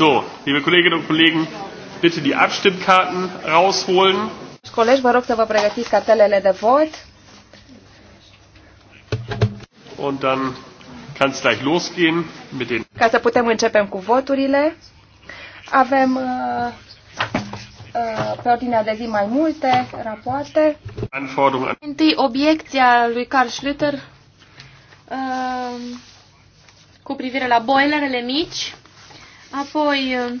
So, liebe Kolleginnen und Kollegen, bitte die Abstimmkarten rausholen. Colegi, vă rog să vă pregătiți cartelele de vot. Und dann kann es gleich losgehen mit den Ca să putem începem cu voturile. Avem uh, uh, pe ordinea de zi mai multe rapoarte. Întâi obiecția lui Carl Schlüter uh, cu privire la boilerele mici. Apoi uh,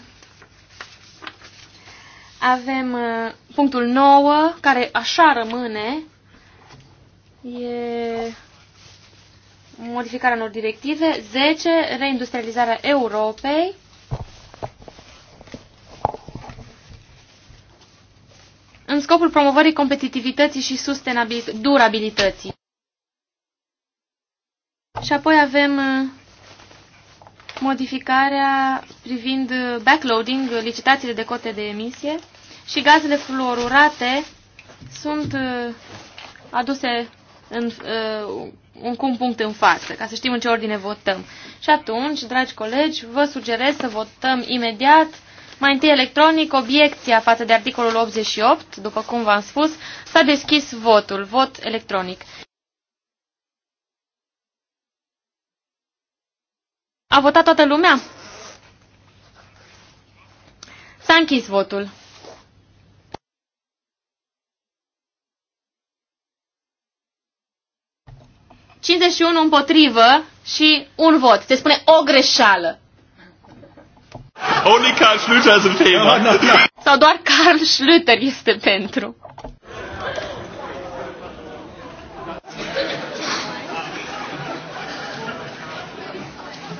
avem uh, punctul 9, care așa rămâne. E modificarea unor directive. 10. Reindustrializarea Europei. În scopul promovării competitivității și sustenabilității, durabilității. Și apoi avem uh, modificarea privind backloading, licitațiile de cote de emisie și gazele fluorurate sunt uh, aduse în, uh, un un punct în față, ca să știm în ce ordine votăm. Și atunci, dragi colegi, vă sugerez să votăm imediat, mai întâi electronic, obiecția față de articolul 88, după cum v-am spus, s-a deschis votul, vot electronic. A votat toată lumea? S-a închis votul. Cincizeci unu împotrivă și un vot. Se spune o greșeală. Only Carl Schlüter is in favor. Sau doar Carl Schlüter este pentru.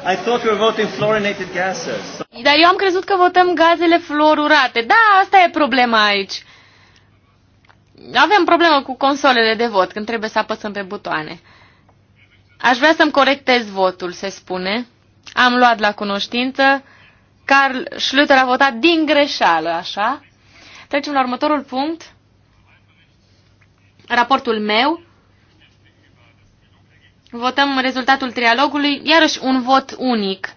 I thought we were voting fluorinated gases. Dar eu am crezut că votăm gazele fluorurate. Da, asta e problema aici. Avem problemă cu consolele de vot când trebuie să apăsăm pe butoane. Aș vrea să-mi corectez votul, se spune. Am luat la cunoștință. Carl Schlüter a votat din greșeală, așa. Trecem la următorul punct. Raportul meu Votăm rezultatul trialogului, iarăși un vot unic.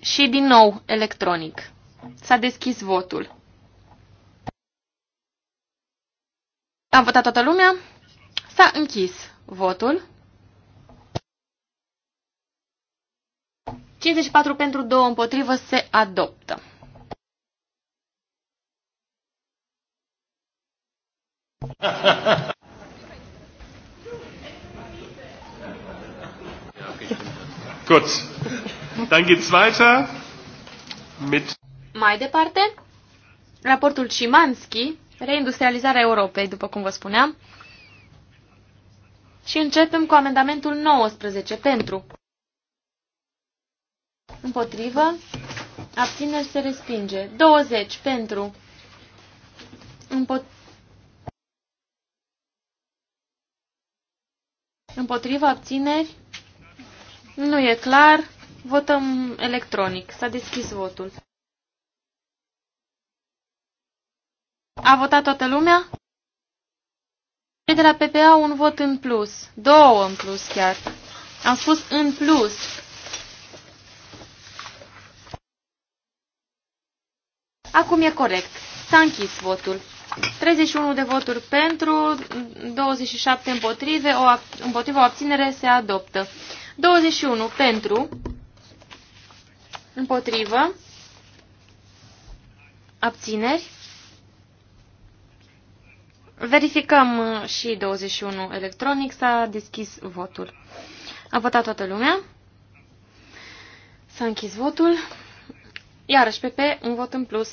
Și din nou electronic. S-a deschis votul. A votat toată lumea. S-a închis votul. 54 pentru 2 împotrivă se adoptă. Gut. Dann geht's weiter mit Mai departe, raportul Cimanski, reindustrializarea Europei, după cum vă spuneam. Și începem cu amendamentul 19 pentru împotrivă, abțineri se respinge. 20 pentru împotrivă Împotriva abțineri nu e clar. Votăm electronic. S-a deschis votul. A votat toată lumea? Cei de la PPA un vot în plus. Două în plus chiar. Am spus în plus. Acum e corect. S-a închis votul. 31 de voturi pentru, 27 împotrive, o, împotriva o abținere se adoptă. 21 pentru, împotrivă, abțineri. Verificăm și 21 electronic, s-a deschis votul. A votat toată lumea. S-a închis votul. Iarăși PP, un vot în plus.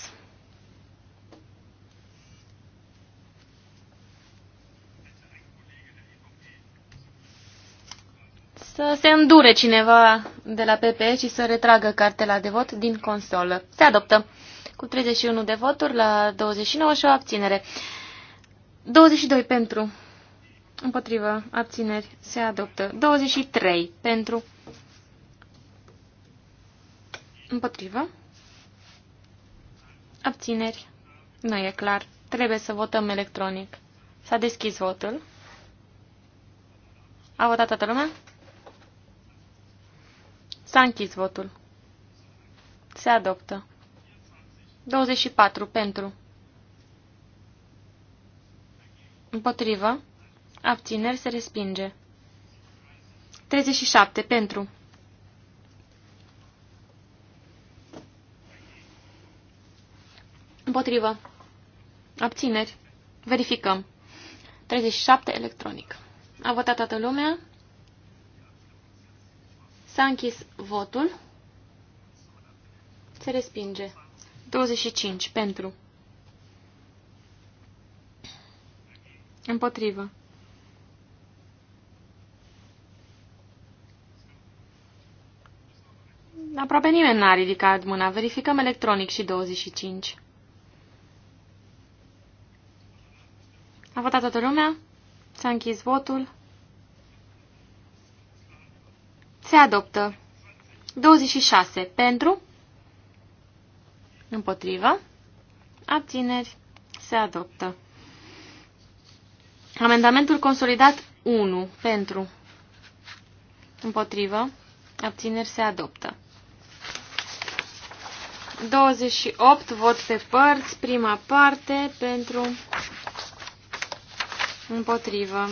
să se îndure cineva de la PP și să retragă cartela de vot din consolă. Se adoptă cu 31 de voturi la 29 și o abținere. 22 pentru, împotrivă, abțineri, se adoptă. 23 pentru, împotrivă, abțineri, nu e clar, trebuie să votăm electronic. S-a deschis votul. A votat toată lumea? S-a închis votul. Se adoptă. 24 pentru. Împotrivă. Abțineri se respinge. 37 pentru. Împotrivă. Abțineri. Verificăm. 37 electronic. A votat toată lumea. S-a închis votul. Se respinge. 25. Pentru. Împotrivă. Aproape nimeni n-a ridicat mâna. Verificăm electronic și 25. A votat toată lumea? S-a închis votul? Se adoptă. 26. Pentru. Împotrivă. Abțineri. Se adoptă. Amendamentul consolidat 1. Pentru. Împotrivă. Abțineri se adoptă. 28. Vot pe părți. Prima parte. Pentru. Împotrivă.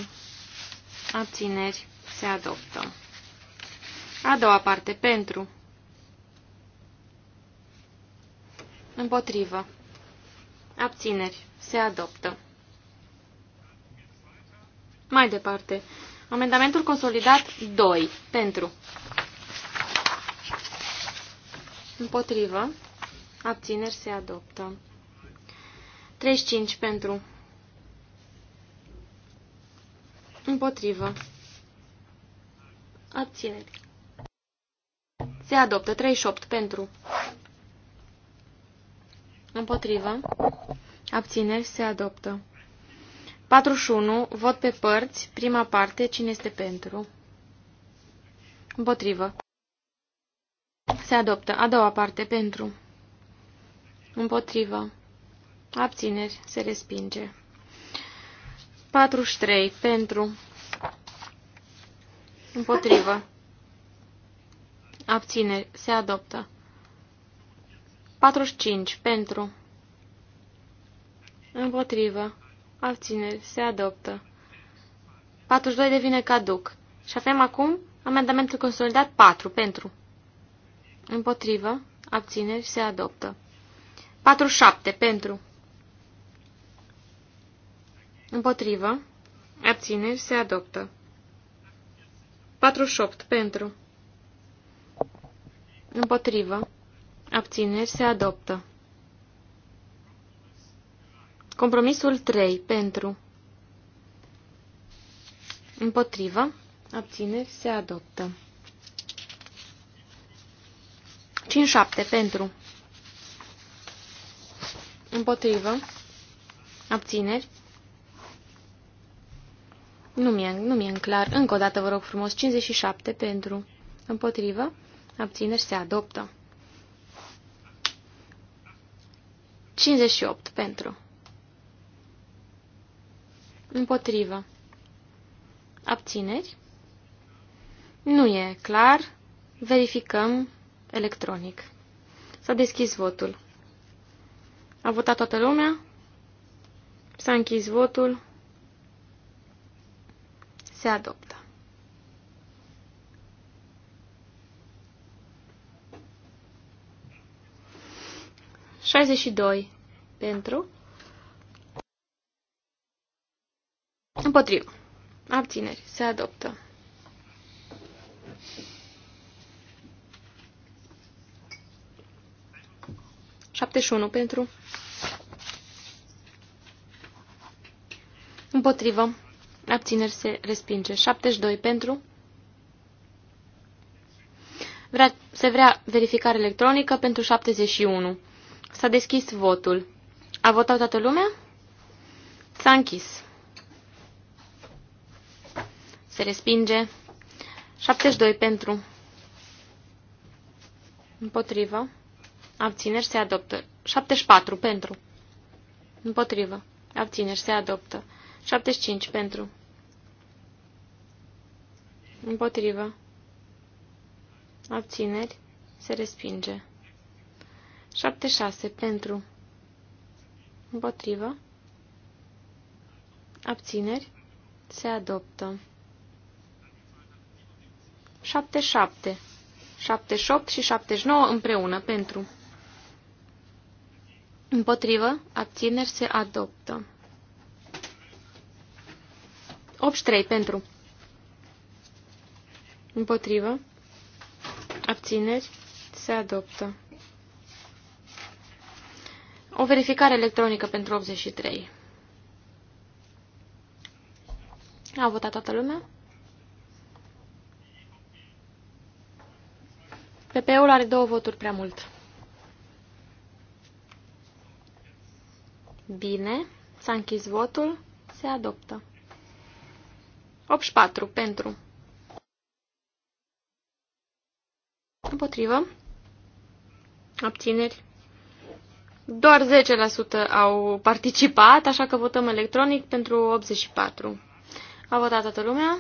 Abțineri se adoptă. A doua parte, pentru. Împotrivă. Abțineri. Se adoptă. Mai departe. Amendamentul consolidat 2. Pentru. Împotrivă. Abțineri se adoptă. 35 pentru. Împotrivă. Abțineri. Se adoptă 38 pentru. Împotrivă. Abțineri se adoptă. 41. Vot pe părți. Prima parte. Cine este pentru? Împotrivă. Se adoptă. A doua parte. Pentru. Împotrivă. Abțineri. Se respinge. 43. Pentru. Împotrivă. Abțineri. Se adoptă. 45. Pentru. Împotrivă. Abțineri. Se adoptă. 42 devine caduc. Și avem acum amendamentul consolidat 4. Pentru. Împotrivă. Abțineri. Se adoptă. 47. Pentru. Împotrivă. Abțineri. Se adoptă. 48. Pentru. Împotrivă. Abțineri se adoptă. Compromisul 3. Pentru. Împotrivă. Abțineri se adoptă. 5-7. Pentru. Împotrivă. Abțineri. Nu mi-e nu mi clar. Încă o dată vă rog frumos. 57 pentru. Împotrivă abțineri, se adoptă. 58 pentru. Împotrivă. Abțineri. Nu e clar. Verificăm electronic. S-a deschis votul. A votat toată lumea. S-a închis votul. Se adoptă. 62 pentru. Împotrivă. Abțineri. Se adoptă. unu pentru. Împotrivă. Abțineri se respinge. 72 pentru. Vrea, se vrea verificare electronică pentru 71. S-a deschis votul. A votat toată lumea? S-a închis. Se respinge. 72 pentru. Împotrivă. Abțineri se adoptă. 74 pentru. Împotrivă. Abțineri se adoptă. 75 pentru. Împotrivă. Abțineri se respinge. 76 pentru. Împotrivă. Abțineri. Se adoptă. 77. 78 și 79 împreună pentru. Împotrivă. Abțineri. Se adoptă. 83 pentru. Împotrivă. Abțineri. Se adoptă. O verificare electronică pentru 83. A votat toată lumea? PP-ul are două voturi prea mult. Bine, s-a închis votul, se adoptă. 84 pentru. Împotrivă. Abțineri. Doar 10% au participat, așa că votăm electronic pentru 84. A votat toată lumea.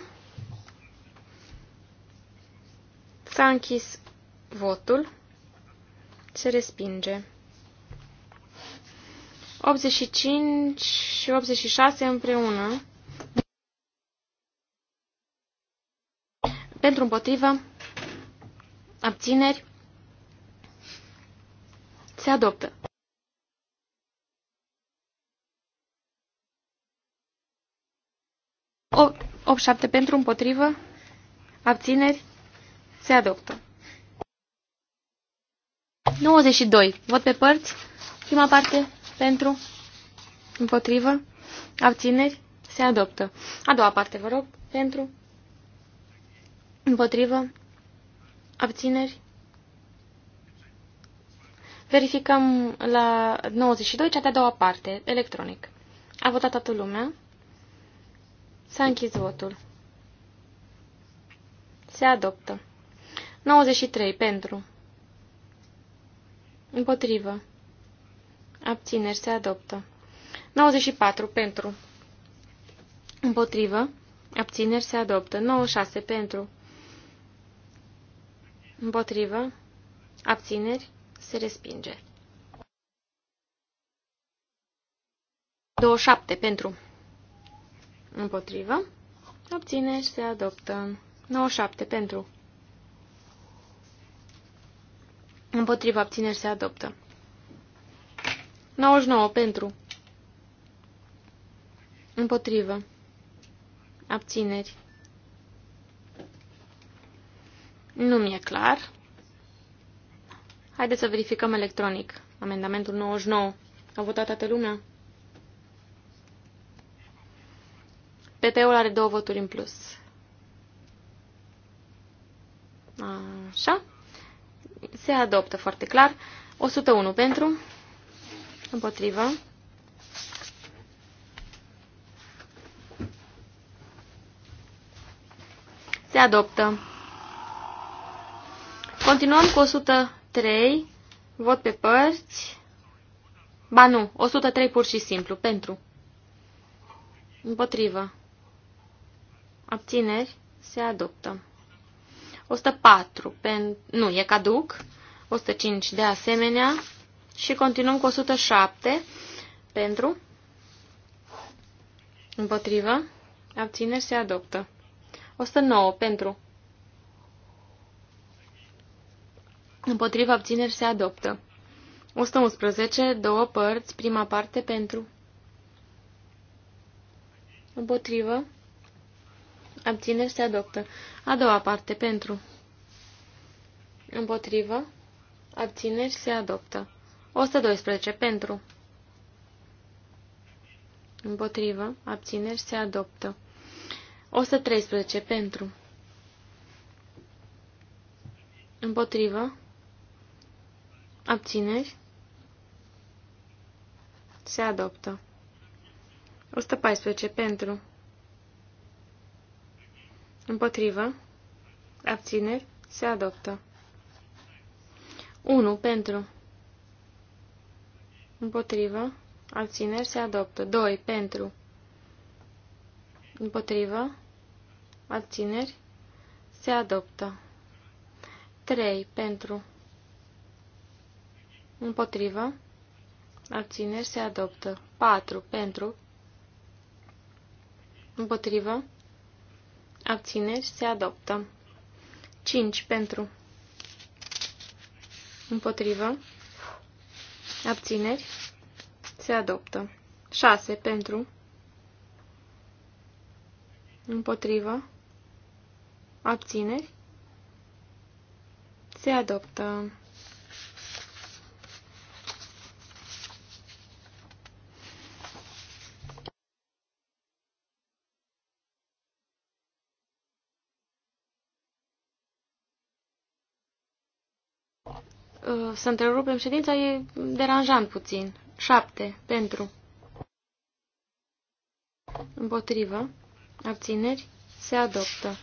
S-a închis votul. Se respinge. 85 și 86 împreună. Pentru împotrivă, abțineri, se adoptă. 87 pentru, împotrivă, abțineri, se adoptă. 92. Vot pe părți. Prima parte pentru, împotrivă, abțineri, se adoptă. A doua parte, vă rog, pentru, împotrivă, abțineri. Verificăm la 92, cea de-a doua parte, electronic. A votat toată lumea. S-a închis votul. Se adoptă. 93. Pentru. Împotrivă. Abțineri. Se adoptă. 94. Pentru. Împotrivă. Abțineri. Se adoptă. 96. Pentru. Împotrivă. Abțineri. Se respinge. 27. Pentru. Împotrivă. Obține și se adoptă. 97 pentru. Împotrivă. Obține și se adoptă. 99 pentru. Împotrivă. Abțineri. Nu mi-e clar. Haideți să verificăm electronic. Amendamentul 99. A votat toată lumea? PP-ul are două voturi în plus. Așa. Se adoptă foarte clar. 101 pentru. Împotrivă. Se adoptă. Continuăm cu 103. Vot pe părți. Ba nu, 103 pur și simplu. Pentru. Împotrivă abțineri, se adoptă. 104, pen... nu, e caduc, 105 de asemenea și continuăm cu 107 pentru, împotrivă, abțineri, se adoptă. 109 pentru, împotrivă, abțineri, se adoptă. 111, două părți, prima parte pentru, împotrivă, Abțineri se adoptă. A doua parte, pentru. Împotrivă. Abțineri se adoptă. 112, pentru. Împotrivă. Abțineri se adoptă. 113, pentru. Împotrivă. Abțineri. Se adoptă. 114, pentru. Împotrivă. Abțineri. Se adoptă. 1. Pentru. Împotrivă. Abțineri. Se adoptă. 2. Pentru. Împotrivă. Abțineri. Se adoptă. 3. Pentru. Împotrivă. Abțineri. Se adoptă. 4. Pentru. Împotrivă. Abțineri se adoptă. 5 pentru. Împotrivă. Abțineri se adoptă. 6 pentru. Împotrivă. Abțineri se adoptă. să întrerupem ședința e deranjant puțin. Șapte Pentru. Împotrivă. Abțineri. Se adoptă.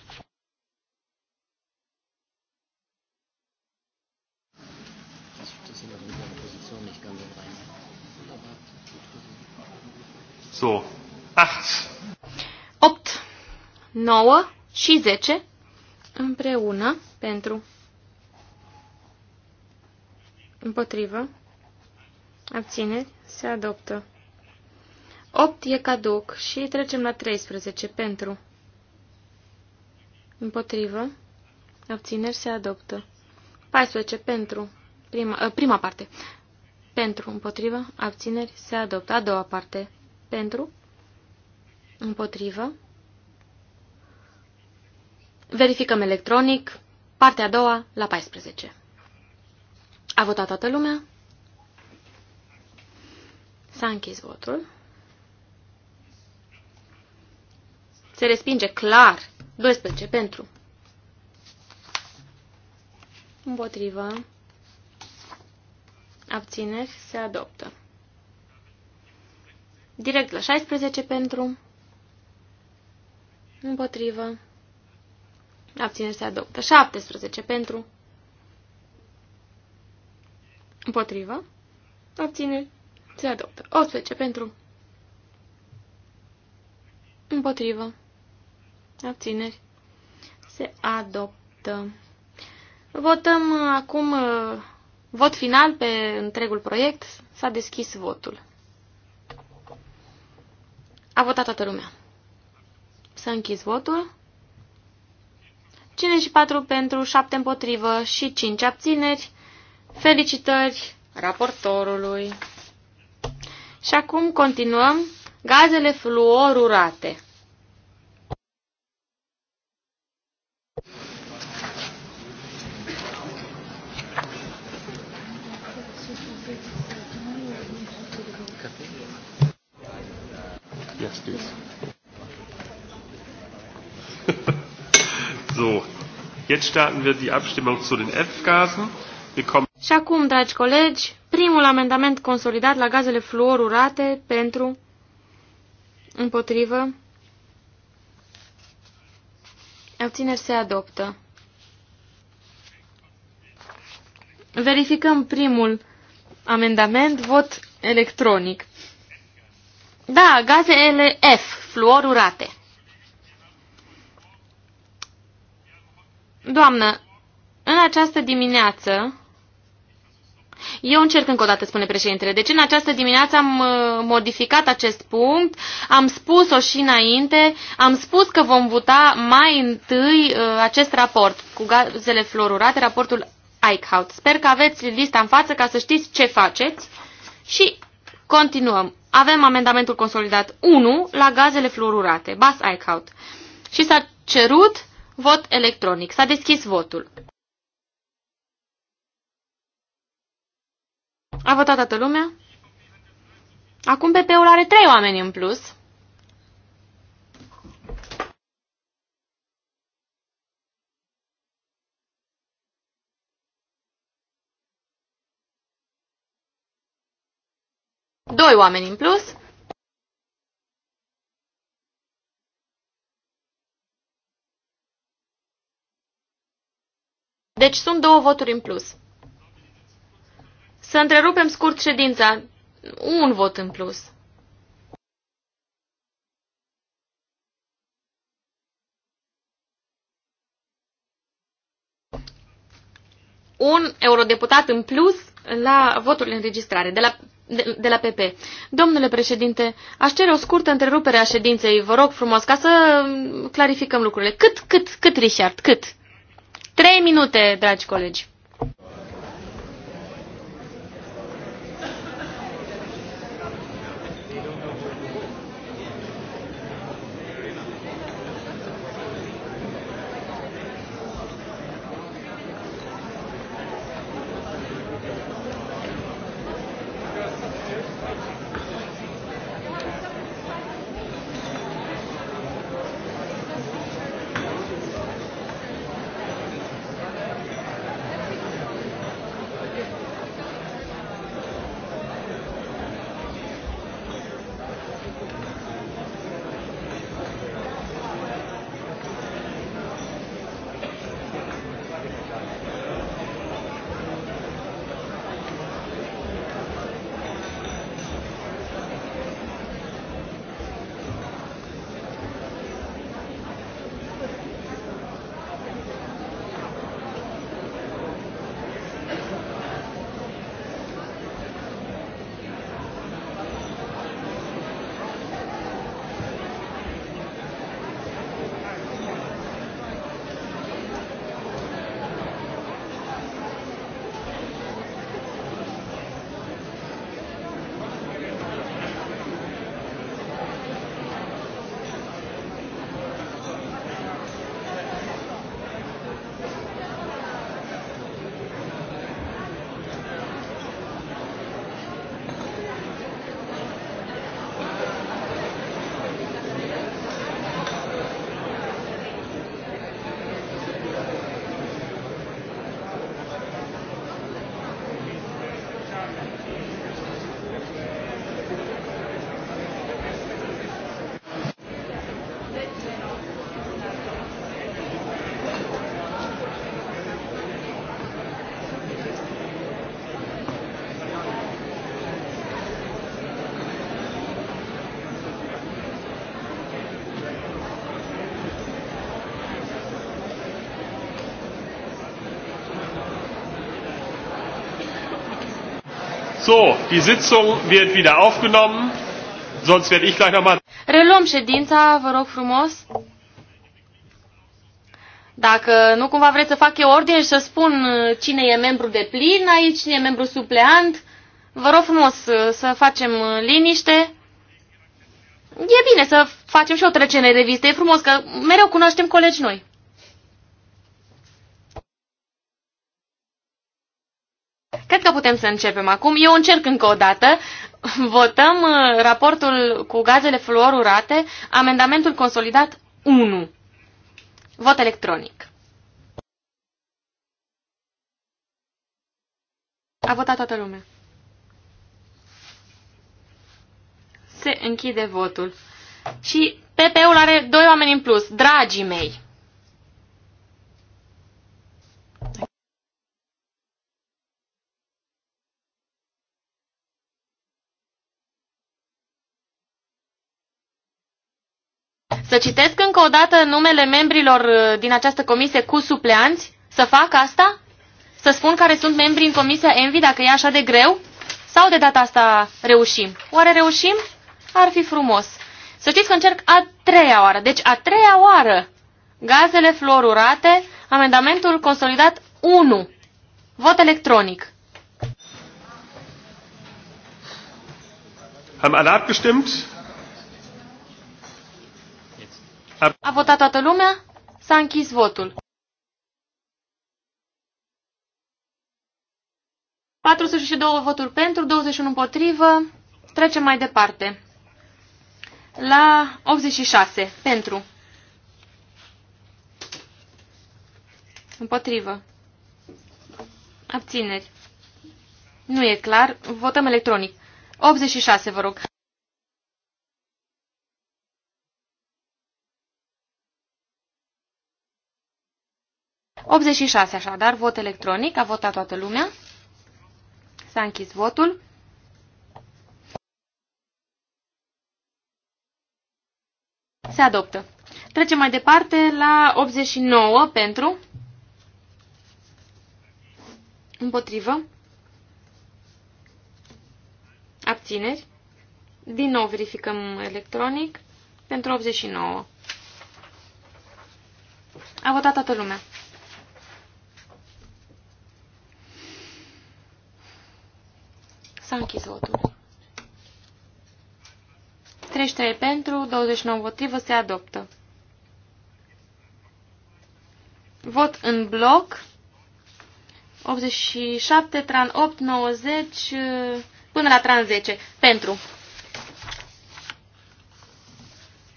So, acht, 8, 9 și 10 împreună pentru Împotrivă. Abțineri. Se adoptă. 8 e caduc și trecem la 13. Pentru. Împotrivă. Abțineri. Se adoptă. 14. Pentru. Prima, ă, prima parte. Pentru. Împotrivă. Abțineri. Se adoptă. A doua parte. Pentru. Împotrivă. Verificăm electronic. Partea a doua la 14. A votat toată lumea? S-a închis votul. Se respinge clar. 12 pentru. Împotrivă. Abțineri. Se adoptă. Direct la 16 pentru. Împotrivă. Abțineri se adoptă. 17 pentru. Împotrivă. obține, Se adoptă. 18 pentru. Împotrivă. Abțineri. Se adoptă. Votăm uh, acum uh, vot final pe întregul proiect. S-a deschis votul. A votat toată lumea. S-a închis votul. 54 pentru, 7 împotrivă și 5 abțineri. Felicitări raportorului. Și acum continuăm gazele fluorurate. Yes, please. so, jetzt starten wir die Abstimmung zu den F-Gasen. Wir kommen și acum, dragi colegi, primul amendament consolidat la gazele fluorurate pentru împotrivă abțineri se adoptă. Verificăm primul amendament, vot electronic. Da, gazele F, fluorurate. Doamnă, în această dimineață eu încerc încă o dată, spune președintele. Deci în această dimineață am uh, modificat acest punct, am spus-o și înainte, am spus că vom vota mai întâi uh, acest raport cu gazele fluorurate, raportul Eichhout. Sper că aveți lista în față ca să știți ce faceți și continuăm. Avem amendamentul consolidat 1 la gazele fluorurate, Bas Eichhout. Și s-a cerut vot electronic. S-a deschis votul. A votat toată lumea? Acum PP-ul are trei oameni în plus. Doi oameni în plus. Deci sunt două voturi în plus. Să întrerupem scurt ședința. Un vot în plus. un eurodeputat în plus la votul înregistrare, de la, de, de la PP. Domnule președinte, aș cere o scurtă întrerupere a ședinței, vă rog frumos, ca să clarificăm lucrurile. Cât, cât, cât, Richard, cât? Trei minute, dragi colegi. So, die Sitzung wird wieder aufgenommen. Sonst werde ich gleich nochmal. Reluăm ședința, vă rog frumos. Dacă nu cumva vreți să fac eu ordine și să spun uh, cine e membru de plin aici, cine e membru supleant, vă rog frumos uh, să facem uh, liniște. E bine să facem și o trecere de revistă, e frumos că mereu cunoaștem colegi noi. Cred că putem să începem acum. Eu încerc încă o dată. Votăm uh, raportul cu gazele fluorurate, amendamentul consolidat 1. Vot electronic. A votat toată lumea. Se închide votul. Și PP-ul are doi oameni în plus, dragii mei. Să citesc încă o dată numele membrilor uh, din această comisie cu supleanți? Să fac asta? Să spun care sunt membrii în comisia Envi dacă e așa de greu? Sau de data asta reușim? Oare reușim? Ar fi frumos. Să știți că încerc a treia oară. Deci a treia oară. Gazele fluorurate, amendamentul consolidat 1. Vot electronic. Haben alle abgestimmt? Ar... A votat toată lumea? S-a închis votul. 42 voturi pentru, 21 împotrivă. Trecem mai departe. La 86. Pentru. Împotrivă. Abțineri. Nu e clar. Votăm electronic. 86, vă rog. 86 așadar, vot electronic, a votat toată lumea. S-a închis votul. Se adoptă. Trecem mai departe la 89 pentru, împotrivă, abțineri. Din nou verificăm electronic pentru 89. A votat toată lumea. S-a închis votul. 33 pentru, 29 împotrivă, se adoptă. Vot în bloc. 87, tran 8, 90, până la tran 10. Pentru.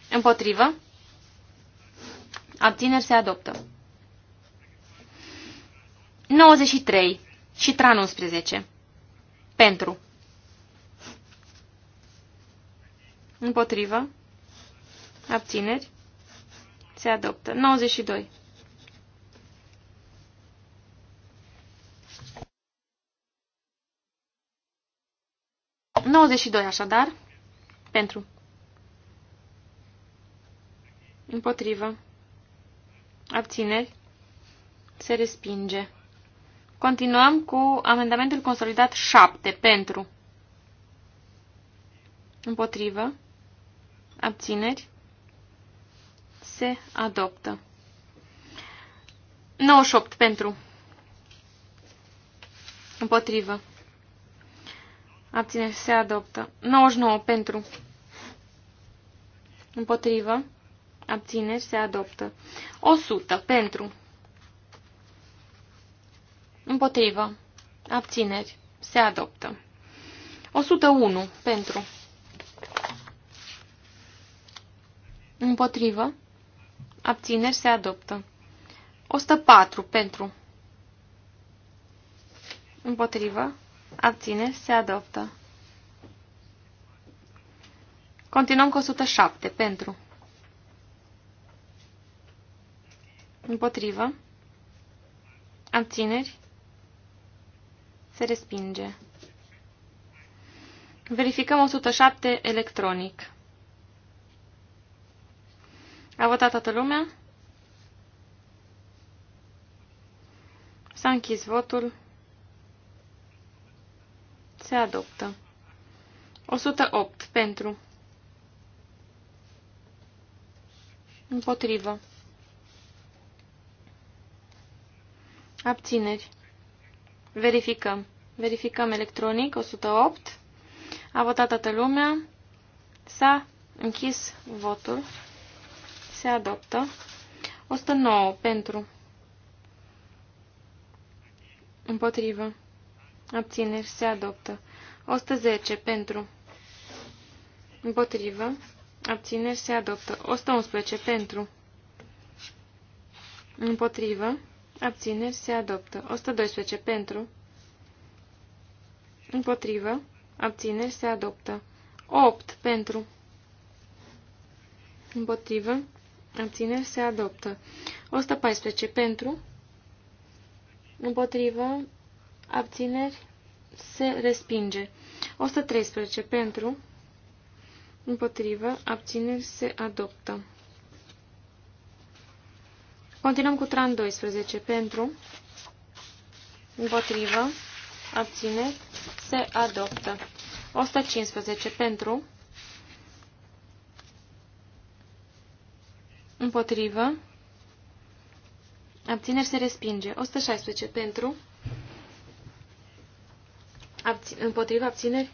Împotrivă. Abțineri se adoptă. 93 și tran 11. Pentru. Împotrivă. Abțineri. Se adoptă. 92. Nouăzeci și doi, așadar, pentru, împotrivă, abțineri, se respinge. Continuăm cu amendamentul consolidat 7, pentru, împotrivă, abțineri, se adoptă. 98 pentru, împotrivă, abțineri, se adoptă. 99 pentru, împotrivă, abțineri, se adoptă. 100 pentru, împotrivă, abțineri, se adoptă. 101 pentru, Împotrivă. Abțineri se adoptă. 104 pentru. Împotrivă. Abțineri se adoptă. Continuăm cu 107 pentru. Împotrivă. Abțineri. Se respinge. Verificăm 107 electronic. A votat toată lumea? S-a închis votul. Se adoptă. 108 pentru. Împotrivă. Abțineri. Verificăm. Verificăm electronic. 108. A votat toată lumea. S-a închis votul se adoptă. 109 pentru, împotrivă, abțineri, se adoptă. 110 pentru, împotrivă, abțineri, se adoptă. 111 pentru, împotrivă, abțineri, se adoptă. 112 pentru, împotrivă, abțineri, se adoptă. 8 pentru, împotrivă, Abțineri se adoptă. 114 pentru. Împotrivă. Abțineri se respinge. 113 pentru. Împotrivă. Abțineri se adoptă. Continuăm cu tran 12 pentru. Împotrivă. Abțineri se adoptă. 115 pentru. Împotrivă. Abțineri se respinge. 116 pentru. Abți împotrivă abțineri.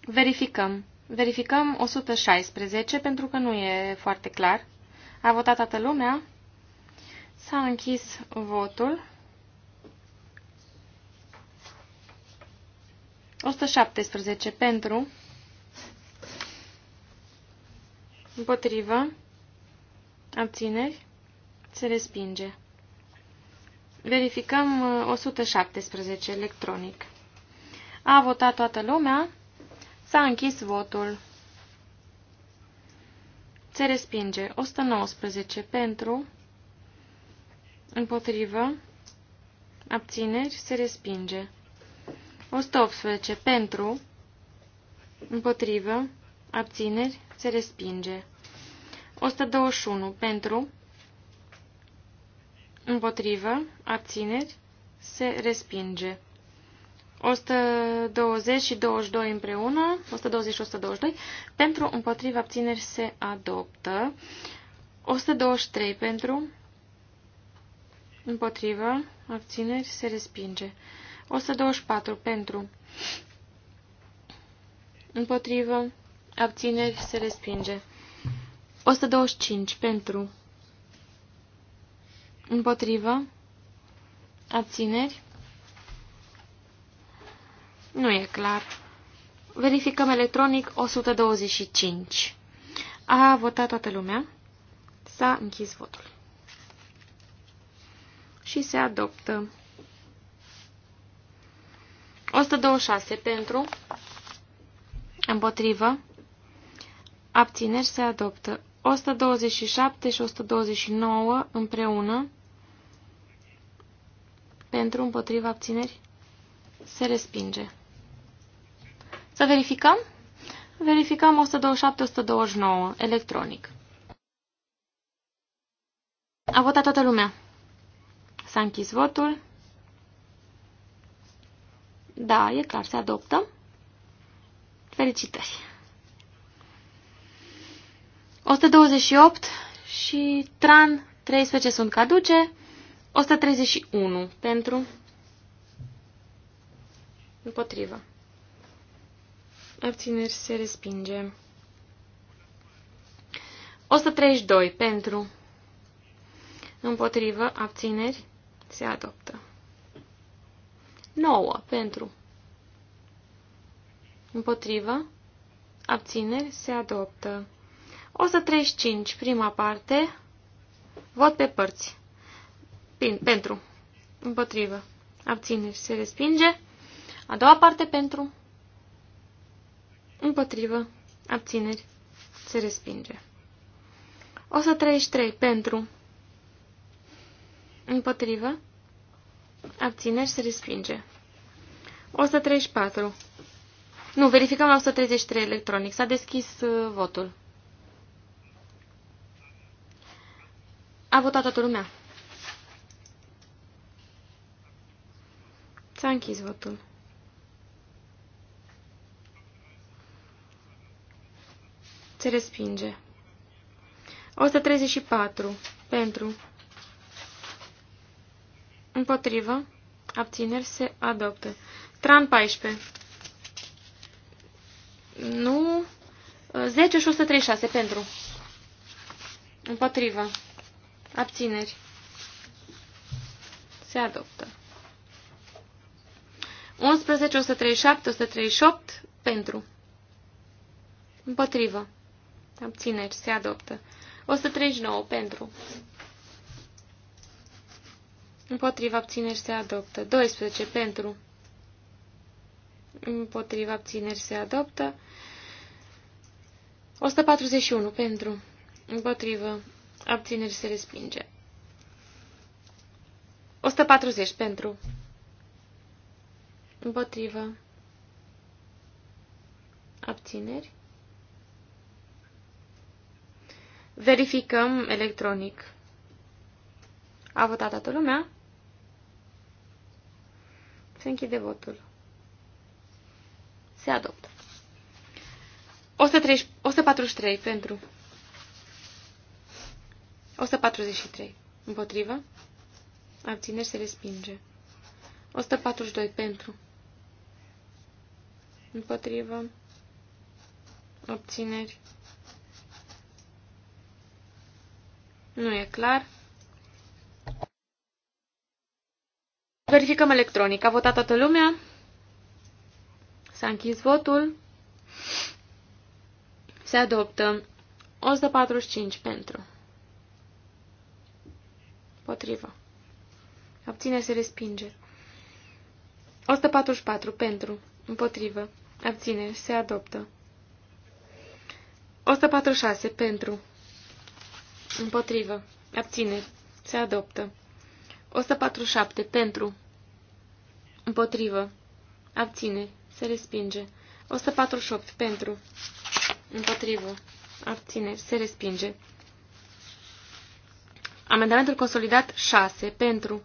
Verificăm. Verificăm 116 pentru că nu e foarte clar. A votat toată lumea. S-a închis votul. 117 pentru. împotriva, abțineri, se respinge. Verificăm 117 uh, electronic. A votat toată lumea, s-a închis votul. Se respinge 119 pentru, împotrivă, abțineri, se respinge. 118 pentru, împotrivă, abțineri, se respinge. 121 pentru, împotrivă, abțineri, se respinge. 120 și 22 împreună, 120 și 122, pentru, împotrivă, abțineri, se adoptă. 123 pentru, împotrivă, abțineri, se respinge. 124 pentru, împotrivă, abțineri, se respinge. 125 pentru, împotrivă, abțineri, nu e clar. Verificăm electronic 125. A votat toată lumea. S-a închis votul. Și se adoptă. 126 pentru, împotrivă, abțineri se adoptă. 127 și 129 împreună pentru împotriva abțineri se respinge. Să verificăm? Verificăm 127-129 electronic. A votat toată lumea. S-a închis votul. Da, e clar, se adoptă. Felicitări! 128 și Tran 13 sunt caduce. 131 pentru împotrivă. Abțineri se respinge. 132 pentru împotrivă. Abțineri se adoptă. 9 pentru împotrivă. Abțineri se adoptă. 135, prima parte, vot pe părți. Pin, pentru, împotrivă, abțineri, se respinge. A doua parte, pentru, împotrivă, abțineri, se respinge. 133, pentru, împotrivă, abțineri, se respinge. 134. Nu, verificăm la 133 electronic. S-a deschis uh, votul. A votat toată lumea. S-a închis votul. Se respinge. 134. Pentru. Împotrivă. Abțineri se adoptă. Tran 14. Nu. 10 și 136. Pentru. Împotrivă. Abțineri. Se adoptă. 11, 137, 138 pentru. Împotrivă. Abțineri. Se adoptă. 139 pentru. Împotriva abțineri se adoptă. 12 pentru. Împotriva abțineri se adoptă. 141 pentru. Împotrivă Abțineri se respinge. 140 pentru. Împotrivă. Abțineri. Verificăm electronic. A votat toată lumea? Se închide votul. Se adoptă. 143 pentru. 143. Împotrivă. Abțineri se respinge. 142. Pentru. Împotrivă. Obțineri. Nu e clar. Verificăm electronic. A votat toată lumea. S-a închis votul. Se adoptă 145 pentru potrivă. Abține se respinge. 144. Pentru. Împotrivă. Abține se adoptă. 146. Pentru. Împotrivă. Abține se adoptă. 147. Pentru. Împotrivă. Abține. Se respinge. 148. Pentru. Împotrivă. Abține. Se respinge. Amendamentul consolidat 6 pentru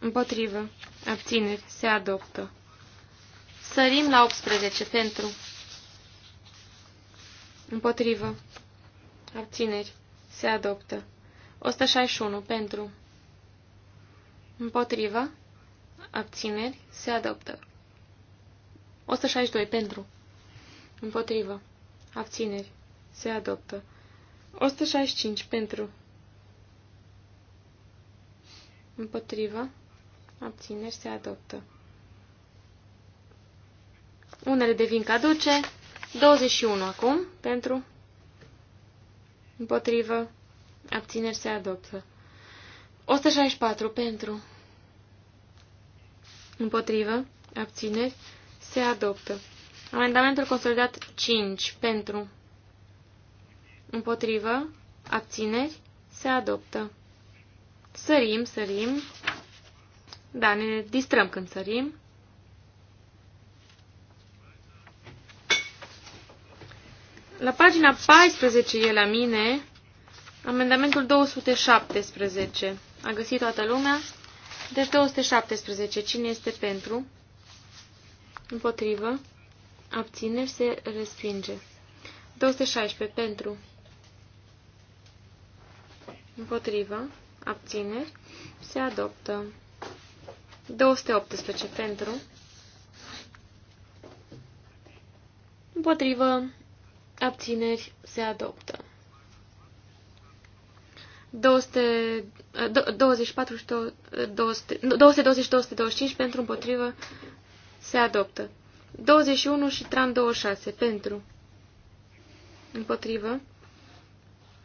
împotrivă abțineri se adoptă. Sărim la 18 pentru împotrivă abțineri se adoptă. 161 pentru împotrivă abțineri se adoptă. 162 pentru împotrivă abțineri se adoptă. 165 pentru. Împotrivă. Abțineri se adoptă. Unele devin caduce. 21 acum pentru. Împotrivă. Abțineri se adoptă. 164 pentru. Împotrivă. Abțineri se adoptă. Amendamentul consolidat 5 pentru. Împotrivă. Abțineri. Se adoptă. Sărim, sărim. Da, ne distrăm când sărim. La pagina 14 e la mine amendamentul 217. A găsit toată lumea. Deci 217. Cine este pentru? Împotrivă. Abțineri se respinge. 216. Pentru împotrivă, abțineri, se adoptă. 218 pentru, împotrivă, abțineri, se adoptă. 200, 24 eh, și 200, 220 225 pentru împotrivă se adoptă. 21 și tran 26 pentru împotrivă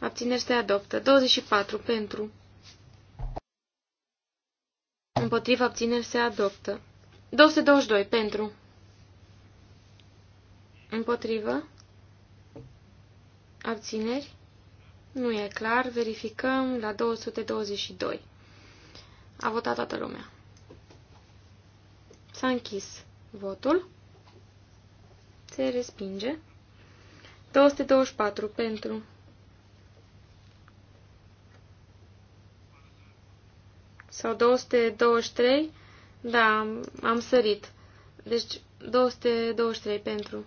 Abțineri se adoptă. 24 pentru. Împotriva abțineri se adoptă. 222 pentru. Împotrivă. Abțineri. Nu e clar. Verificăm la 222. A votat toată lumea. S-a închis votul. Se respinge. 224 pentru. Sau 223? Da, am sărit. Deci 223 pentru.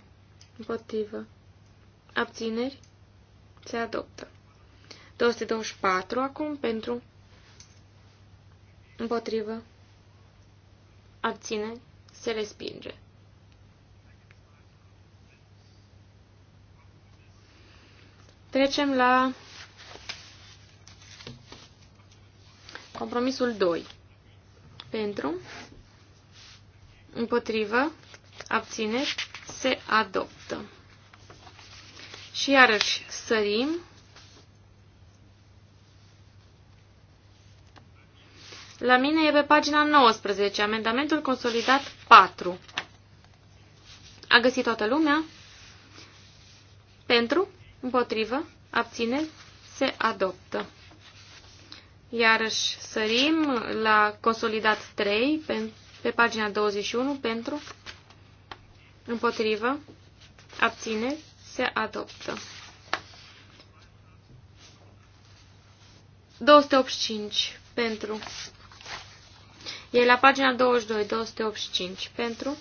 Împotrivă. Abțineri. Se adoptă. 224 acum pentru. Împotrivă. Abțineri. Se respinge. Trecem la Compromisul 2. Pentru, împotrivă, abțineri, se adoptă. Și iarăși sărim La mine e pe pagina 19, amendamentul consolidat 4. A găsit toată lumea? Pentru, împotrivă, abține, se adoptă. Iarăși sărim la consolidat 3 pe, pe pagina 21 pentru împotrivă abține, se adoptă. 285 pentru E la pagina 22, 285 pentru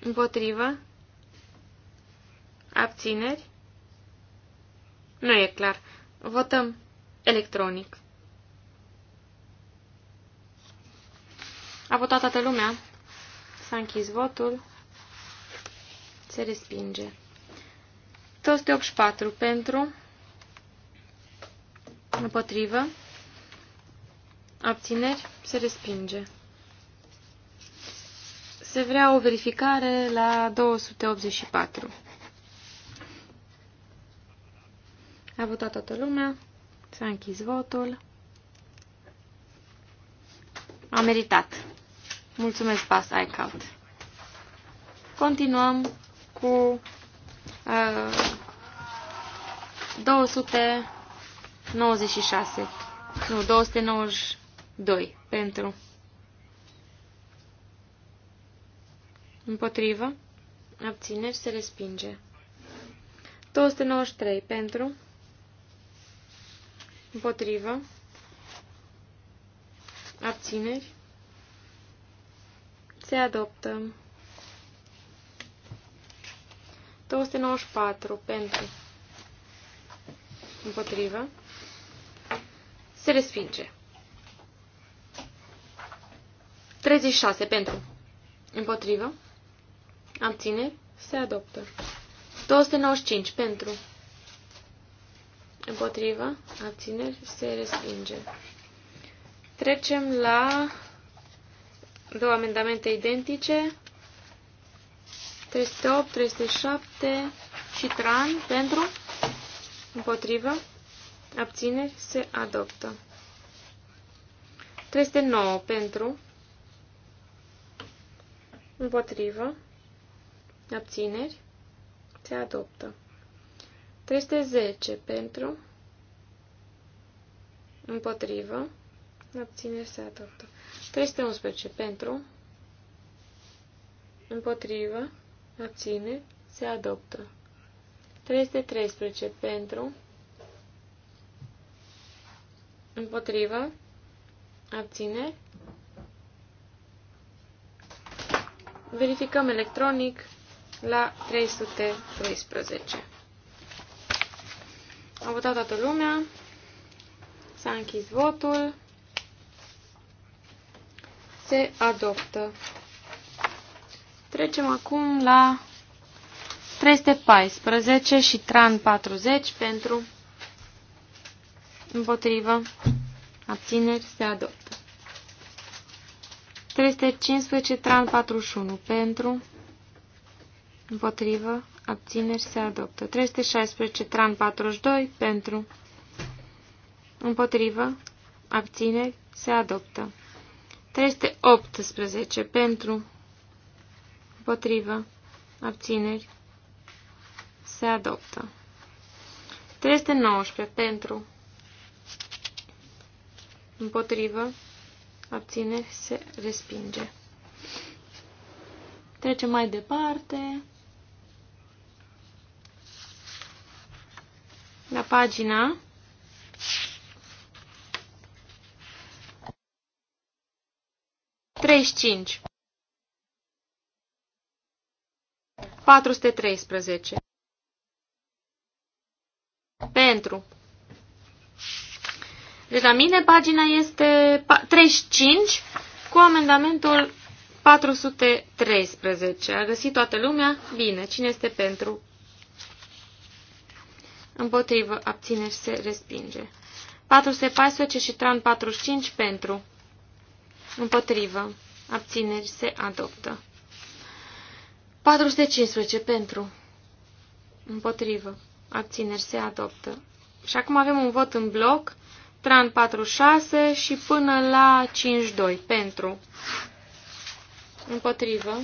împotrivă abțineri nu e clar. Votăm electronic. A votat toată lumea. S-a închis votul. Se respinge. 284 pentru, împotrivă, abțineri, se respinge. Se vrea o verificare la 284. A votat toată lumea. S-a închis votul. A meritat. Mulțumesc, I count. Continuăm cu uh, 296. Nu, 292 pentru. Împotrivă. Abțineri se respinge. 293 pentru. Împotrivă. Abțineri. Se adoptă. 294 pentru. Împotrivă. Se respinge. 36 pentru. Împotrivă. Abțineri. Se adoptă. 295 pentru. Împotrivă. Abțineri. Se respinge. Trecem la două amendamente identice. 308, 307 și TRAN pentru, împotrivă, abțineri, se adoptă. 309 pentru, împotrivă, abțineri, se adoptă. 310 pentru, împotrivă, abține se adoptă. 311 pentru, împotrivă, abține, se adoptă. 313 pentru, împotrivă, abține. Verificăm electronic la 313. A votat toată lumea. S-a închis votul. Se adoptă. Trecem acum la 314 și tran 40 pentru împotrivă abțineri se adoptă. 315 tran 41 pentru împotrivă abțineri se adoptă. 316 tran 42 pentru, împotrivă, abțineri se adoptă. 318 pentru, împotrivă, abțineri se adoptă. 319 pentru, împotrivă, abțineri se respinge. Trecem mai departe. la pagina treizeci cinci patru pentru deci la mine pagina este 35 cu amendamentul 413. A găsit toată lumea? Bine. Cine este pentru? împotrivă, abțineri, se respinge. 414 și tran 45 pentru, împotrivă, abțineri, se adoptă. 415 pentru, împotrivă, abțineri, se adoptă. Și acum avem un vot în bloc, tran 46 și până la 52 pentru, împotrivă,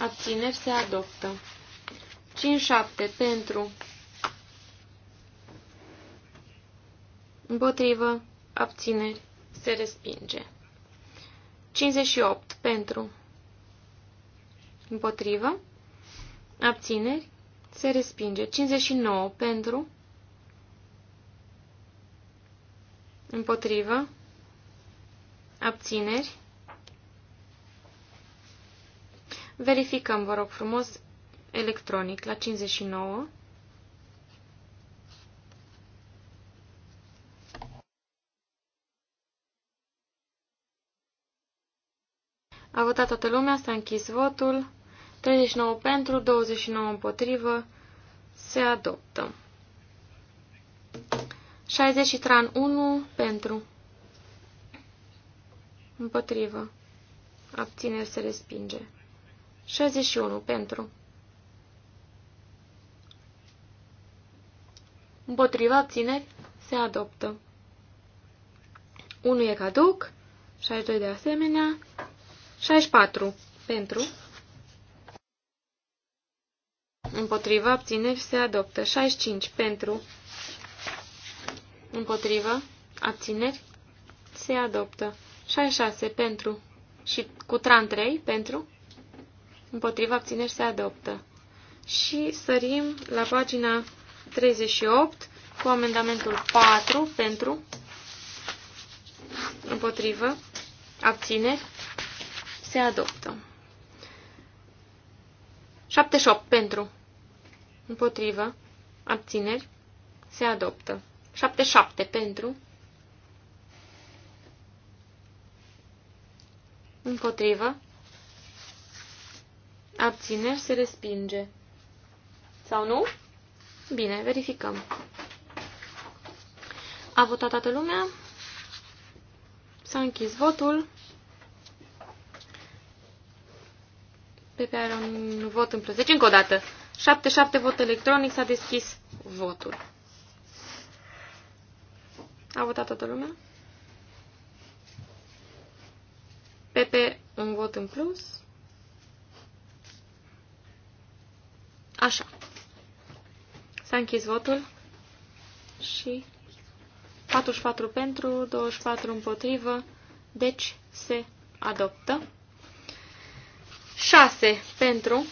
abțineri, se adoptă. 57 pentru, împotrivă, abțineri, se respinge. 58. Pentru, împotrivă, abțineri, se respinge. 59. Pentru, împotrivă, abțineri. Verificăm, vă rog frumos, electronic la 59. A votat toată lumea, s-a închis votul. 39 pentru, 29 împotrivă. Se adoptă. 60 tran 1 pentru. Împotrivă. Abțineri se respinge. 61 pentru. Împotriva abțineri se adoptă. 1 e caduc, 62 de asemenea, 64 pentru. Împotriva abțineri se adoptă. 65 pentru. Împotriva abțineri se adoptă. 66 pentru. Și cu tran 3 pentru. Împotriva abțineri se adoptă. Și sărim la pagina 38 cu amendamentul 4 pentru. Împotrivă. Abțineri se adoptă. 78 pentru, împotrivă, abțineri, se adoptă. 77 pentru, împotrivă, abțineri, se respinge. Sau nu? Bine, verificăm. A votat toată lumea? S-a închis votul. PP are un vot în plus. Deci încă o dată. 7-7 vot electronic. S-a deschis votul. A votat toată lumea? PP un vot în plus. Așa. S-a închis votul și 44 pentru, 24 împotrivă, deci se adoptă. 6 pentru,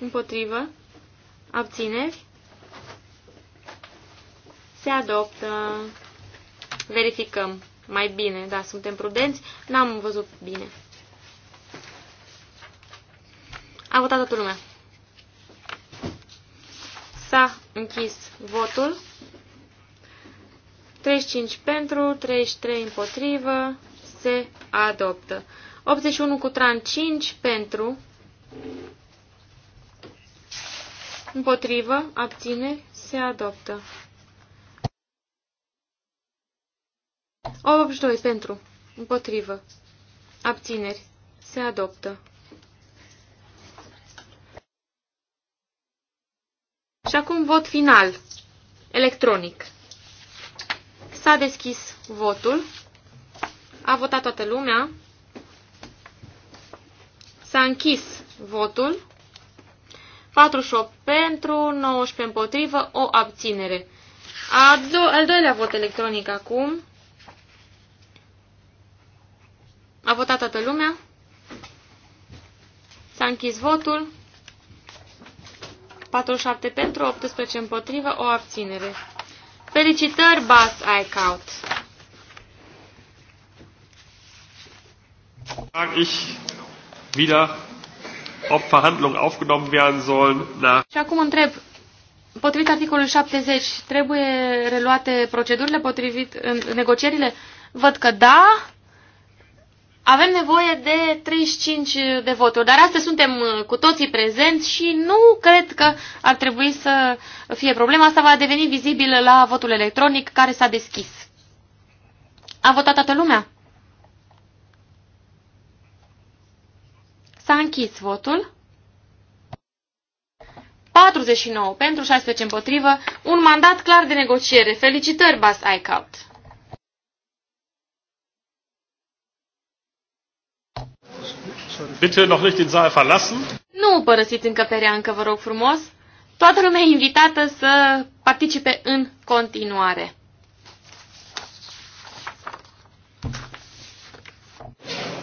împotrivă, abțineri, se adoptă, verificăm mai bine, da, suntem prudenți, n-am văzut bine. A votat toată lumea. S-a închis votul. 35 pentru, 33 împotrivă, se adoptă. 81 cu tran 5 pentru, împotrivă, abțineri, se adoptă. 82 pentru, împotrivă, abțineri, se adoptă. Și acum vot final, electronic. S-a deschis votul. A votat toată lumea. S-a închis votul. 48 pentru, 19 împotrivă, o abținere. A do al doilea vot electronic acum. A votat toată lumea. S-a închis votul. 47 pentru, 18 împotrivă, o abținere. Felicitări, Bas Eichhout! Frage ich wieder, ob Verhandlungen aufgenommen werden sollen nach... Și acum întreb, potrivit articolului 70, trebuie reluate procedurile potrivit negocierile? Văd că da. Avem nevoie de 35 de voturi, dar astăzi suntem uh, cu toții prezenți și nu cred că ar trebui să fie problema. Asta va deveni vizibil la votul electronic care s-a deschis. A votat toată lumea? S-a închis votul. 49 pentru, 16 împotrivă, un mandat clar de negociere. Felicitări, Bas Eichhout! Bitte noch nicht den Saal verlassen. Nu părăsiți încăperea încă, vă rog frumos. Toată lumea e invitată să participe în continuare.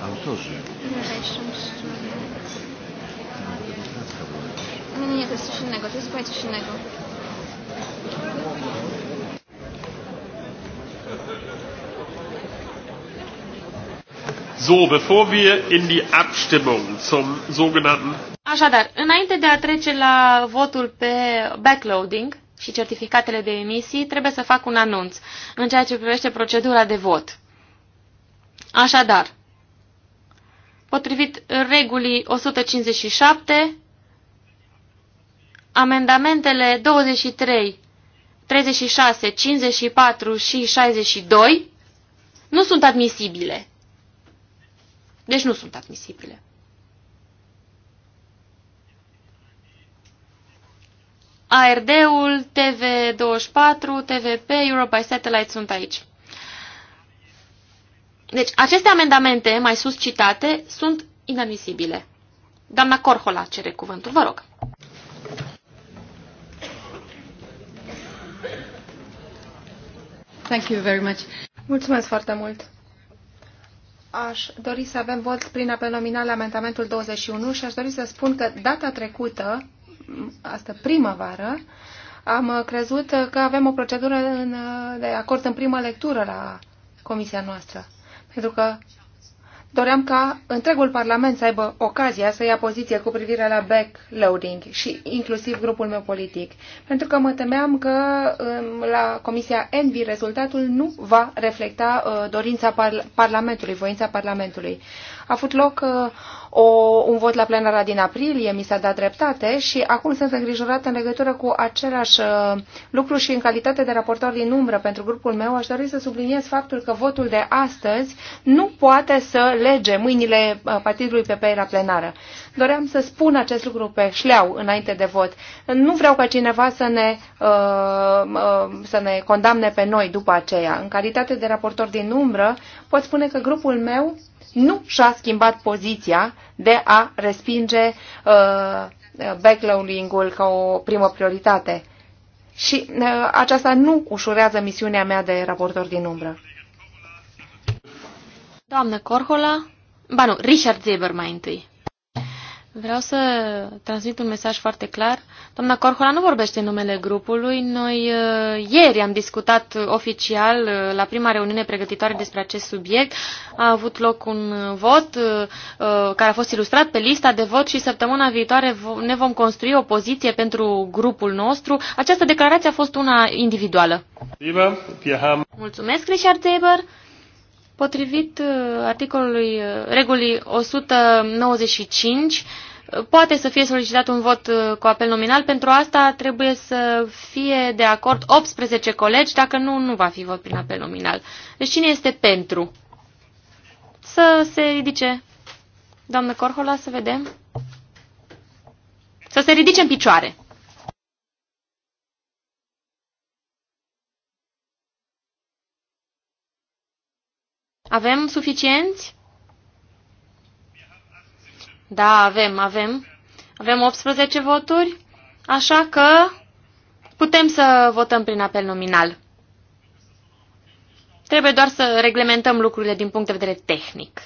Autosul. Nie, nie, nie, to jest coś innego, to jest zupełnie coś innego. So, bevor wir in die Abstimmung zum sogenannten Așadar, înainte de a trece la votul pe backloading și certificatele de emisii, trebuie să fac un anunț în ceea ce privește procedura de vot. Așadar, potrivit regulii 157, amendamentele 23, 36, 54 și 62 nu sunt admisibile. Deci nu sunt admisibile. ARD-ul, TV24, TVP, Europe by Satellite sunt aici. Deci, aceste amendamente mai sus citate sunt inadmisibile. Doamna Corhola cere cuvântul, vă rog. Thank you very much. Mulțumesc foarte mult. Aș dori să avem vot prin apel nominal la amendamentul 21 și aș dori să spun că data trecută, asta primăvară, am crezut că avem o procedură în, de acord în primă lectură la comisia noastră. Pentru că doream ca întregul Parlament să aibă ocazia să ia poziție cu privire la backloading și inclusiv grupul meu politic, pentru că mă temeam că um, la Comisia Envi rezultatul nu va reflecta uh, dorința par Parlamentului, voința Parlamentului. A avut loc uh, o, un vot la plenara din aprilie, mi s-a dat dreptate și acum sunt îngrijorată în legătură cu același uh, lucru și în calitate de raportor din umbră pentru grupul meu aș dori să subliniez faptul că votul de astăzi nu poate să lege mâinile uh, partidului PP la plenară. Doream să spun acest lucru pe șleau înainte de vot. Nu vreau ca cineva să ne, să ne condamne pe noi după aceea. În calitate de raportor din umbră pot spune că grupul meu nu și-a schimbat poziția de a respinge uh, backloading-ul ca o primă prioritate. Și uh, aceasta nu ușurează misiunea mea de raportor din umbră. Doamnă Corhola, ba nu, Richard Zeber mai întâi. Vreau să transmit un mesaj foarte clar. Doamna Corhola nu vorbește în numele grupului. Noi uh, ieri am discutat oficial uh, la prima reuniune pregătitoare despre acest subiect. A avut loc un vot uh, care a fost ilustrat pe lista de vot și săptămâna viitoare ne vom construi o poziție pentru grupul nostru. Această declarație a fost una individuală. Mulțumesc, Richard Zeber. Potrivit uh, articolului uh, regulii 195, uh, poate să fie solicitat un vot cu apel nominal. Pentru asta trebuie să fie de acord 18 colegi, dacă nu, nu va fi vot prin apel nominal. Deci cine este pentru? Să se ridice. Doamnă Corhola, să vedem. Să se ridice în picioare. Avem suficienți? Da, avem, avem. Avem 18 voturi, așa că putem să votăm prin apel nominal. Trebuie doar să reglementăm lucrurile din punct de vedere tehnic.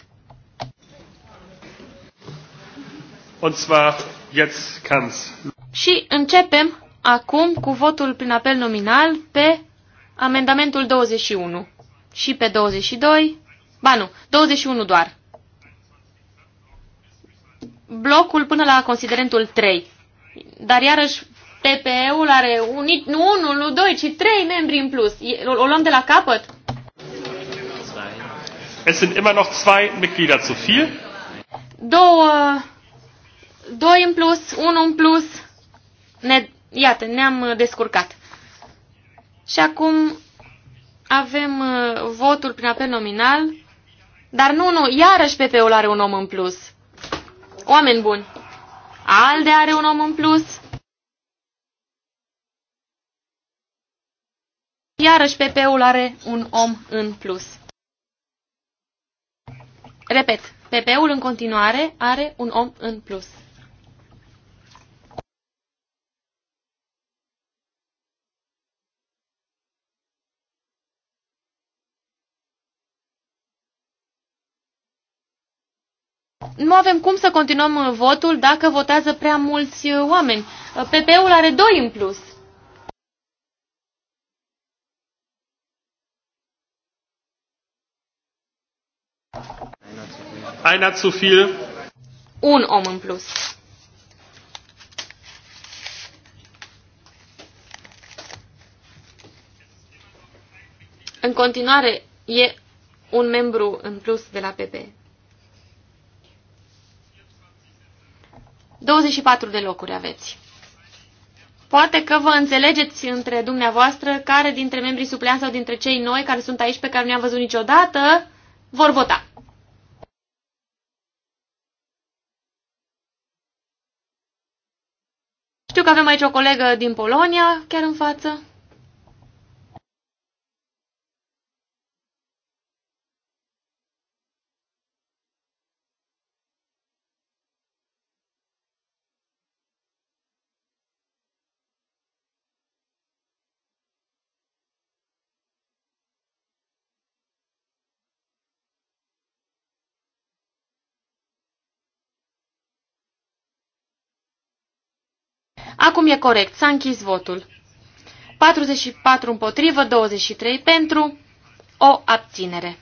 Und zwar jetzt kann's. Și începem acum cu votul prin apel nominal pe amendamentul 21 și pe 22 Ba nu, 21 doar. Blocul până la considerentul 3. Dar iarăși TPE-ul are unit, nu unul, nu doi, ci trei membri în plus. O luăm de la capăt? Es sind immer noch zwei Mitglieder zu viel. Două, doi în plus, unul în plus. Ne, iată, ne-am uh, descurcat. Și acum avem uh, votul prin apel nominal dar nu, nu, iarăși PP-ul are un om în plus. Oameni buni, ALDE are un om în plus. Iarăși PP-ul are un om în plus. Repet, PP-ul în continuare are un om în plus. Nu avem cum să continuăm uh, votul dacă votează prea mulți uh, oameni. Uh, PP-ul are doi în plus. Einer zu viel. Un om în plus. În continuare, e un membru în plus de la PP. 24 de locuri aveți. Poate că vă înțelegeți între dumneavoastră care dintre membrii supleanți sau dintre cei noi care sunt aici pe care nu i-am văzut niciodată vor vota. Știu că avem aici o colegă din Polonia, chiar în față. Acum e corect, s-a închis votul. 44 împotrivă, 23 pentru, o abținere.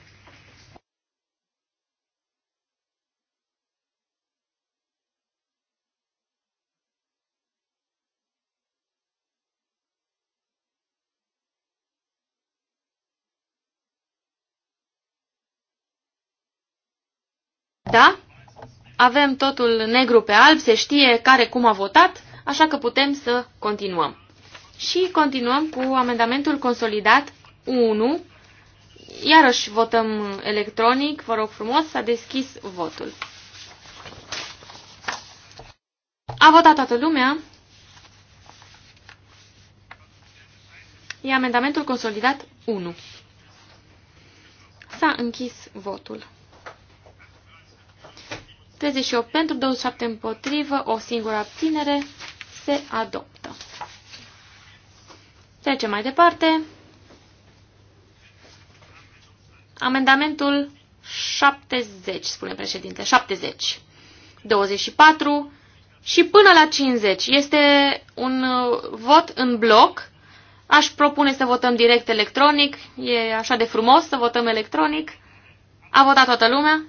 Da? Avem totul negru pe alb, se știe care cum a votat? așa că putem să continuăm. Și continuăm cu amendamentul consolidat 1. Iarăși votăm electronic, vă rog frumos, s-a deschis votul. A votat toată lumea. E amendamentul consolidat 1. S-a închis votul. 38 pentru, 27 împotrivă, o singură abținere se adoptă. Trecem mai departe. Amendamentul 70, spune președinte, 70, 24 și până la 50. Este un uh, vot în bloc. Aș propune să votăm direct electronic. E așa de frumos să votăm electronic. A votat toată lumea.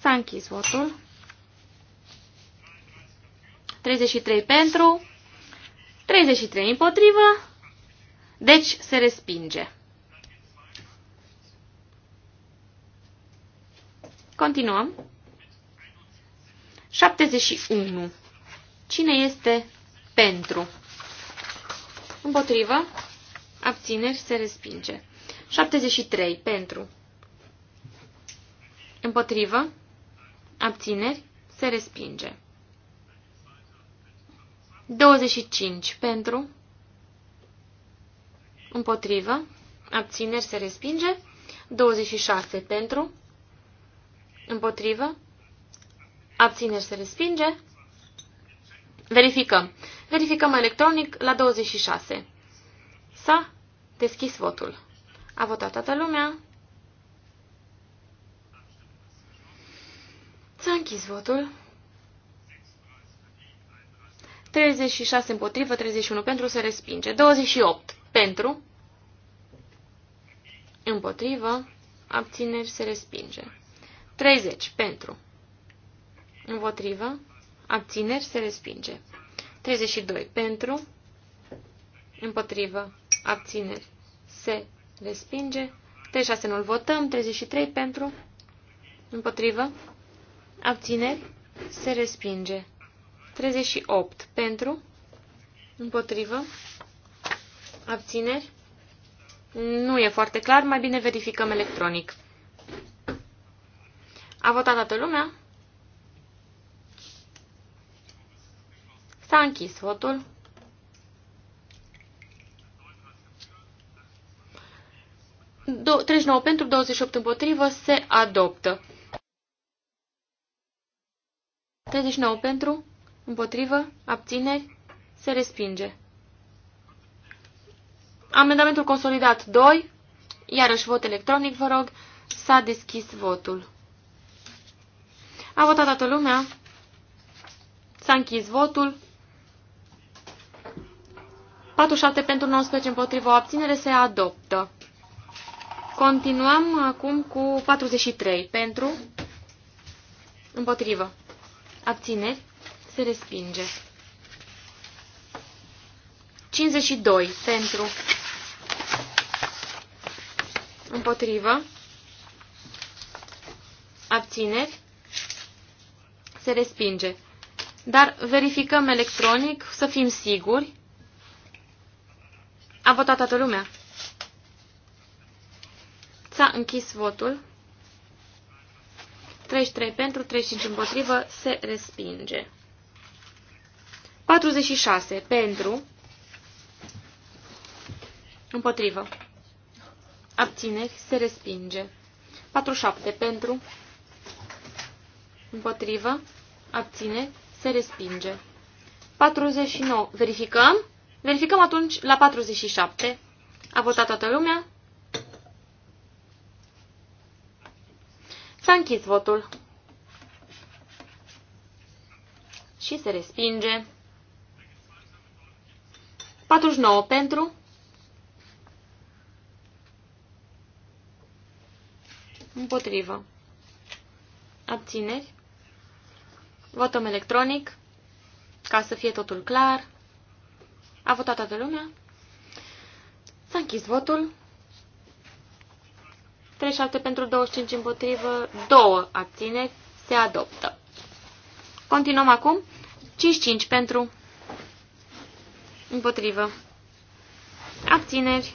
S-a închis votul. 33 pentru, 33 împotrivă, deci se respinge. Continuăm. 71. Cine este pentru? Împotrivă. Abțineri se respinge. 73. Pentru. Împotrivă. Abțineri se respinge. 25 pentru, împotrivă, abțineri se respinge, 26 pentru, împotrivă, abțineri se respinge, verificăm. Verificăm electronic la 26. S-a deschis votul. A votat toată lumea. S-a închis votul. 36 împotrivă, 31 pentru, se respinge. 28 pentru, împotrivă, abțineri, se respinge. 30 pentru, împotrivă, abțineri, se respinge. 32 pentru, împotrivă, abțineri, se respinge. 36 nu-l votăm, 33 pentru, împotrivă, abțineri, se respinge. 38 pentru, împotrivă, abțineri. Nu e foarte clar, mai bine verificăm electronic. A votat toată lumea? S-a închis votul. Do 39 pentru, 28 împotrivă, se adoptă. 39 pentru, Împotrivă? Abțineri? Se respinge. Amendamentul consolidat 2. Iarăși vot electronic, vă rog. S-a deschis votul. A votat toată lumea. S-a închis votul. 47 pentru 19 împotrivă o abținere se adoptă. Continuăm acum cu 43 pentru împotrivă abțineri se respinge. 52 pentru împotrivă abțineri se respinge. Dar verificăm electronic să fim siguri. A votat toată lumea. S-a închis votul. 33 pentru, 35 împotrivă, se respinge. 46. Pentru. Împotrivă. abține, Se respinge. 47. Pentru. Împotrivă. Abține. Se respinge. 49. Verificăm? Verificăm atunci la 47. A votat toată lumea? S-a închis votul. Și se respinge. 49 pentru. Împotrivă. Abțineri. Votăm electronic. Ca să fie totul clar. A votat toată lumea. S-a închis votul. 37 pentru 25 împotrivă, 2 abțineri, se adoptă. Continuăm acum. 55 pentru Împotrivă. Abțineri.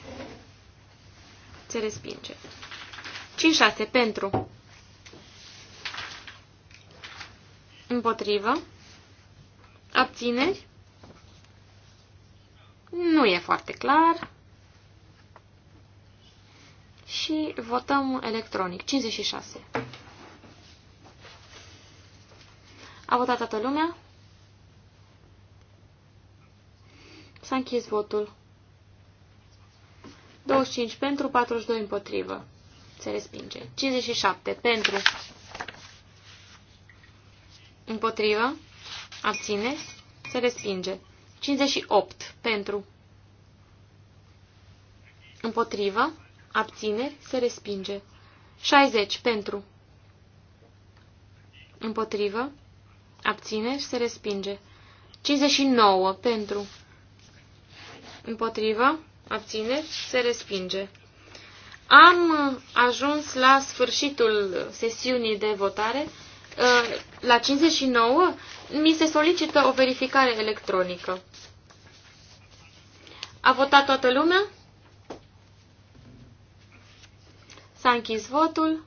Se respinge. 5-6 pentru. Împotrivă. Abțineri. Nu e foarte clar. Și votăm electronic. 56. A votat toată lumea? S-a închis votul. 25 pentru, 42 împotrivă. Se respinge. 57 pentru. Împotrivă. Abține. Se respinge. 58 pentru. Împotrivă. Abține. Se respinge. 60 pentru. Împotrivă. Abține. Se respinge. 59 pentru împotrivă, abține, se respinge. Am ajuns la sfârșitul sesiunii de votare. Uh, la 59 mi se solicită o verificare electronică. A votat toată lumea? S-a închis votul.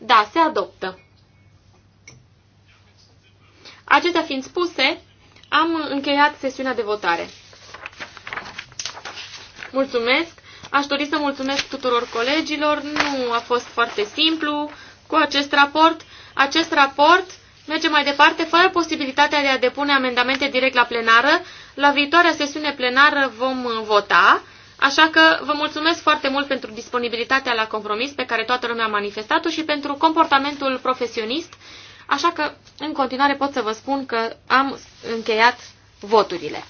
Da, se adoptă. Acestea fiind spuse, am încheiat sesiunea de votare. Mulțumesc! Aș dori să mulțumesc tuturor colegilor, nu a fost foarte simplu cu acest raport. Acest raport merge mai departe fără posibilitatea de a depune amendamente direct la plenară. La viitoarea sesiune plenară vom vota, așa că vă mulțumesc foarte mult pentru disponibilitatea la compromis pe care toată lumea a manifestat-o și pentru comportamentul profesionist Așa că, în continuare, pot să vă spun că am încheiat voturile.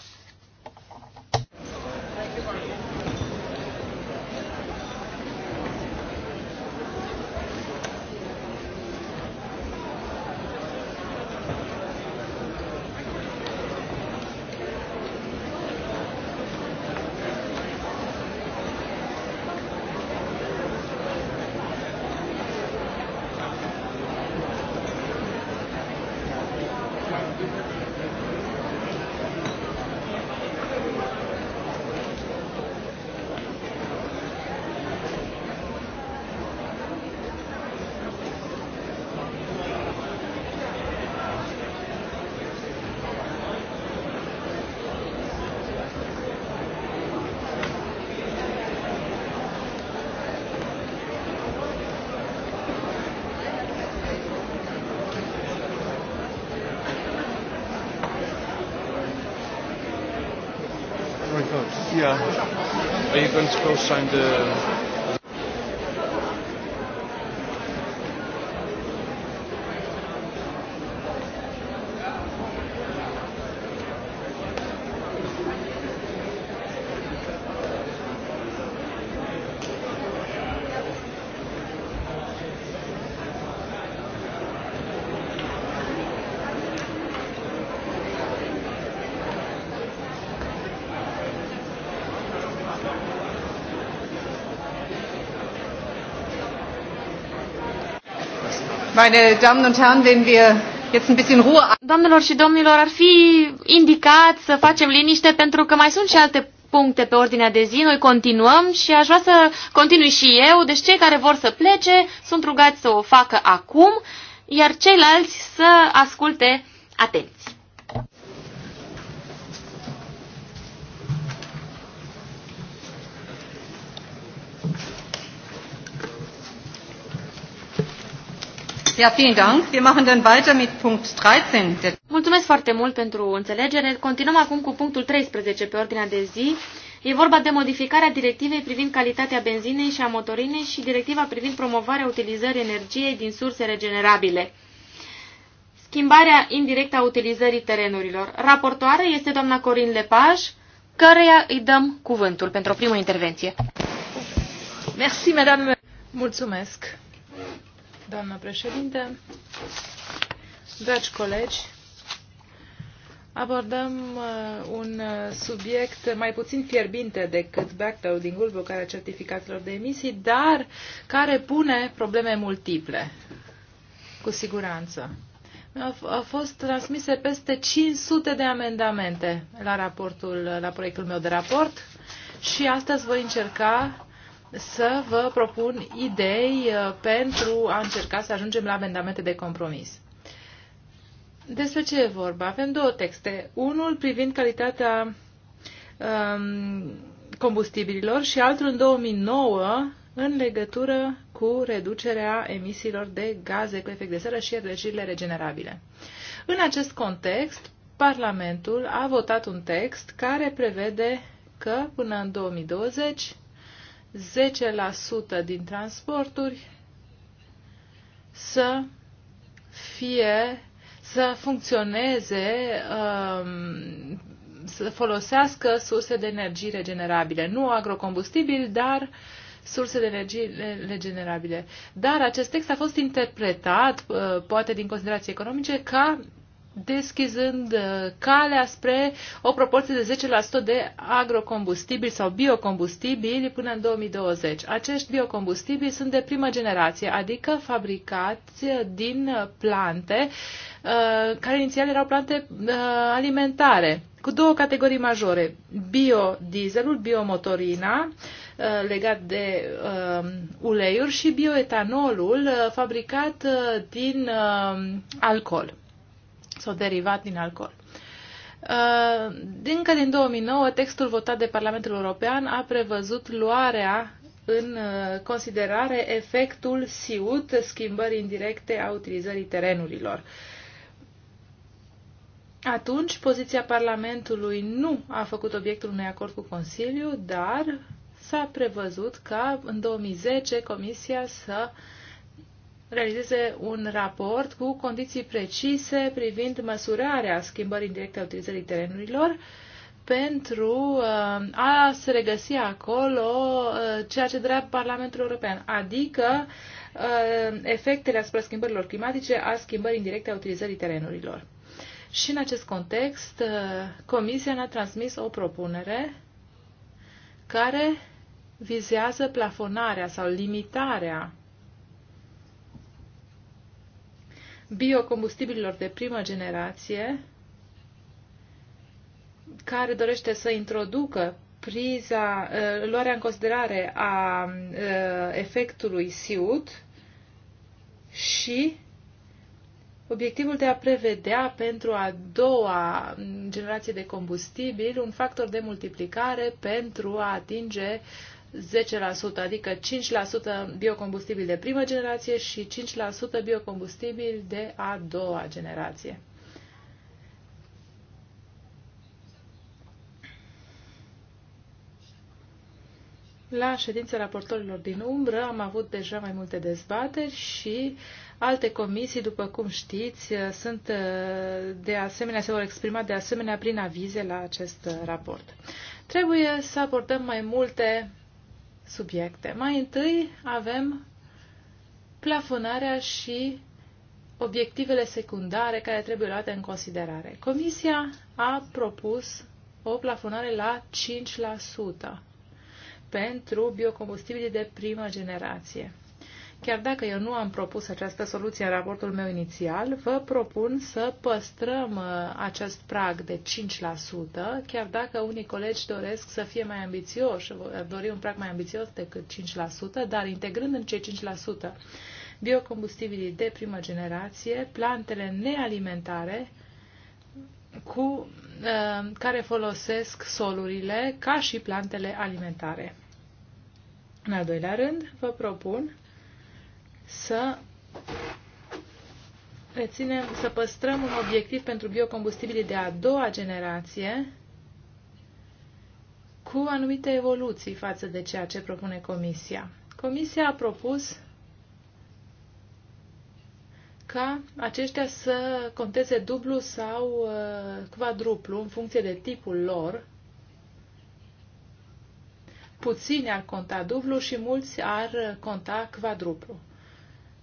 Evans co-signed the Doamnelor și domnilor, ar fi indicat să facem liniște pentru că mai sunt și alte puncte pe ordinea de zi. Noi continuăm și aș vrea să continui și eu. Deci cei care vor să plece sunt rugați să o facă acum, iar ceilalți să asculte atenți. Ja, vielen Dank. Wir machen dann weiter mit Punkt 13. Mulțumesc foarte mult pentru înțelegere. Continuăm acum cu punctul 13 pe ordinea de zi. E vorba de modificarea directivei privind calitatea benzinei și a motorinei și directiva privind promovarea utilizării energiei din surse regenerabile. Schimbarea indirectă a utilizării terenurilor. Raportoare este doamna Corin Lepaj, căreia îi dăm cuvântul pentru o primă intervenție. Mersi, madame. Mulțumesc doamnă președinte, dragi colegi, abordăm uh, un uh, subiect mai puțin fierbinte decât backloading-ul, blocarea certificatelor de emisii, dar care pune probleme multiple, cu siguranță. Au fost transmise peste 500 de amendamente la raportul, la proiectul meu de raport și astăzi voi încerca să vă propun idei uh, pentru a încerca să ajungem la amendamente de compromis. Despre ce e vorba? Avem două texte. Unul privind calitatea um, combustibililor și altul în 2009 în legătură cu reducerea emisiilor de gaze cu efect de seră și energiile regenerabile. În acest context, Parlamentul a votat un text care prevede că până în 2020 10% din transporturi să fie, să funcționeze, um, să folosească surse de energie regenerabile. Nu agrocombustibil, dar surse de energie regenerabile. Dar acest text a fost interpretat, uh, poate din considerații economice, ca deschizând uh, calea spre o proporție de 10% de agrocombustibili sau biocombustibili până în 2020. Acești biocombustibili sunt de primă generație, adică fabricați uh, din uh, plante care inițial erau plante alimentare, cu două categorii majore, biodieselul, biomotorina, legat de uh, uleiuri și bioetanolul uh, fabricat uh, din uh, alcool sau derivat din alcool. Uh, încă din 2009, textul votat de Parlamentul European a prevăzut luarea în uh, considerare efectul SIUT, schimbări indirecte a utilizării terenurilor. Atunci, poziția Parlamentului nu a făcut obiectul unui acord cu Consiliu, dar s-a prevăzut ca în 2010 Comisia să uh, realizeze un raport cu condiții precise privind măsurarea schimbării indirecte a utilizării terenurilor pentru uh, a se regăsi acolo uh, ceea ce dorea Parlamentul European, adică uh, efectele asupra schimbărilor climatice a schimbării indirecte a utilizării terenurilor. Și în acest context, Comisia ne-a transmis o propunere care vizează plafonarea sau limitarea biocombustibililor de primă generație, care dorește să introducă priza, uh, luarea în considerare a uh, efectului SIUT și obiectivul de a prevedea pentru a doua generație de combustibil un factor de multiplicare pentru a atinge 10%, adică 5% biocombustibil de primă generație și 5% biocombustibil de a doua generație. La ședința raportorilor din umbră am avut deja mai multe dezbateri și alte comisii, după cum știți, sunt uh, de asemenea, se vor exprima de asemenea prin avize la acest uh, raport. Trebuie să abordăm mai multe subiecte. Mai întâi avem plafonarea și obiectivele secundare care trebuie luate în considerare. Comisia a propus o plafonare la 5% pentru biocombustibili de primă generație. Chiar dacă eu nu am propus această soluție în raportul meu inițial, vă propun să păstrăm uh, acest prag de 5%, chiar dacă unii colegi doresc să fie mai ambițioși, ar dori un prag mai ambițios decât 5%, dar integrând în cei 5% biocombustibilii de primă generație, plantele nealimentare cu, uh, care folosesc solurile ca și plantele alimentare. În al doilea rând, vă propun să reținem, să păstrăm un obiectiv pentru biocombustibilii de a doua generație cu anumite evoluții față de ceea ce propune Comisia. Comisia a propus ca aceștia să conteze dublu sau uh, quadruplu în funcție de tipul lor. Puțini ar conta dublu și mulți ar conta quadruplu.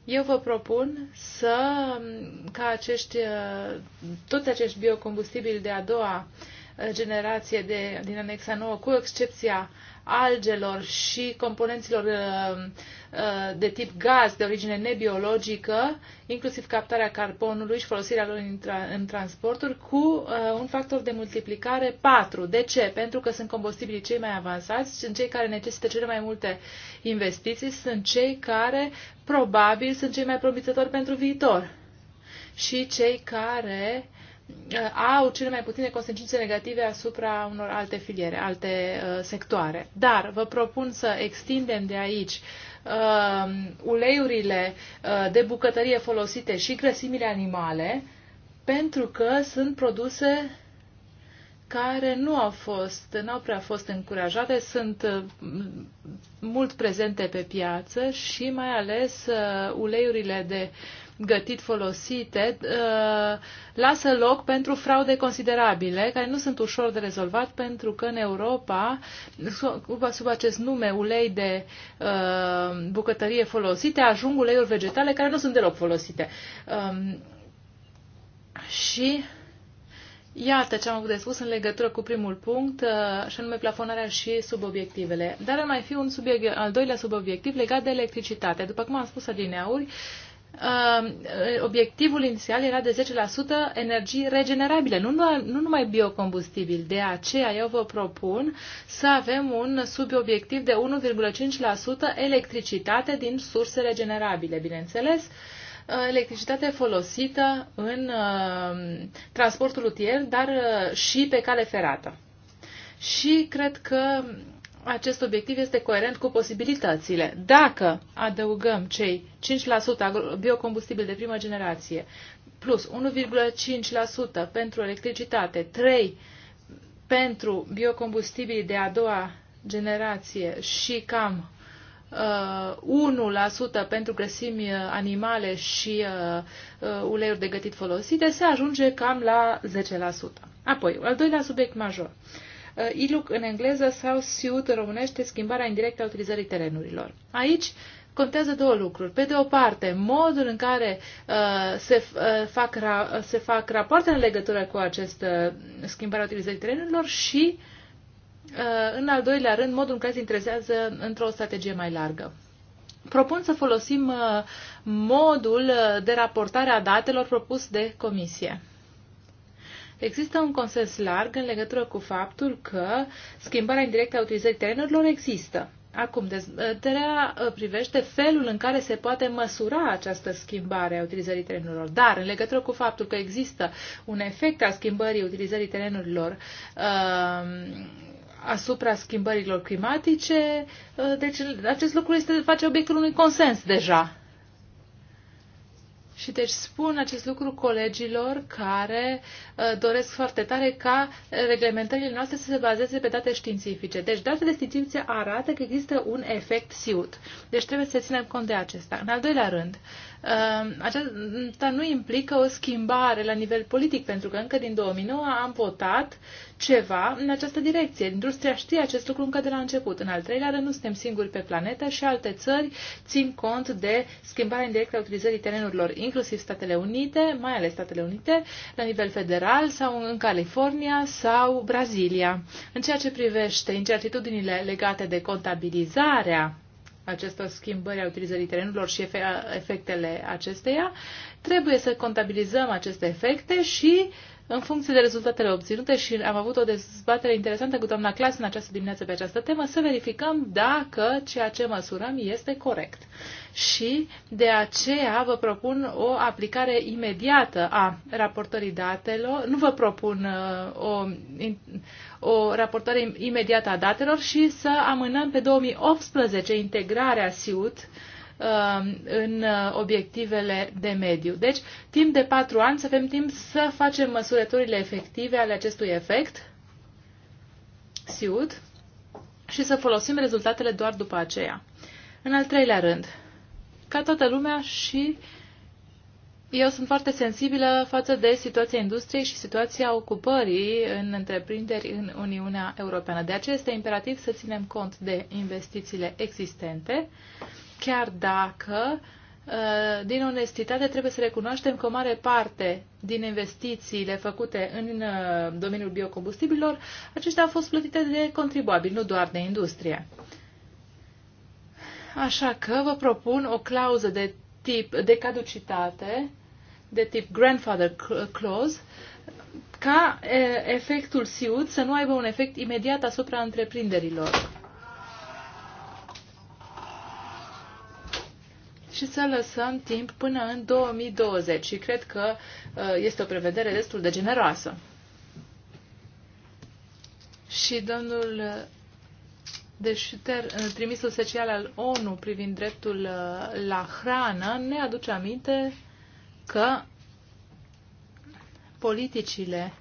Eu vă propun să, ca acești, uh, toți acești biocombustibili de a doua uh, generație de, din anexa 9, cu excepția uh, algelor și componenților uh, uh, de tip gaz de origine nebiologică, inclusiv captarea carbonului și folosirea lor în, tra- în transporturi, cu uh, un factor de multiplicare 4. De ce? Pentru că sunt combustibilii cei mai avansați, sunt cei care necesită cele mai multe investiții, sunt cei care probabil sunt cei mai promițători pentru viitor și cei care Uh, au cele mai puține consecințe negative asupra unor alte filiere, alte uh, sectoare. Dar vă propun să extindem de aici uh, uleiurile de bucătărie folosite și grăsimile animale, pentru că sunt produse care nu au fost, nu au prea fost încurajate, sunt mult prezente pe piață și mai ales uleiurile de gătit folosite uh, lasă loc pentru fraude considerabile, care nu sunt ușor de rezolvat, pentru că în Europa, sub acest nume ulei de uh, bucătărie folosite, ajung uleiuri vegetale care nu sunt deloc folosite. Um, și Iată ce am avut de spus în legătură cu primul punct, uh, și anume plafonarea și subobiectivele. Dar ar mai fi un subiect, al doilea subobiectiv legat de electricitate. După cum am spus adineauri, Um, obiectivul inițial era de 10% energii regenerabile, nu, numai, nu numai biocombustibil. De aceea eu vă propun să avem un subobiectiv de 1,5% electricitate din surse regenerabile, bineînțeles, uh, electricitate folosită în uh, transportul rutier, dar uh, și pe cale ferată. Și cred că acest obiectiv este coerent cu posibilitățile. Dacă adăugăm cei 5% biocombustibil de primă generație, plus 1,5% pentru electricitate, 3% pentru biocombustibili de a doua generație și cam uh, 1% pentru grăsimi uh, animale și uh, uh, uleiuri de gătit folosite, se ajunge cam la 10%. Apoi, al doilea subiect major. Uh, Uh, ILUC în engleză sau SIUT în românește, schimbarea indirectă a utilizării terenurilor. Aici contează două lucruri. Pe de o parte, modul în care uh, se, uh, fac ra- se fac rapoarte în legătură cu această uh, schimbare a utilizării terenurilor și, uh, în al doilea rând, modul în care se interesează într-o strategie mai largă. Propun să folosim uh, modul uh, de raportare a datelor propus de comisie. Există un consens larg în legătură cu faptul că schimbarea indirectă a utilizării terenurilor există. Acum, dezbaterea uh, privește felul în care se poate măsura această schimbare a utilizării terenurilor. Dar, în legătură cu faptul că există un efect al schimbării utilizării terenurilor uh, asupra schimbărilor climatice, uh, deci acest lucru este, face obiectul unui consens deja. Și deci spun acest lucru colegilor care uh, doresc foarte tare ca reglementările noastre să se bazeze pe date științifice. Deci datele științifice arată că există un efect siut. Deci trebuie să ținem cont de acesta. În al doilea rând, uh, Ehm, aceasta nu implică o schimbare la nivel politic, pentru că încă din 2009 am votat ceva în această direcție. Industria știe acest lucru încă de la început. În al treilea rând, nu suntem singuri pe planetă și alte țări țin cont de schimbarea indirectă a utilizării terenurilor, inclusiv Statele Unite, mai ales Statele Unite, la nivel federal sau în California sau Brazilia. În ceea ce privește incertitudinile legate de contabilizarea acestor schimbări a utilizării terenurilor și efectele acesteia, trebuie să contabilizăm aceste efecte și în funcție de rezultatele obținute și am avut o dezbatere interesantă cu doamna Clas în această dimineață pe această temă, să verificăm dacă ceea ce măsurăm este corect. Și de aceea vă propun o aplicare imediată a raportării datelor. Nu vă propun uh, o, o raportare imediată a datelor și să amânăm pe 2018 integrarea SIUT um, în uh, obiectivele de mediu. Deci, timp de patru ani să avem timp să facem măsurătorile efective ale acestui efect, SIUT, și să folosim rezultatele doar după aceea. În al treilea rând, ca toată lumea și uh, eu sunt foarte sensibilă față de situația industriei și situația ocupării în întreprinderi în Uniunea Europeană. De aceea este imperativ să ținem cont de investițiile existente, chiar dacă, uh, din onestitate, trebuie să recunoaștem că o mare parte din investițiile făcute în uh, domeniul biocombustibilor, aceștia au fost plătite de contribuabili, nu doar de industrie. Așa că vă propun o clauză de tip de caducitate de tip grandfather clause, ca efectul siut să nu aibă un efect imediat asupra întreprinderilor. Și să lăsăm timp până în 2020. Și cred că este o prevedere destul de generoasă. Și domnul Deșuter, trimisul special al ONU privind dreptul la hrană, ne aduce aminte că politicile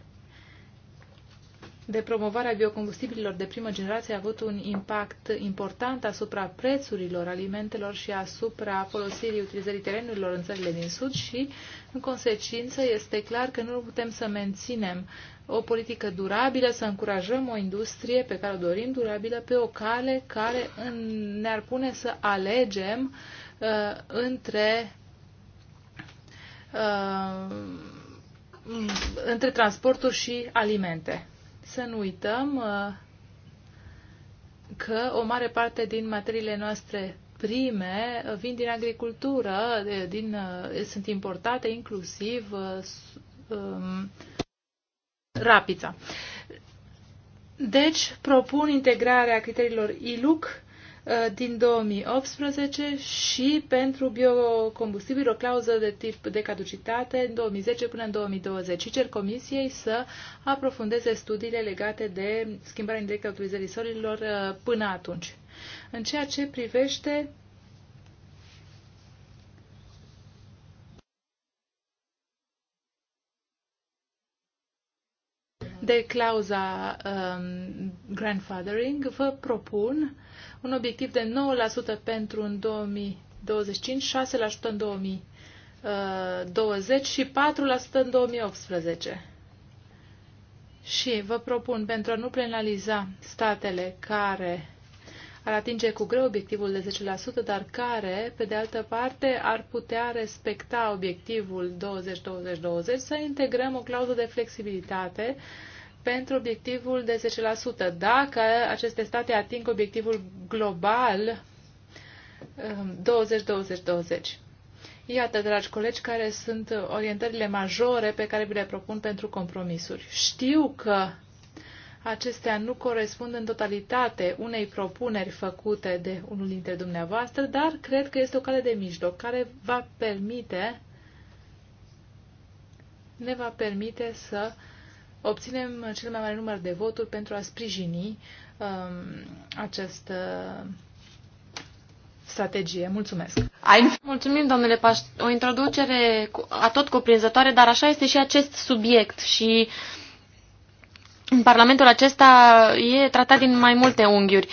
de promovare a biocombustibililor de primă generație a avut un impact important asupra prețurilor alimentelor și asupra folosirii utilizării terenurilor în țările din Sud și, în consecință, este clar că nu putem să menținem o politică durabilă, să încurajăm o industrie pe care o dorim durabilă pe o cale care ne-ar pune să alegem uh, între uh, între transporturi și alimente. Să nu uităm uh, că o mare parte din materiile noastre prime vin din agricultură, din, uh, sunt importate inclusiv uh, um, rapița. Deci, propun integrarea criteriilor ILUC Uh, din 2018 și pentru biocombustibil o clauză de tip de caducitate în 2010 până în 2020 și cer comisiei să aprofundeze studiile legate de schimbarea indirectă a utilizării solilor uh, până atunci. În ceea ce privește de clauza um, grandfathering, vă propun uh, un obiectiv de 9% pentru în 2025, 6% în 2020 uh, și 4% în 2018. Și vă propun, pentru a nu penaliza statele care ar atinge cu greu obiectivul de 10%, dar care, pe de altă parte, ar putea respecta obiectivul 20-20-20, să integrăm o clauză de flexibilitate uh, pentru obiectivul de 10%. Dacă aceste state ating obiectivul global 20-20-20. Um, Iată, dragi colegi, care sunt orientările majore pe care vi le propun pentru compromisuri. Știu că acestea nu corespund în totalitate unei propuneri făcute de unul dintre dumneavoastră, dar cred că este o cale de mijloc care va permite, ne va permite să uh, obținem cel mai mare număr de voturi pentru a sprijini um, această strategie. Mulțumesc! Mulțumim, domnule Paș. O introducere tot cuprinzătoare, dar așa este și acest subiect și în Parlamentul acesta e tratat din mai multe unghiuri.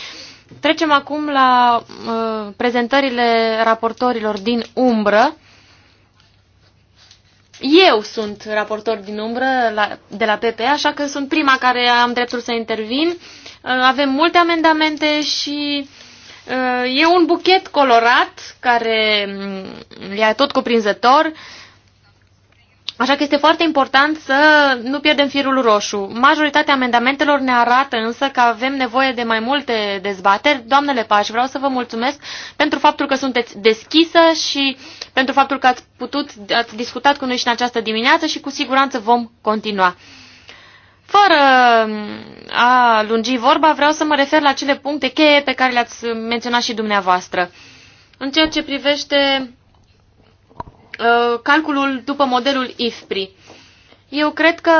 Trecem acum la uh, prezentările raportorilor din umbră. Eu sunt raportor din umbră la, de la PP, așa că sunt prima care am dreptul să intervin. Uh, avem multe amendamente și uh, e un buchet colorat care mm, e tot cuprinzător. Așa că este foarte important să nu pierdem firul roșu. Majoritatea amendamentelor ne arată însă că avem nevoie de mai multe dezbateri. Doamnele Paș, vreau să vă mulțumesc pentru faptul că sunteți deschisă și pentru faptul că ați putut, ați discutat cu noi și în această dimineață și cu siguranță vom continua. Fără a lungi vorba, vreau să mă refer la cele puncte cheie pe care le-ați menționat și dumneavoastră. În ceea ce privește Uh, calculul după modelul IFPRI. Eu cred că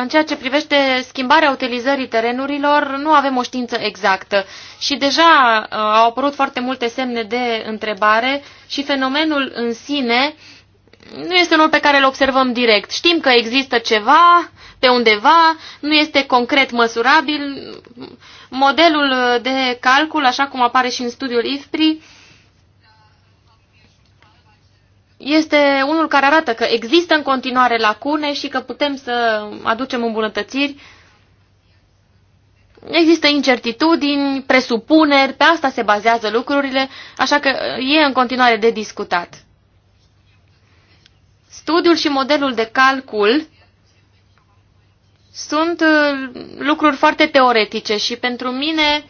în ceea ce privește schimbarea utilizării terenurilor nu avem o știință exactă și deja uh, au apărut foarte multe semne de întrebare și fenomenul în sine nu este unul pe care îl observăm direct. Știm că există ceva pe undeva, nu este concret măsurabil. Modelul de calcul, așa cum apare și în studiul IFPRI, uh, este unul care arată că există în continuare lacune și că putem să aducem îmbunătățiri. Există incertitudini, presupuneri, pe asta se bazează lucrurile, așa că uh, e în continuare de discutat. Studiul și modelul de calcul sunt uh, lucruri foarte teoretice și pentru mine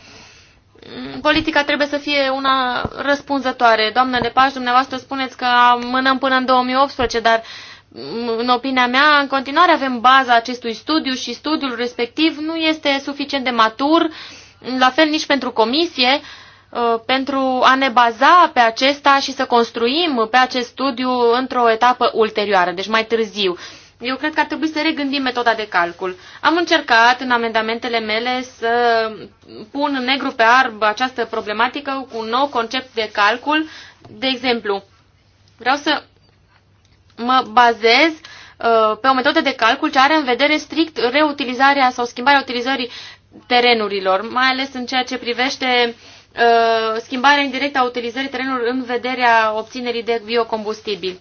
Mm, politica trebuie să fie una răspunzătoare. Doamnă Lepaș, dumneavoastră spuneți că amânăm până în 2018, dar mm, în opinia mea, în continuare avem baza acestui studiu și studiul respectiv nu este suficient de matur, la fel nici pentru comisie, uh, pentru a ne baza pe acesta și să construim pe acest studiu într-o etapă ulterioară, deci mai târziu. Eu cred că ar trebui să regândim metoda de calcul. Am încercat în amendamentele mele să pun în negru pe arb această problematică cu un nou concept de calcul. De exemplu, vreau să mă bazez uh, pe o metodă de calcul ce are în vedere strict reutilizarea sau schimbarea utilizării terenurilor, mai ales în ceea ce privește uh, schimbarea indirectă a utilizării terenurilor în vederea obținerii de biocombustibili.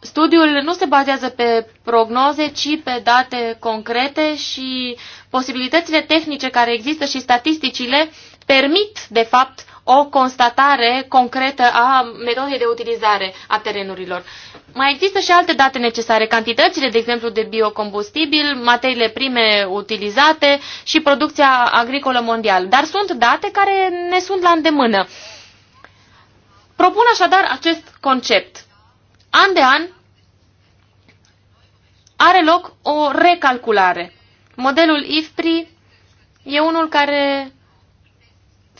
Studiul nu se bazează pe prognoze, ci pe date concrete și posibilitățile tehnice care există și statisticile permit, de fapt, o constatare concretă a metodei de utilizare a terenurilor. Mai există și alte date necesare, cantitățile, de exemplu, de biocombustibil, materiile prime utilizate și producția agricolă mondială. Dar sunt date care ne sunt la îndemână. Propun așadar acest concept an de an, are loc o recalculare. Modelul IFPRI e unul care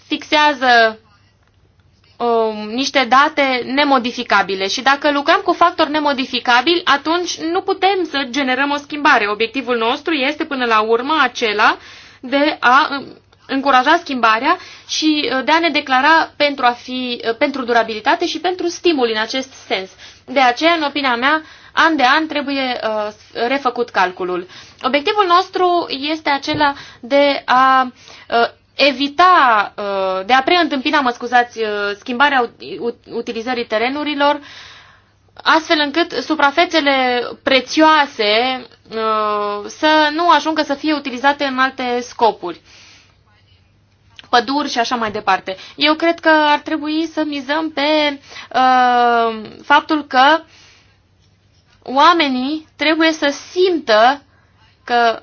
fixează um, niște date nemodificabile și dacă lucrăm cu factori nemodificabili, atunci nu putem să generăm o schimbare. Obiectivul nostru este până la urmă acela de a um, încuraja schimbarea și uh, de a ne declara pentru, a fi, uh, pentru durabilitate și pentru stimul în acest sens. De aceea, în opinia mea, an de an trebuie uh, refăcut calculul. Obiectivul nostru este acela de a uh, evita, uh, de a preîntâmpina, mă scuzați, uh, schimbarea utilizării terenurilor, astfel încât suprafețele prețioase uh, să nu ajungă să fie utilizate în alte scopuri păduri și așa mai departe. Eu cred că ar trebui să mizăm pe uh, faptul că oamenii trebuie să simtă că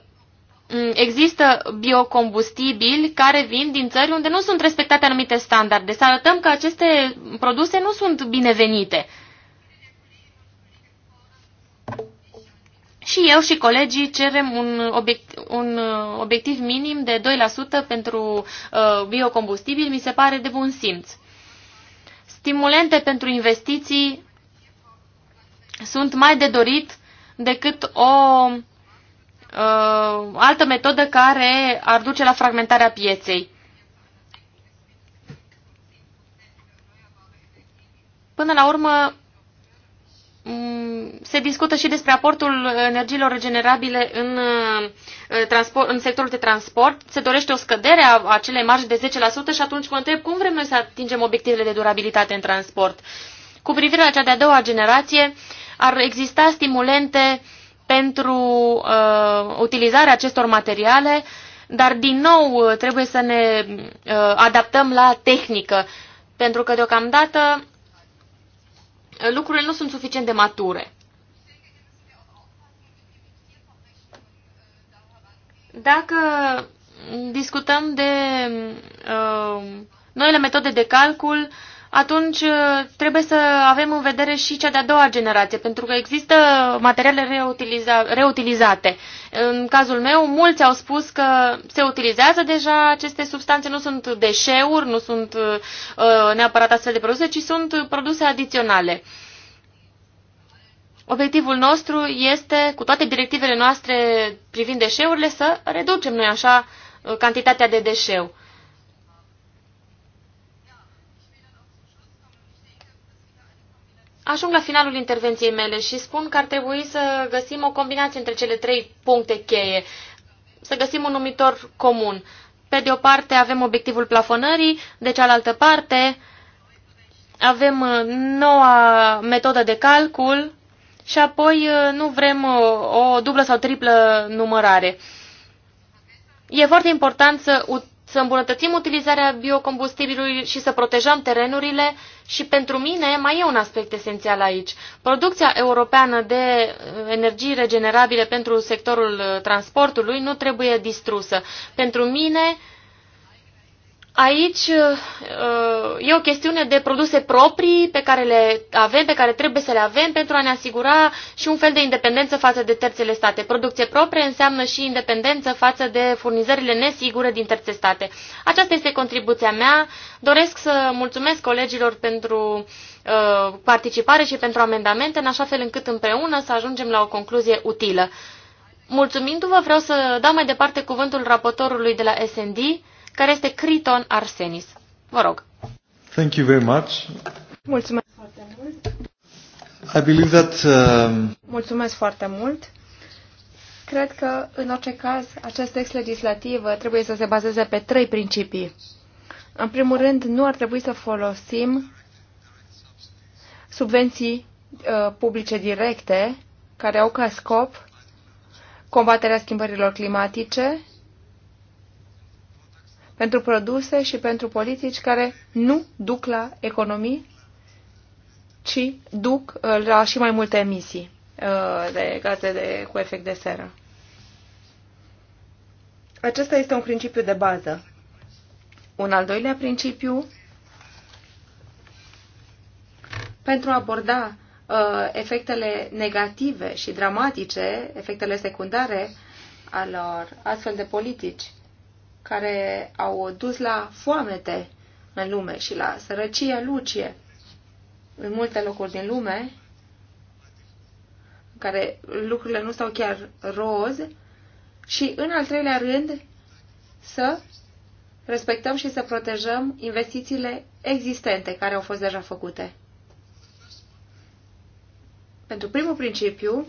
mm, există biocombustibili care vin din țări unde nu sunt respectate anumite standarde. Să arătăm că aceste produse nu sunt binevenite. Și eu și colegii cerem un obiect, un uh, obiectiv minim de 2% pentru uh, biocombustibil mi se pare de bun simț. Stimulente pentru investiții sunt mai de dorit decât o uh, altă metodă care ar duce la fragmentarea pieței. Până la urmă, Mm, se discută și despre aportul energiilor regenerabile în, uh, în sectorul de transport. Se dorește o scădere a acelei marje de 10% și atunci mă întreb cum vrem noi să atingem obiectivele de durabilitate în transport. Cu privire la cea de-a doua generație, ar exista stimulente pentru uh, utilizarea acestor materiale, dar din nou uh, trebuie să ne uh, adaptăm la tehnică, pentru că deocamdată lucrurile nu sunt suficient de mature. Dacă discutăm de uh, noile metode de calcul, atunci uh, trebuie să avem în vedere și cea de-a doua generație, pentru că există materiale reutiliza reutilizate. În cazul meu, mulți au spus că se utilizează deja aceste substanțe, nu sunt deșeuri, nu sunt uh, uh neapărat astfel de produse, ci sunt produse adiționale. Obiectivul nostru este, cu toate directivele noastre privind deșeurile, să reducem noi așa uh, cantitatea de deșeu. Ajung la finalul intervenției mele și spun că ar trebui să găsim o combinație între cele trei puncte cheie, să găsim un numitor comun. Pe de o parte avem obiectivul plafonării, de cealaltă parte avem uh, noua metodă de calcul și apoi uh, nu vrem uh, o dublă sau triplă numărare. E foarte important să să îmbunătățim utilizarea biocombustibilului și să protejăm terenurile și pentru mine mai e un aspect esențial aici. Producția europeană de uh, energii regenerabile pentru sectorul uh, transportului nu trebuie distrusă. Pentru mine Aici uh, uh, e o chestiune de produse proprii pe care le avem, pe care trebuie să le avem pentru a ne asigura și un fel de independență față de terțele state. Producție proprie înseamnă și independență față de furnizările nesigure din terțe state. Aceasta este contribuția mea. Doresc să mulțumesc colegilor pentru uh, participare și pentru amendamente, în așa fel încât împreună să ajungem la o concluzie utilă. Mulțumindu-vă, vreau să dau mai departe cuvântul raportorului de la SND, care este Criton Arsenis. Vă rog. Thank you very much. Mulțumesc foarte mult. I believe that, uh... Mulțumesc foarte mult. Cred că, în orice caz, acest text legislativ trebuie să se bazeze pe trei principii. În primul rând, nu ar trebui să folosim subvenții uh, publice directe care au ca scop combaterea schimbărilor climatice pentru produse și pentru politici care nu duc la economii, ci duc uh, la și mai multe emisii uh, de gaze de, cu efect de seră. Acesta este un principiu de bază. Un al doilea principiu pentru a aborda uh, efectele negative și dramatice, efectele secundare alor astfel de politici care au dus la foamete în lume și la sărăcie lucie în multe locuri din lume, în care lucrurile nu stau chiar roz, și în al treilea rând să respectăm și să protejăm investițiile existente care au fost deja făcute. Pentru primul principiu,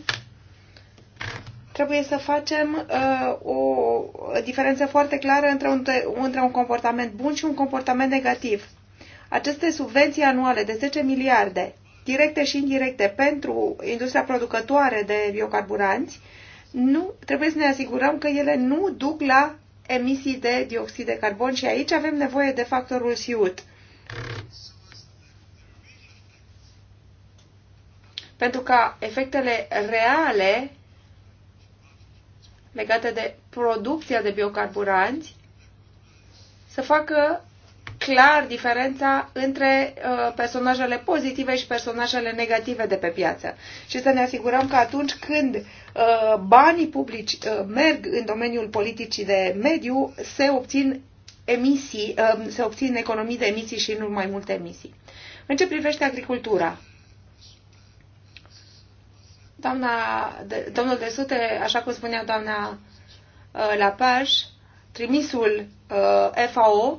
trebuie să facem uh, o diferență foarte clară între un, între un comportament bun și un comportament negativ. Aceste subvenții anuale de 10 miliarde, directe și indirecte, pentru industria producătoare de biocarburanți, nu, trebuie să ne asigurăm că ele nu duc la emisii de dioxid de carbon și aici avem nevoie de factorul SIUT. Pentru ca efectele reale legate de producția de biocarburanți să facă clar diferența între uh, personajele pozitive și personajele negative de pe piață și să ne asigurăm că atunci când uh, banii publici uh, merg în domeniul politicii de mediu, se obțin emisii, uh, se obțin economii de emisii și nu mai multe emisii. În ce privește agricultura? Doamna, de, domnul de Sute, așa cum spunea doamna uh, Lapaj, trimisul uh, FAO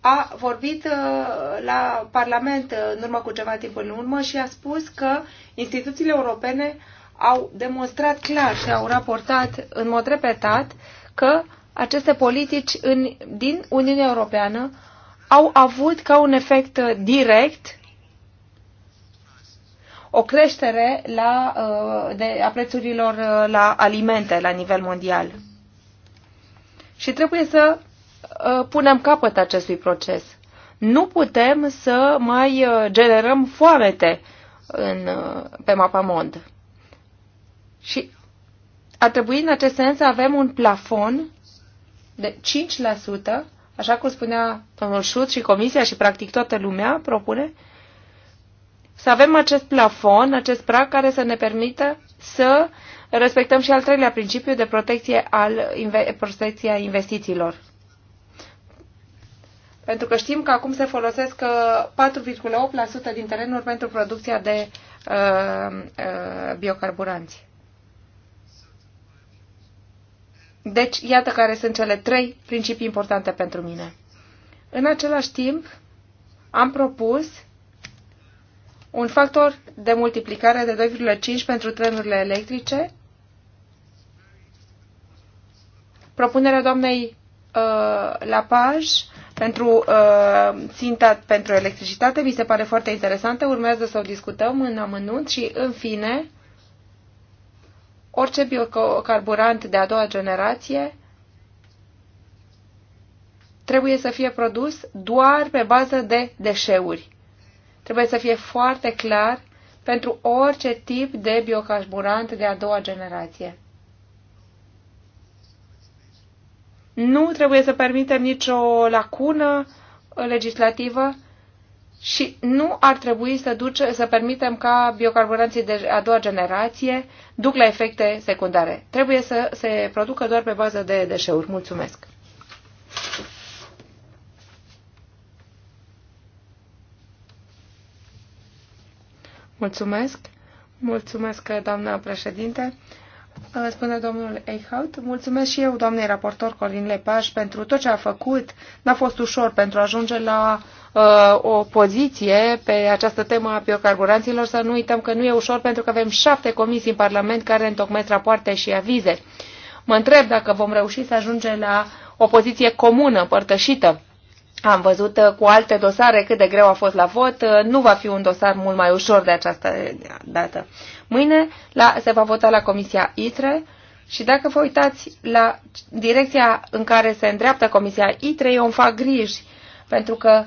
a vorbit uh, la Parlament uh, în urmă cu ceva timp în urmă și a spus că instituțiile europene au demonstrat clar și au raportat în mod repetat că aceste politici în, din Uniunea Europeană au avut ca un efect direct o creștere la, uh, de, a prețurilor uh, la alimente la nivel mondial. Și trebuie să uh, punem capăt acestui proces. Nu putem să mai generăm foamete în, pe mapamond. Și a trebuit în acest sens să avem un plafon de 5%, așa cum spunea domnul Șut și Comisia și practic toată lumea propune, să avem acest plafon, acest prag care să ne permită să respectăm și al treilea principiu de protecție al protecția investițiilor. Pentru că știm că acum se folosesc 4,8% uh, din terenuri pentru producția de uh, uh, biocarburanți. Deci, iată care sunt cele trei principii importante pentru mine. În același timp, am propus un factor de multiplicare de 2,5 pentru trenurile electrice. Propunerea doamnei uh, Lapaj pentru uh, ținta pentru electricitate mi se pare foarte interesantă. Urmează să o discutăm în amănunt și, în fine, orice biocarburant de a doua generație trebuie să fie produs doar pe bază de deșeuri trebuie să fie foarte clar pentru orice tip de biocarburant de a doua generație. Nu trebuie să permitem nicio lacună legislativă și nu ar trebui să, duce, să permitem ca biocarburanții de a doua generație duc la efecte secundare. Trebuie să se producă doar pe bază de deșeuri. Mulțumesc! Mulțumesc. Mulțumesc, doamna președinte. Spune domnul Eichhout, mulțumesc și eu, doamnei raportor Colin Lepaș, pentru tot ce a făcut. N-a fost ușor pentru a ajunge la uh, o poziție pe această temă a biocarburanților. Să nu uităm că nu e ușor pentru că avem șapte comisii în Parlament care întocmesc rapoarte și avize. Mă întreb dacă vom reuși să ajungem la o poziție comună, părtășită. Am văzut uh, cu alte dosare cât de greu a fost la vot. Uh, nu va fi un dosar mult mai ușor de această dată. Mâine la, se va vota la Comisia ITRE și dacă vă uitați la direcția în care se îndreaptă Comisia ITRE, eu îmi fac griji, pentru că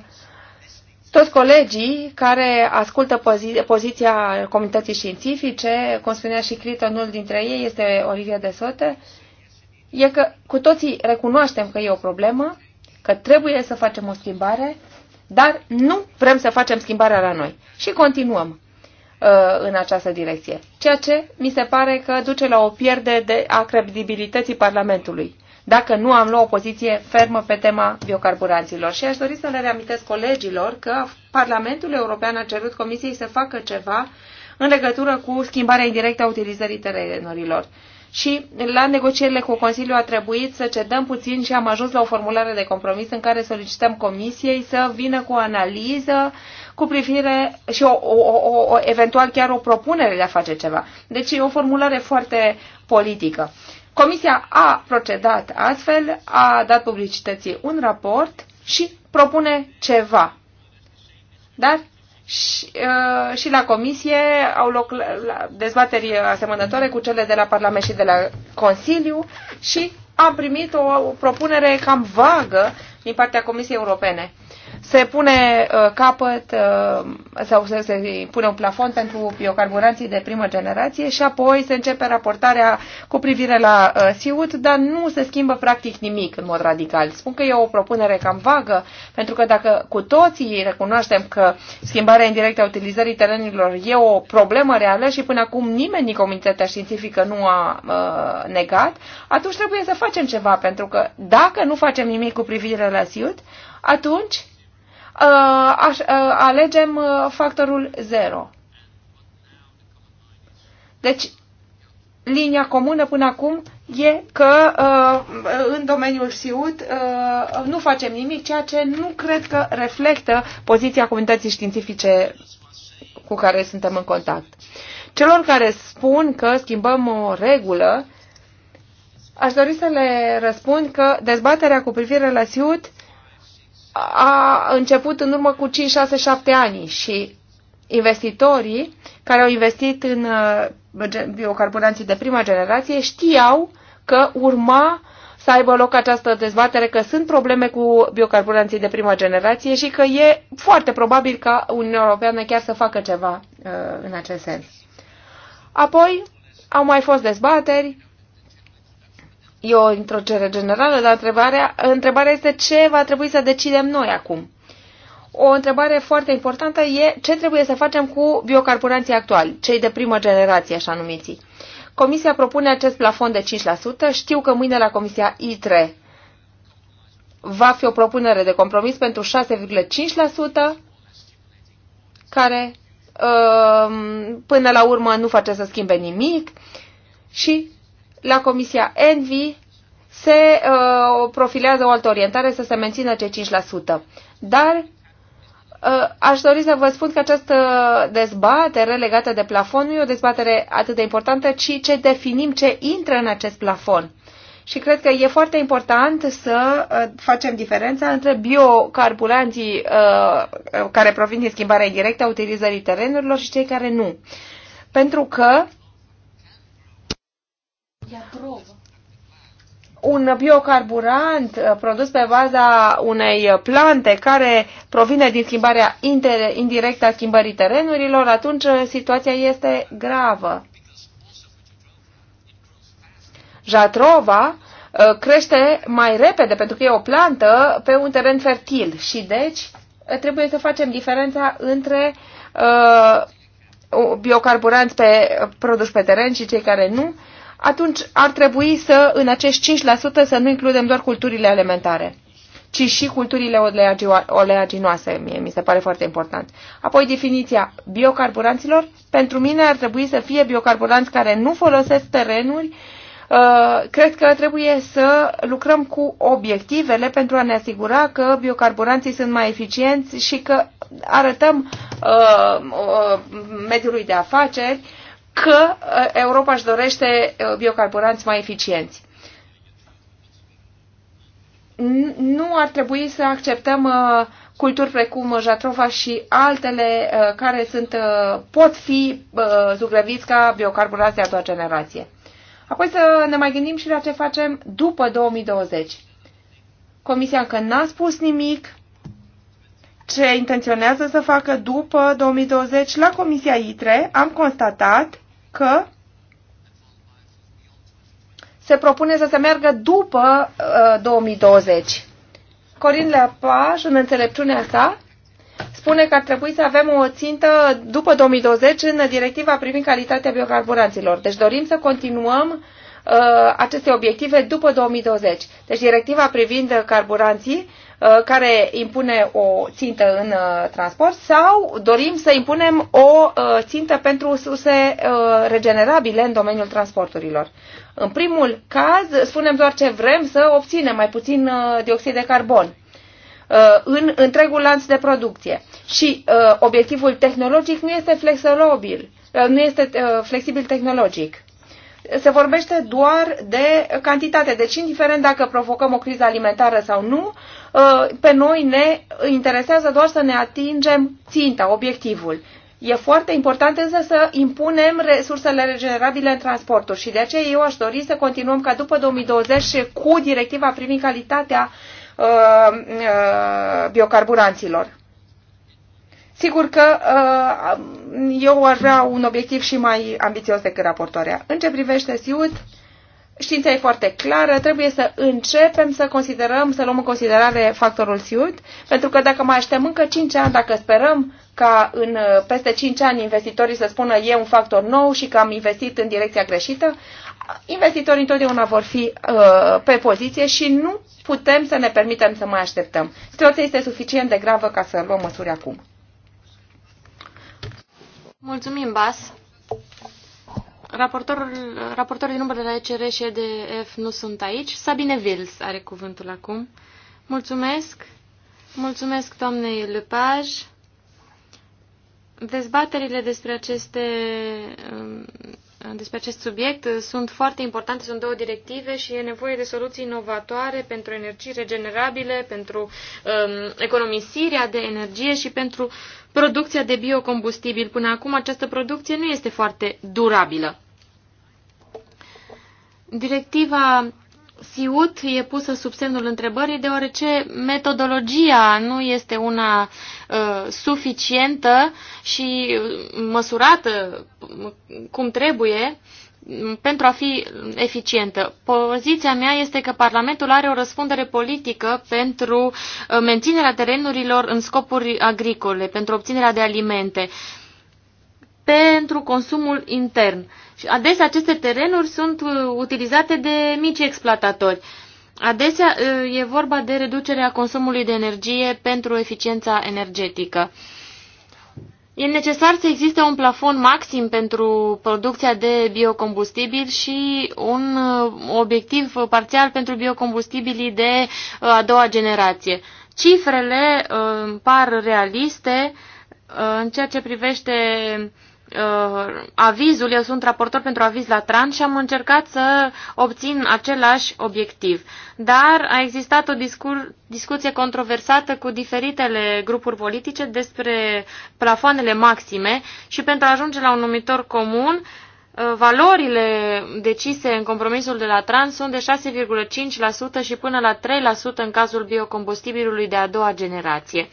toți colegii care ascultă pozi- poziția comunității științifice, cum spunea și Critonul dintre ei, este Olivia de Sote, e că cu toții recunoaștem că e o problemă, că trebuie să facem o schimbare, dar nu vrem să facem schimbarea la noi. Și continuăm uh, în această direcție, ceea ce mi se pare că duce la o pierdere de a credibilității Parlamentului dacă nu am luat o poziție fermă pe tema biocarburanților. Și aș dori să le reamintesc colegilor că Parlamentul European a cerut Comisiei să facă ceva în legătură cu schimbarea indirectă a utilizării terenurilor și la negocierile cu Consiliul a trebuit să cedăm puțin și am ajuns la o formulare de compromis în care solicităm Comisiei să vină cu o analiză cu privire și o, o, o, o, eventual chiar o propunere de a face ceva. Deci e o formulare foarte politică. Comisia a procedat astfel, a dat publicității un raport și propune ceva. Dar și, uh, și la comisie au loc la, la dezbateri asemănătoare cu cele de la Parlament și de la Consiliu și am primit o propunere cam vagă din partea Comisiei Europene se pune uh, capăt uh, sau se, se pune un plafon pentru biocarburanții de primă generație și apoi se începe raportarea cu privire la uh, SIUT, dar nu se schimbă practic nimic în mod radical. Spun că e o propunere cam vagă, pentru că dacă cu toții recunoaștem că schimbarea indirectă a utilizării terenurilor e o problemă reală și până acum nimeni din comunitatea științifică nu a uh, negat, atunci trebuie să facem ceva, pentru că dacă nu facem nimic cu privire la SIUT, atunci Uh, aș, uh, alegem uh, factorul 0. Deci, linia comună până acum e că uh, în domeniul SIUT uh, nu facem nimic, ceea ce nu cred că reflectă poziția comunității științifice cu care suntem în contact. Celor care spun că schimbăm o regulă, aș dori să le răspund că dezbaterea cu privire la uh, a început în urmă cu 5, 6, 7 ani și investitorii care au investit în uh, biocarburanții de prima generație știau că urma să aibă loc această dezbatere că sunt probleme cu biocarburanții de prima generație și că e foarte probabil ca Uniunea Europeană chiar să facă ceva uh, în acest sens. Apoi au mai fost dezbateri E o introducere generală, dar întrebarea, întrebarea este ce va trebui să decidem noi acum. O întrebare foarte importantă e ce trebuie să facem cu biocarburanții actuali, cei de primă generație, așa numiții. Comisia propune acest plafon de 5%. Știu că mâine la Comisia ITRE va fi o propunere de compromis pentru 6,5%, care um, până la urmă nu face să schimbe nimic și la Comisia Envi se uh, profilează o altă orientare să se mențină cei 5%. Dar uh, aș dori să vă spun că această dezbatere legată de plafon nu e o dezbatere atât de importantă, ci ce definim, ce intră în acest plafon. Și cred că e foarte important să uh, facem diferența între biocarburanții uh, care provin din schimbarea indirectă a utilizării terenurilor și cei care nu. Pentru că un biocarburant uh, produs pe baza unei plante care provine din schimbarea indirectă a schimbării terenurilor, atunci uh, situația este gravă. Jatrova uh, crește mai repede pentru că e o plantă pe un teren fertil și deci trebuie să facem diferența între uh, biocarburanți pe, produși pe teren și cei care nu atunci ar trebui să, în acești 5%, să nu includem doar culturile alimentare, ci și culturile oleaginoase. Mie mi se pare foarte important. Apoi, definiția biocarburanților. Pentru mine ar trebui să fie biocarburanți care nu folosesc terenuri. Uh, cred că trebuie să lucrăm cu obiectivele pentru a ne asigura că biocarburanții sunt mai eficienți și că arătăm uh, uh, mediului de afaceri că uh, Europa își dorește uh, biocarburanți mai eficienți. Nu ar trebui să acceptăm uh, culturi precum jatrova și altele care sunt, pot fi zugrăviți ca biocarburanți de a doua generație. Apoi să ne mai gândim și la ce facem după 2020. Comisia încă n-a spus nimic ce intenționează să facă după 2020. La Comisia ITRE am constatat că se propune să se meargă după uh, 2020. Corin Lepaj, în înțelepciunea sa, spune că ar trebui să avem o țintă după 2020 în directiva privind calitatea biocarburanților. Deci dorim să continuăm uh, aceste obiective după 2020. Deci directiva privind carburanții Uh, care impune o țintă în uh, transport sau dorim să impunem o uh, țintă pentru surse regenerabile în domeniul transporturilor. În primul caz, spunem doar ce vrem să obținem, mai puțin dioxid de carbon în întregul lanț de producție. Și obiectivul tehnologic nu este flexibil, nu este flexibil tehnologic se vorbește doar de cantitate. Deci, indiferent dacă provocăm o criză alimentară sau nu, uh, pe noi ne interesează doar să ne atingem ținta, obiectivul. E foarte important însă să impunem resursele regenerabile în transporturi și de aceea eu aș dori să continuăm ca după 2020 cu directiva privind calitatea uh, uh, biocarburanților. Sigur că uh, eu aș vrea un obiectiv și mai ambițios decât raportoarea. În ce privește SIUD, știința e foarte clară, trebuie să începem să considerăm, să luăm în considerare factorul SIUD, pentru că dacă mai așteptăm încă 5 ani, dacă sperăm ca în uh, peste 5 ani investitorii să spună e un factor nou și că am investit în direcția greșită, investitorii întotdeauna vor fi uh, pe poziție și nu putem să ne permitem să mai așteptăm. Situația este suficient de gravă ca să luăm măsuri acum. Mulțumim, Bas. Raportorul, raportorul din umbră de la ECR și EDF nu sunt aici. Sabine Vils are cuvântul acum. Mulțumesc. Mulțumesc doamnei Lepaj. Dezbaterile despre aceste um, Uh, despre acest subiect. Uh, sunt foarte importante, sunt două directive și e nevoie de soluții inovatoare pentru energii regenerabile, pentru um, economisirea de energie și pentru producția de biocombustibil. Până acum această producție nu este foarte durabilă. Directiva SIUT e pusă sub semnul întrebării deoarece metodologia nu este una uh, suficientă și uh, măsurată uh, cum trebuie mm, pentru a fi eficientă. Poziția mea este că Parlamentul are o răspundere politică pentru uh, menținerea terenurilor în scopuri agricole, pentru obținerea de alimente. Uh, pentru consumul intern. Și adesea aceste terenuri sunt uh, utilizate de mici exploatatori. Adesea uh, e vorba de reducerea consumului de energie pentru eficiența energetică. E necesar să existe un plafon maxim pentru producția de biocombustibil și un uh, obiectiv parțial pentru biocombustibilii de a doua generație. Cifrele par realiste în ceea ce privește uh, avizul, eu sunt raportor pentru aviz la TRAN și am încercat să obțin același obiectiv. Dar a existat o discur discuție controversată cu diferitele grupuri politice despre plafoanele maxime și pentru a ajunge la un numitor comun, uh, valorile decise în compromisul de la TRAN sunt de 6,5% și până la 3% în cazul biocombustibilului de a doua generație.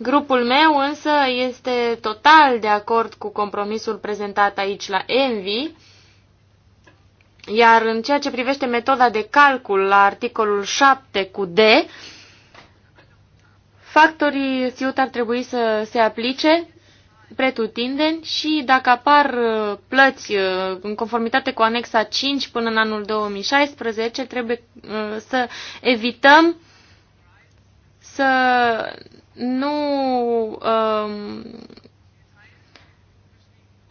Grupul meu însă este total de acord cu compromisul prezentat aici la Envi, iar în ceea ce privește metoda de calcul la articolul 7 cu D, factorii SIUT ar trebui să se aplice pretutindeni și dacă apar uh, plăți uh, în conformitate cu anexa 5 până în anul 2016, trebuie uh, să evităm să nu um,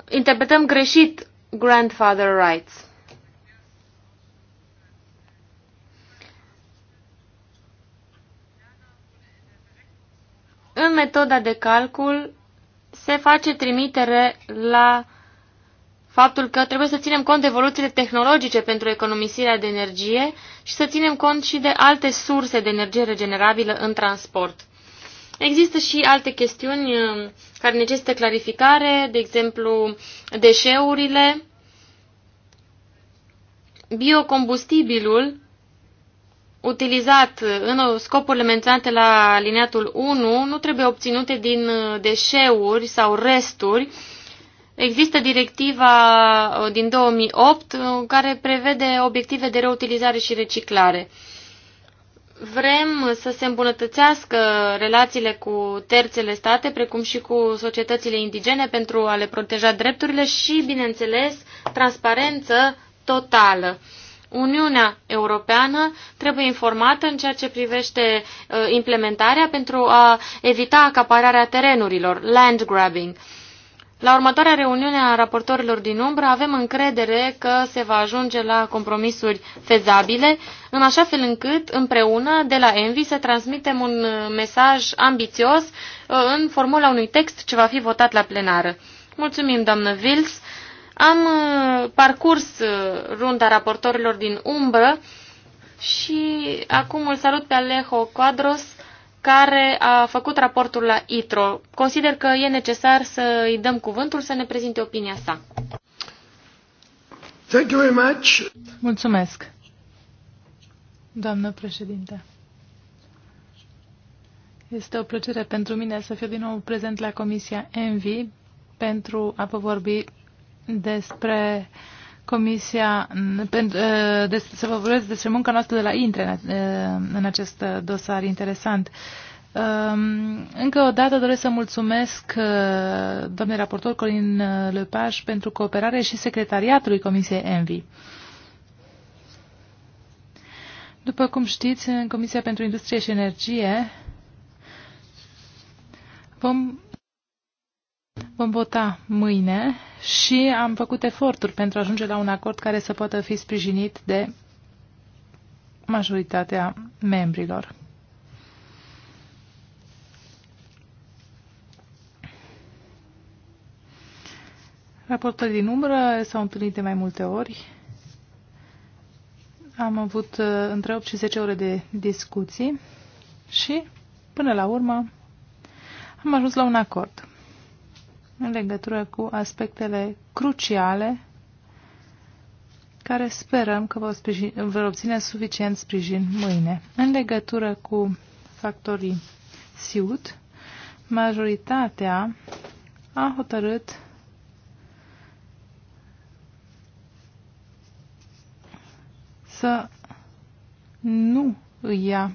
interpretăm greșit grandfather rights. În metoda de calcul se face trimitere la faptul că trebuie să ținem cont de evoluțiile tehnologice pentru economisirea de energie și să ținem cont și de alte surse de energie regenerabilă în transport. Există și alte chestiuni uh, care necesită clarificare, de exemplu deșeurile, biocombustibilul utilizat în scopurile menționate la alineatul 1 nu trebuie obținute din uh, deșeuri sau resturi. Există directiva uh, din 2008 care prevede obiective de reutilizare și reciclare vrem să se îmbunătățească relațiile cu terțele state, precum și cu societățile indigene, pentru a le proteja drepturile și, bineînțeles, transparență totală. Uniunea Europeană trebuie informată în ceea ce privește uh, implementarea pentru a evita acapararea terenurilor, land grabbing. La următoarea reuniune a raportorilor din umbră avem încredere că se va ajunge la compromisuri fezabile, în așa fel încât împreună de la Envi să transmitem un mesaj ambițios uh, în formula unui text ce va fi votat la plenară. Mulțumim, doamnă Vils. Am uh, parcurs uh, runda raportorilor din umbră și acum îl salut pe Alejo Quadros, care a făcut raportul la ITRO. Consider că e necesar să îi dăm cuvântul să ne prezinte opinia sa. Thank you very much. Mulțumesc, doamnă președinte. Este o plăcere pentru mine să fiu din nou prezent la Comisia Envi pentru a vă vorbi despre uh, Comisia, mm, pentru, ă, să vă vorbesc despre munca noastră de la INTRE în ă, acest dosar interesant. Ă, încă o dată doresc să mulțumesc domnului raportor Colin Lepaș pentru cooperare și secretariatului Comisiei ENVI. După cum știți, în Comisia pentru Industrie și Energie vom Vom vota mâine și am făcut eforturi pentru a ajunge la un acord care să poată fi sprijinit de majoritatea membrilor. Raportul din umbră s-au întâlnit de mai multe ori. Am avut uh, între 8 și 10 ore de discuții și, până la urmă, am ajuns la un acord în legătură cu aspectele cruciale care sperăm că vă obține suficient sprijin mâine. În legătură cu factorii SIUT, majoritatea a hotărât să nu îi ia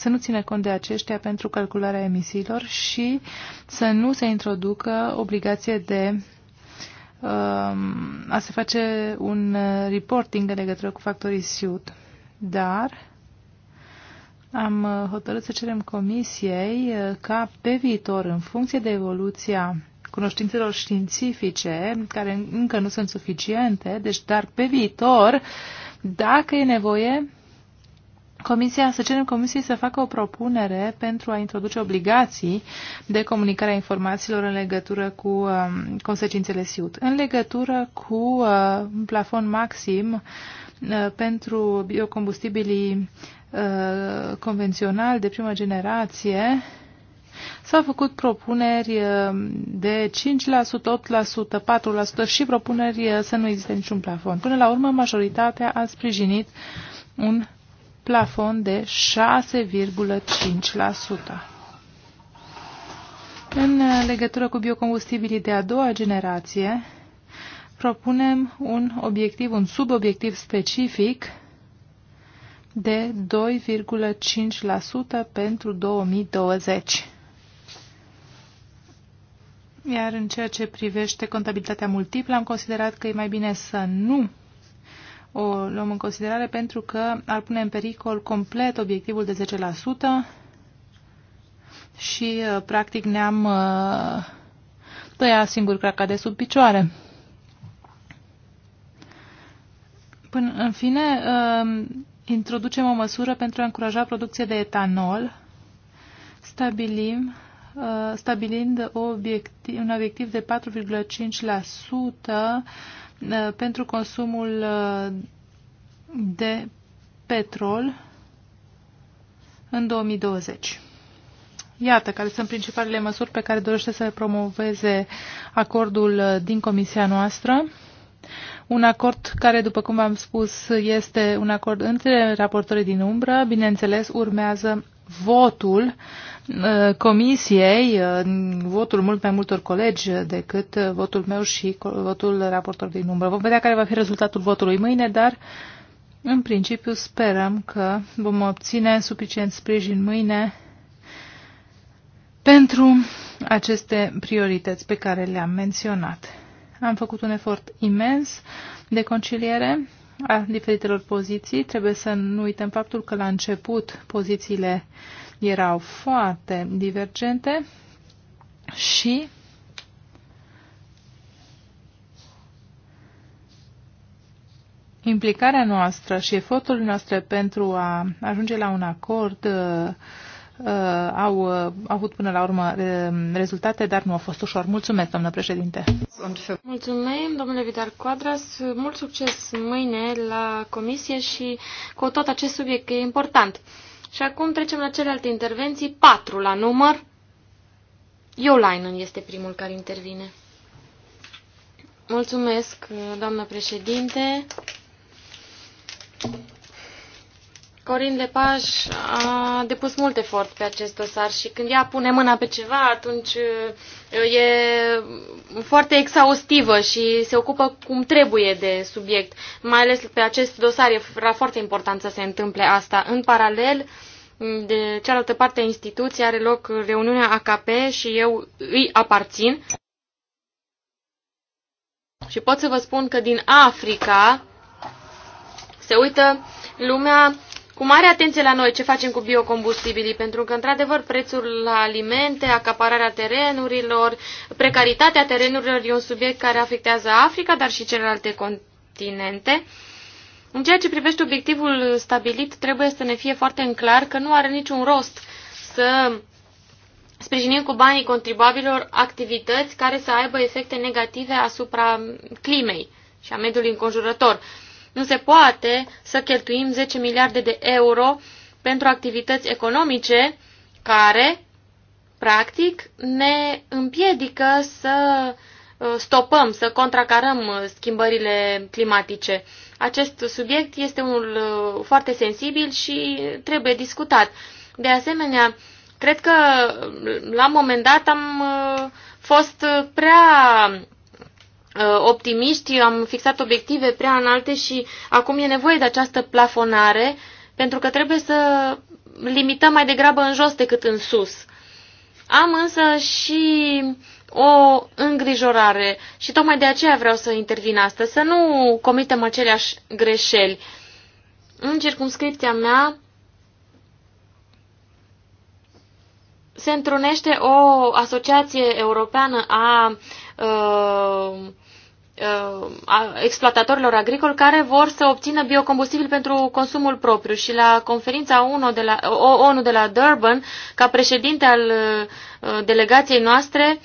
să nu ține cont de aceștia pentru calcularea emisiilor și să nu se introducă obligație de um, a se face un reporting în legătură cu factorii SUD, dar am hotărât să cerem comisiei uh, ca pe viitor, în funcție de evoluția cunoștințelor științifice, care încă nu sunt suficiente, deci dar pe viitor, dacă e nevoie, Comisia, să cerem Comisiei să facă o propunere pentru a introduce obligații de comunicare a informațiilor în legătură cu uh, consecințele SIUT, în legătură cu uh, un plafon maxim uh, pentru biocombustibilii uh, convenționali de primă generație. S-au făcut propuneri uh, de 5%, 8%, 4% și propuneri uh, să nu existe niciun plafon. Până la urmă, majoritatea a sprijinit un plafon de 6,5%. În legătură cu biocombustibilii de a doua generație, propunem un obiectiv, un subobiectiv specific de 2,5% pentru 2020. Iar în ceea ce privește contabilitatea multiplă, am considerat că e mai bine să nu o luăm în considerare pentru că ar pune în pericol complet obiectivul de 10% și uh, practic ne-am uh, tăiat singur craca de sub picioare. Până în fine, uh, introducem o măsură pentru a încuraja producția de etanol, stabilim, stabilind un obiectiv de 4,5% Eh, pentru consumul eh, de petrol în 2020. Iată care sunt principalele măsuri pe care dorește să le promoveze acordul eh, din comisia noastră. Un acord care, după cum v-am spus, este un acord între raportorii din umbră, bineînțeles, urmează votul uh, comisiei, uh, votul mult mai multor colegi decât votul meu și votul raportorului din umbră. Vom vedea care va fi rezultatul votului mâine, dar în principiu sperăm că vom obține suficient sprijin mâine pentru aceste priorități pe care le-am menționat. Am făcut un efort imens de conciliere a diferitelor poziții. Trebuie să nu uităm faptul că la început pozițiile erau foarte divergente și implicarea noastră și efortul nostru pentru a ajunge la un acord uh, Uh, uh, au avut până la urmă uh, rezultate, dar nu a fost ușor. Mulțumesc, doamnă președinte. Mulțumim, domnule Vidar Quadras. Mult succes mâine la comisie și cu tot acest subiect e important. Și acum trecem la celelalte intervenții, patru la număr. Iolainen este primul care intervine. Mulțumesc, doamnă președinte. Corin Lepaj a depus mult efort pe acest dosar și când ea pune mâna pe ceva, atunci uh, e foarte exhaustivă și se ocupă cum trebuie de subiect. Mai ales pe acest dosar era foarte important să se întâmple asta. În paralel, de cealaltă parte a instituției are loc reuniunea AKP și eu îi aparțin. Și pot să vă spun că din Africa se uită lumea cu mare atenție la noi ce facem cu biocombustibilii, pentru că, într-adevăr, prețul la alimente, acapararea terenurilor, precaritatea terenurilor e un subiect care afectează Africa, dar și celelalte continente. În ceea ce privește obiectivul stabilit, trebuie să ne fie foarte în clar că nu are niciun rost să sprijinim cu banii contribuabililor activități care să aibă efecte negative asupra climei și a mediului înconjurător. Nu se poate să cheltuim 10 miliarde de euro pentru activități economice care, practic, ne împiedică să uh, stopăm, să contracarăm uh, schimbările climatice. Acest subiect este unul uh, foarte sensibil și trebuie discutat. De asemenea, cred că la un moment dat am fost prea Uh, optimiști, am fixat obiective prea înalte și acum e nevoie de această plafonare pentru că trebuie să limităm mai degrabă în jos decât în sus. Am însă și o îngrijorare și tocmai de aceea vreau să intervin astăzi, să nu comitem aceleași greșeli. În circumscripția mea se întrunește o asociație europeană a uh, uh exploatatorilor agricoli care vor să obțină biocombustibil pentru consumul propriu și la conferința ONU de la, ONU de la Durban, ca președinte al uh, delegației noastre,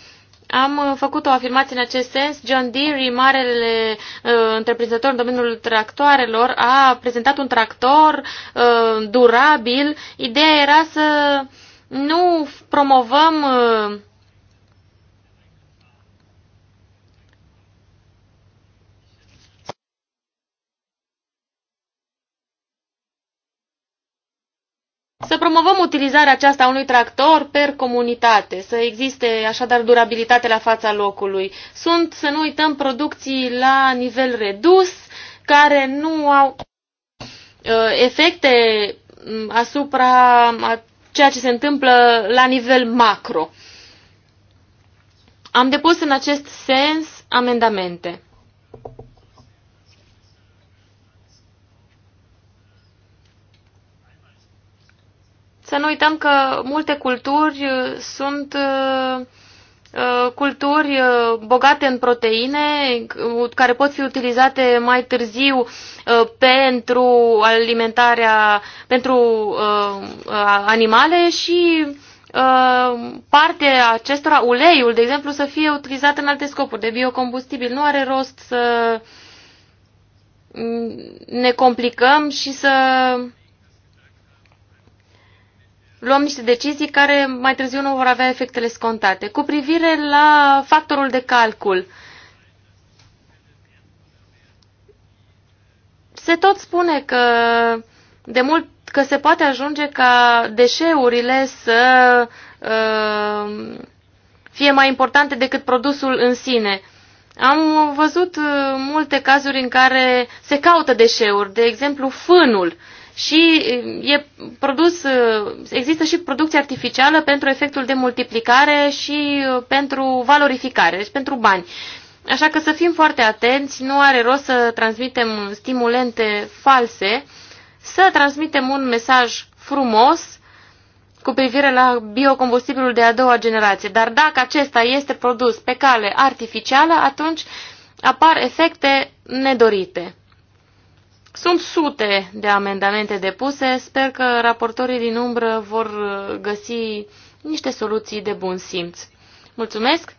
am făcut o afirmație în acest sens. John Deere, marele uh, întreprinzător în domeniul tractoarelor, a prezentat un tractor uh, durabil. Ideea era să nu promovăm uh, Să promovăm utilizarea aceasta a unui tractor per comunitate, să existe așadar durabilitate la fața locului. Sunt, să nu uităm, producții la nivel redus, care nu au uh, efecte mm, asupra a ceea ce se întâmplă la nivel macro. Am depus în acest sens amendamente. Să nu uităm că multe culturi uh, sunt uh, uh, culturi bogate în proteine, care pot fi utilizate mai târziu pentru alimentarea, pentru animale și parte acestora, uleiul, de exemplu, să fie utilizat în alte scopuri de biocombustibil. Nu are rost să ne complicăm și să luăm niște decizii care mai târziu nu vor avea efectele scontate. Cu privire la factorul de calcul, se tot spune că de mult că se poate ajunge ca deșeurile să uh, fie mai importante decât produsul în sine. Am văzut uh, multe cazuri în care se caută deșeuri, de exemplu fânul. Uh, și e produs, există și producție artificială pentru efectul de multiplicare și pentru valorificare, deci pentru bani. Așa că să fim foarte atenți, nu are rost să transmitem stimulente false, să transmitem un mesaj frumos cu privire la biocombustibilul de a doua generație. Dar dacă acesta este produs pe cale artificială, atunci apar efecte nedorite. Sunt sute de amendamente depuse, sper că raportorii din umbră vor găsi niște soluții de bun simț. Mulțumesc!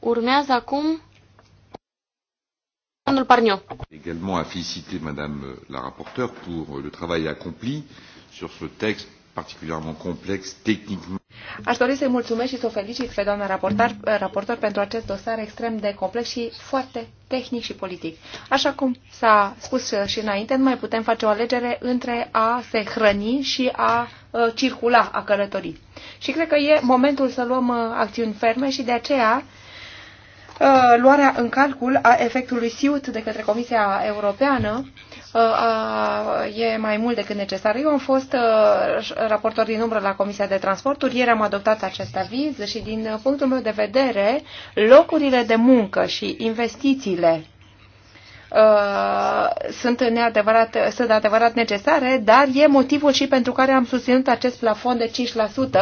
Urmează acum domnul Parniu. Également à féliciter madame la rapporteure pour le travail accompli sur ce texte particulièrement complexe techniquement. Aș dori să-i mulțumesc și să o felicit pe doamna raportor, raportor pentru acest dosar extrem de complex și foarte tehnic și politic. Așa cum s-a spus și înainte, nu mai putem face o alegere între a se hrăni și a uh, circula, a călători. Și cred că e momentul să luăm uh, acțiuni ferme și de aceea uh, luarea în calcul a efectului SIUT de către Comisia Europeană e mai mult decât necesar. Eu am fost raportor din umbră la Comisia de Transporturi, ieri am adoptat acest aviz și din punctul meu de vedere, locurile de muncă și investițiile sunt neadevărat, sunt adevărat necesare, dar e motivul și pentru care am susținut acest plafon de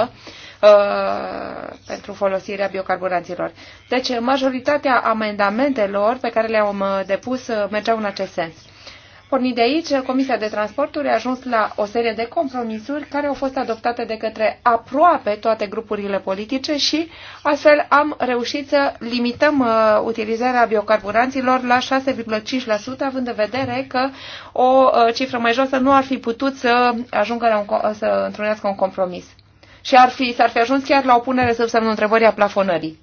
5% pentru folosirea biocarburanților. Deci majoritatea amendamentelor pe care le-am depus mergeau în acest sens. Pornind de aici, Comisia de Transporturi a ajuns la o serie de compromisuri care au fost adoptate de către aproape toate grupurile politice și astfel am reușit să limităm uh, utilizarea biocarburanților la 6,5%, având în vedere că o uh, cifră mai josă nu ar fi putut să ajungă la un, să întrunească un compromis. Și ar fi, s-ar fi ajuns chiar la o punere sub semnul întrebării a plafonării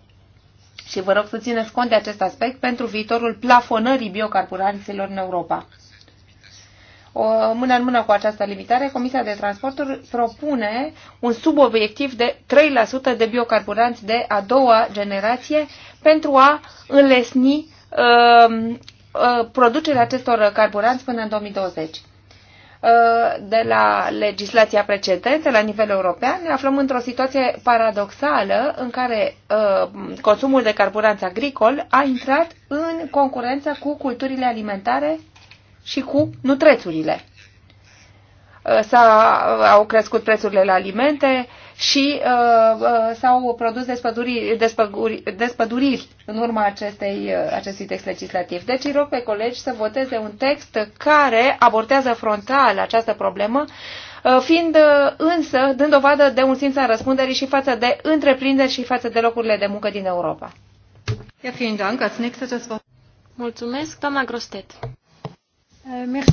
și vă rog să țineți cont de acest aspect pentru viitorul plafonării biocarburanților în Europa mână în mână cu această limitare, Comisia de Transporturi propune un subobiectiv de 3% de biocarburanți de a doua generație pentru a înlesni um, uh, producerea acestor carburanți până în 2020 uh, de la legislația precedentă la nivel european, ne aflăm într-o situație paradoxală în care uh, consumul de carburanți agricol a intrat în concurență cu culturile alimentare și cu nutrețurile. Uh, s uh, au crescut prețurile la alimente și uh, s-au produs despăduriri, despăduriri în urma acestei, acestui text legislativ. Deci îi rog pe colegi să voteze un text care abordează frontal această problemă, fiind însă dând dovadă de un simț al răspunderii și față de întreprinderi și față de locurile de muncă din Europa. Mulțumesc, doamna Grostet. Euh,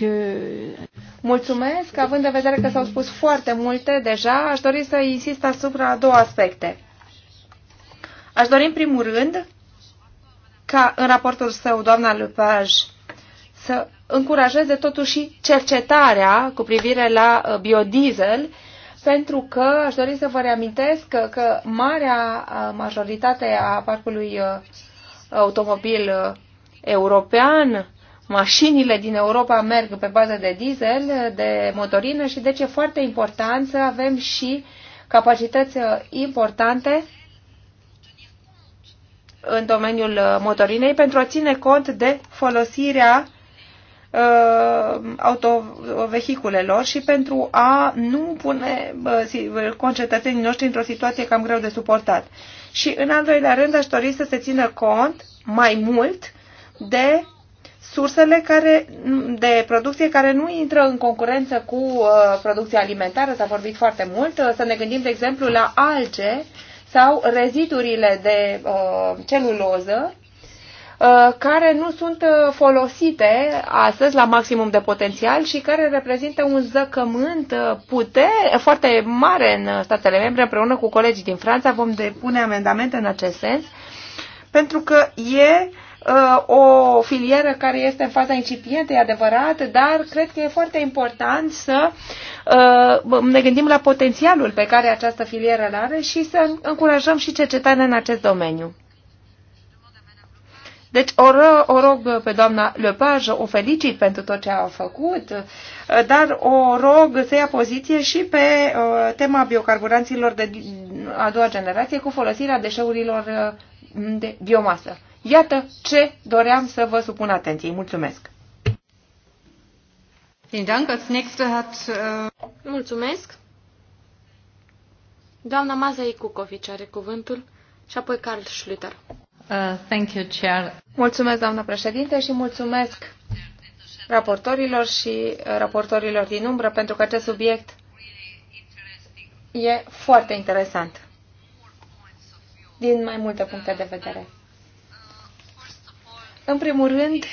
euh, Mulțumesc. Având în vedere că s-au spus foarte multe deja, aș dori să insist asupra două aspecte. Aș dori în primul rând ca în raportul său, doamna Lepaj, să încurajeze totuși cercetarea cu privire la uh, biodiesel, pentru că aș dori să vă reamintesc că, că marea uh, majoritate a parcului uh, automobil european, mașinile din Europa merg pe bază de diesel, de motorină și deci e foarte important să avem și capacități uh, importante în domeniul uh, motorinei pentru a ține cont de folosirea uh, autovehiculelor și pentru a nu pune uh, uh, concetățenii noștri într-o situație cam greu de suportat. Și în al doilea rând aș dori să se țină cont mai mult de sursele care, de producție care nu intră în concurență cu uh, producția alimentară, s-a vorbit foarte mult, uh, să ne gândim, de exemplu, la alge sau rezidurile de uh, celuloză uh, care nu sunt uh, folosite astăzi la maximum de potențial și care reprezintă un zăcământ puter, foarte mare în statele membre. Împreună cu colegii din Franța vom depune amendamente în acest sens, pentru că e o filieră care este în faza incipientă, e adevărat, dar cred că e foarte important să uh, ne gândim la potențialul pe care această filieră îl are și să încurajăm și cercetarea în acest domeniu. Deci o, ro- o rog pe doamna Lepaj, o felicit pentru tot ce a făcut, uh, dar o rog să ia poziție și pe uh, tema biocarburanților de a doua generație cu folosirea deșeurilor uh, de biomasă. Iată ce doream să vă supun atenției. Mulțumesc! Äh, mulțumesc! Doamna Mazai Cucovici are cuvântul și apoi Carl Schlüter. Uh, thank you, Chair. Mulțumesc, doamna președinte, și mulțumesc raportorilor și uh, raportorilor din umbră pentru că acest subiect e foarte interesant din mai multe puncte de vedere. În primul rând,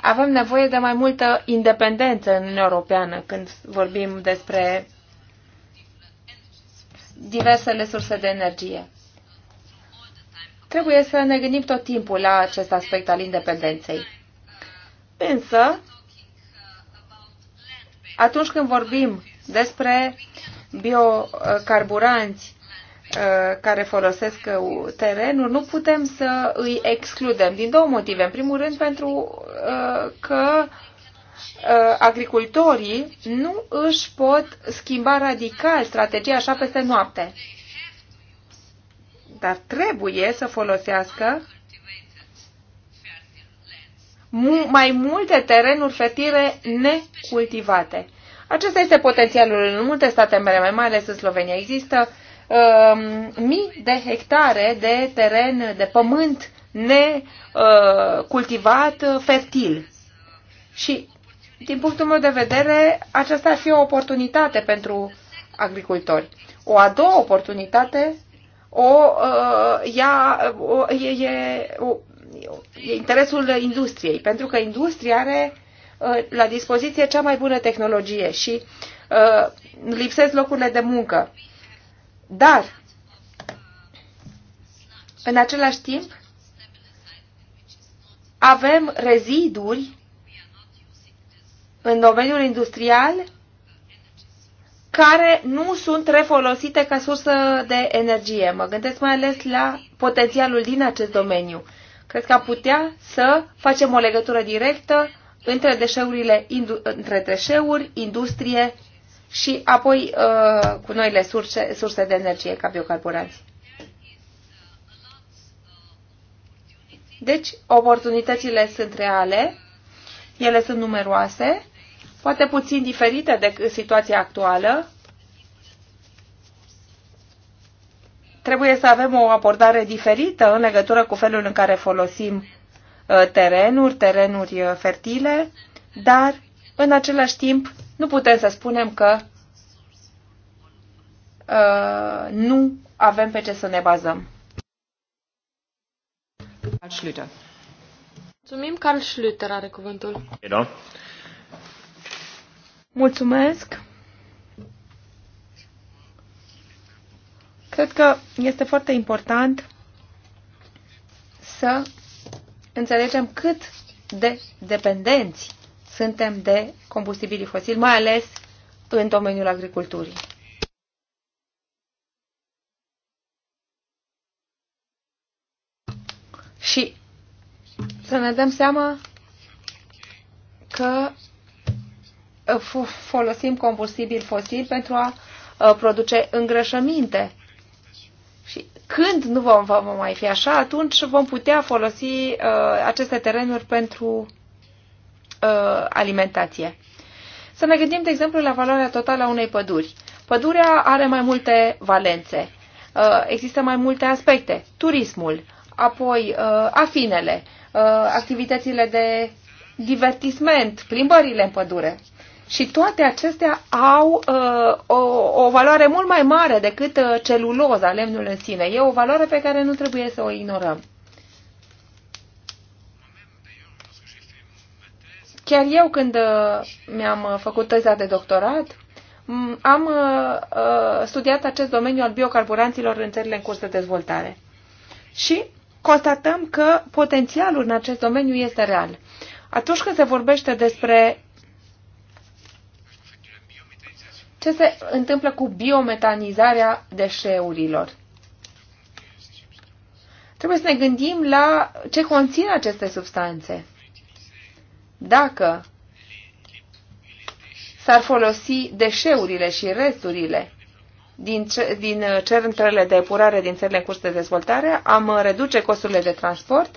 avem nevoie de mai multă independență în Uniunea Europeană când vorbim despre diversele surse de energie. Trebuie să ne gândim tot timpul la acest aspect al independenței. Însă, atunci când vorbim despre biocarburanți Uh, care folosesc uh, terenul, nu putem să îi excludem din două motive. În primul rând pentru uh, că agricultorii nu își pot schimba radical strategia așa peste noapte. Dar trebuie să folosească mai multe terenuri fertile necultivate. Acesta este potențialul în multe state mele, mai ales în Slovenia. Există uh, Um, mii de hectare de teren de pământ necultivat, uh, uh, fertil. Și, din punctul meu de vedere, aceasta ar fi o oportunitate pentru agricultori. O a doua oportunitate o, uh, ia, o, e, e, o, e interesul industriei, pentru că industria are la dispoziție cea mai bună tehnologie și lipsesc locurile de muncă. Dar, în același timp, avem reziduri în domeniul industrial care nu sunt refolosite ca sursă de energie. Mă gândesc mai ales la potențialul din acest domeniu. Cred că am putea să facem o legătură directă între, deșeurile, între deșeuri, industrie și apoi uh, cu noile surse, surse de energie ca biocarburanți. Deci, oportunitățile sunt reale, ele sunt numeroase, poate puțin diferite de situația actuală. Trebuie să avem o abordare diferită în legătură cu felul în care folosim uh, terenuri, terenuri uh, fertile, dar în același timp nu putem să spunem că uh, nu avem pe ce să ne bazăm. Carl Schlüter. Mulțumim, Carl Schlüter are cuvântul. Da. Mulțumesc. Cred că este foarte important să înțelegem cât de dependenți suntem de combustibilii fosili, mai ales în domeniul agriculturii. Și să ne dăm seama că uh, folosim combustibil fosil pentru a uh, produce îngrășăminte. Și când nu vom, vom mai fi așa, atunci vom putea folosi uh, aceste terenuri pentru uh, alimentație. Să ne gândim, de exemplu, la valoarea totală a unei păduri. Pădurea are mai multe valențe, uh, există mai multe aspecte, turismul, apoi uh, afinele, uh, activitățile de divertisment, plimbările în pădure. Și toate acestea au uh, o, o valoare mult mai mare decât uh, celuloza, lemnul în sine. E o valoare pe care nu trebuie să o ignorăm. Chiar eu când uh, mi-am uh, făcut teza de doctorat, am uh, studiat acest domeniu al biocarburanților în țările în curs de dezvoltare. Și constatăm că potențialul în acest domeniu este real. Atunci când se vorbește despre ce se întâmplă cu biometanizarea deșeurilor, trebuie să ne gândim la ce conțin aceste substanțe dacă s-ar folosi deșeurile și resturile din, ce, din uh, centrele de epurare din țările în curs de dezvoltare, am uh, reduce costurile de transport,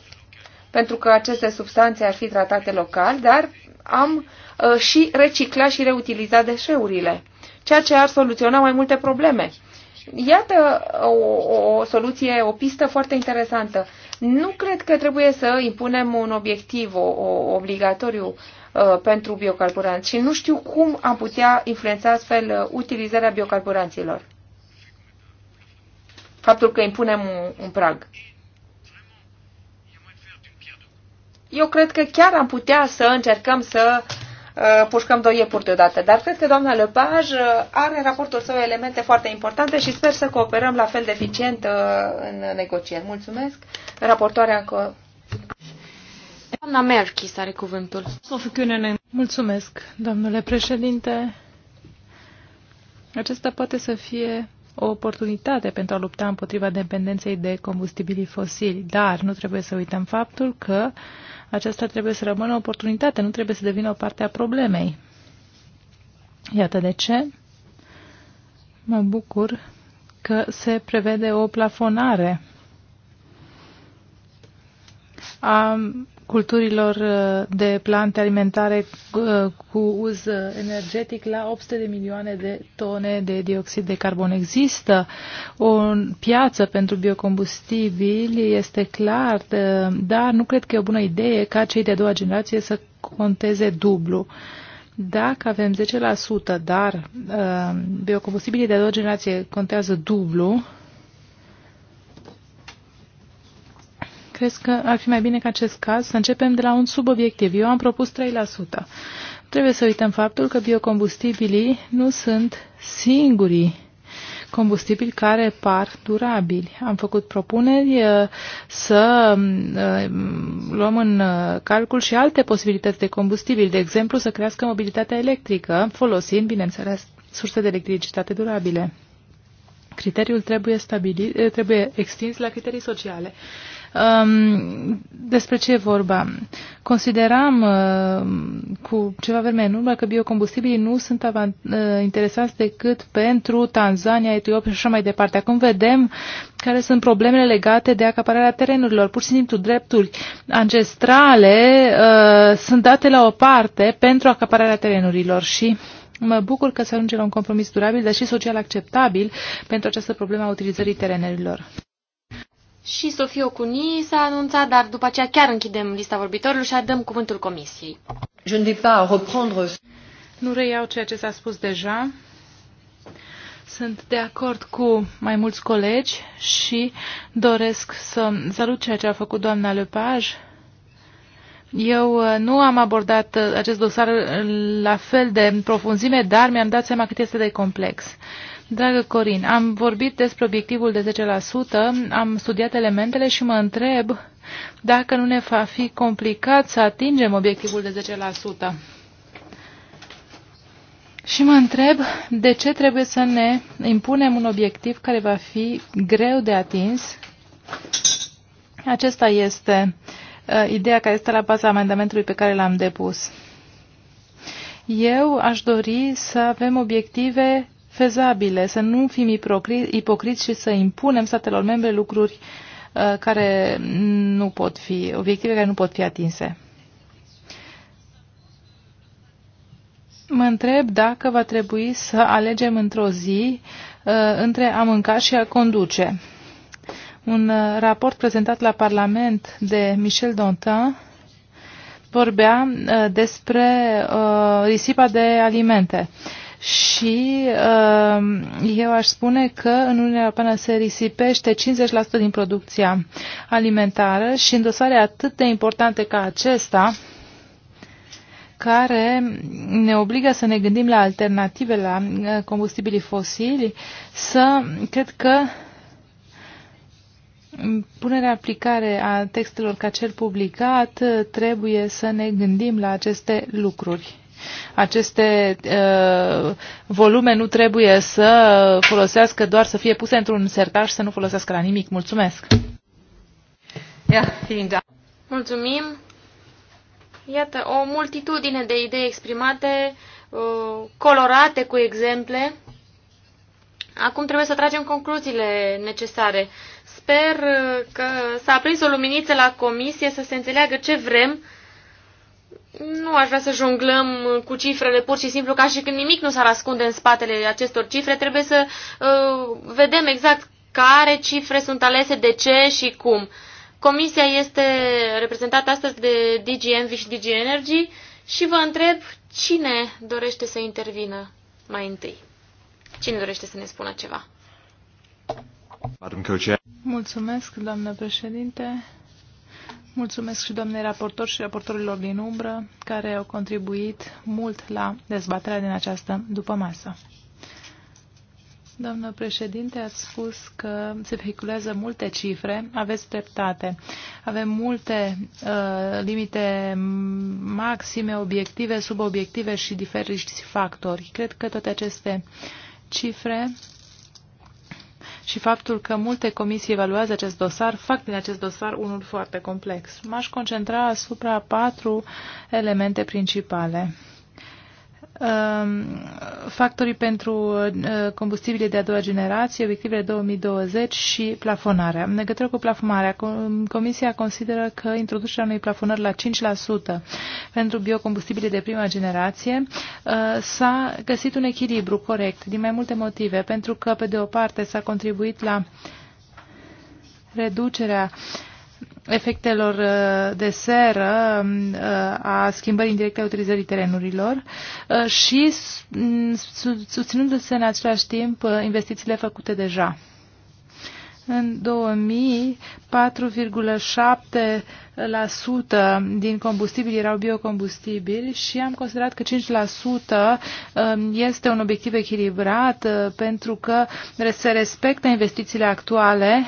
pentru că aceste substanțe ar fi tratate local, dar am uh, și recicla și reutiliza deșeurile, ceea ce ar soluționa mai multe probleme. Iată uh, o, o soluție, o pistă foarte interesantă. Nu cred că trebuie să impunem un obiectiv o, o, obligatoriu uh, pentru biocarburanți și nu știu cum am putea influența astfel uh, utilizarea biocarburanților. Faptul că impunem un, un prag. Eu cred că chiar am putea să încercăm să uh, Uh, pușcăm doi iepuri deodată. Dar cred că doamna Lepaj uh, are în raportul său elemente foarte importante și sper să cooperăm la fel de eficient uh, în negocieri. Mulțumesc. Raportoarea încă... Doamna Merchis are cuvântul. Mulțumesc, domnule președinte. Acesta poate să fie o oportunitate pentru a lupta împotriva dependenței de combustibili fosili, dar nu trebuie să uităm faptul că aceasta trebuie să rămână o oportunitate, nu trebuie să devină o parte a problemei. Iată de ce mă bucur că se prevede o plafonare a culturilor uh, de plante alimentare uh, cu uz uh, energetic la 800 de milioane de tone de dioxid de carbon. Există o piață pentru biocombustibili, este clar, dar nu cred că e o bună idee ca cei de a doua generație să conteze dublu. Dacă avem 10%, dar biocombustibilii de a doua generație contează dublu, crezi că ar fi mai bine ca acest caz să începem de la un subobiectiv. Eu am propus 3%. Trebuie să uităm faptul că biocombustibilii nu sunt singurii combustibili care par durabili. Am făcut propuneri uh, să mm, uh, luăm în uh, calcul și alte posibilități de combustibil, de exemplu să crească mobilitatea electrică, folosind, bineînțeles, surse de electricitate durabile. Criteriul trebuie, stabilit, trebuie extins la criterii sociale. Um, despre ce e vorba? Consideram uh, cu ceva vreme în urmă că biocombustibilii nu sunt uh, interesați decât pentru Tanzania, Etiopia și așa mai departe. Acum vedem care sunt problemele legate de acapararea terenurilor. Pur și simplu drepturi ancestrale uh, sunt date la o parte pentru acapararea terenurilor și Mă bucur că se ajunge la un compromis durabil, dar și social acceptabil pentru această problemă a utilizării terenurilor și Sofie Ocuni s-a anunțat, dar după aceea chiar închidem lista vorbitorilor și dăm cuvântul comisiei. Je ne vais pas reprendre... Nu reiau ceea ce s-a spus deja. Sunt de acord cu mai mulți colegi și doresc să salut ceea ce a făcut doamna Lepage. Eu uh, nu am abordat uh, acest dosar la fel de profunzime, dar mi-am dat seama cât este de complex. Dragă Corin, am vorbit despre obiectivul de 10%, am studiat elementele și mă întreb dacă nu ne va fi complicat să atingem obiectivul de 10%. Și mă întreb de ce trebuie să ne impunem un obiectiv care va fi greu de atins. Acesta este uh, ideea care este la baza amendamentului pe care l-am depus. Eu aș dori să avem obiective fezabile, să nu fim ipocriți și să impunem statelor membre lucruri uh, care nu pot fi, obiective care nu pot fi atinse. Mă întreb dacă va trebui să alegem într-o zi uh, între a mânca și a conduce. Un uh, raport prezentat la Parlament de Michel Dantin vorbea despre risipa de alimente și um, eu aș spune că în Uniunea Europeană se risipește 50% din producția alimentară și în dosare atât de importante ca acesta, care ne obligă să ne gândim la alternative la uh, combustibilii fosili, să cred că punerea aplicare a textelor ca cel publicat uh, trebuie să ne gândim la aceste lucruri. Aceste uh, volume nu trebuie să folosească doar să fie puse într-un sertar și să nu folosească la nimic. Mulțumesc! Mulțumim! Iată, o multitudine de idei exprimate, uh, colorate cu exemple. Acum trebuie să tragem concluziile necesare. Sper uh, că s-a aprins o luminiță la comisie să se înțeleagă ce vrem nu aș vrea să jonglăm cu cifrele pur și simplu ca și când nimic nu s-ar ascunde în spatele acestor cifre. Trebuie să uh, vedem exact care cifre sunt alese, de ce și cum. Comisia este reprezentată astăzi de DG Envy și DG Energy și vă întreb cine dorește să intervină mai întâi. Cine dorește să ne spună ceva? Mulțumesc, doamnă președinte. Mulțumesc și doamnei raportor și raportorilor din umbră care au contribuit mult la dezbaterea din această după masă. Doamnă președinte, ați spus că se vehiculează multe cifre, aveți dreptate. Avem multe uh, limite maxime, obiective, subobiective și diferiți factori. Cred că toate aceste cifre și faptul că multe comisii evaluează acest dosar fac din acest dosar unul foarte complex. M-aș concentra asupra patru elemente principale. Um, factorii pentru uh, combustibile de a doua generație, obiectivele 2020 și plafonarea. În legătură cu plafonarea, Comisia consideră că introducerea unui plafonări la 5% pentru biocombustibile de prima generație uh, s-a găsit un echilibru corect din mai multe motive, pentru că, pe de o parte, s-a contribuit la reducerea uh, efectelor uh, de seră um, uh, a schimbării indirecte a utilizării terenurilor uh, și mm, susținându-se în același timp investițiile făcute deja. În 2004,7% din combustibili erau biocombustibili și am considerat că 5% um, este un obiectiv echilibrat pentru că se respectă investițiile actuale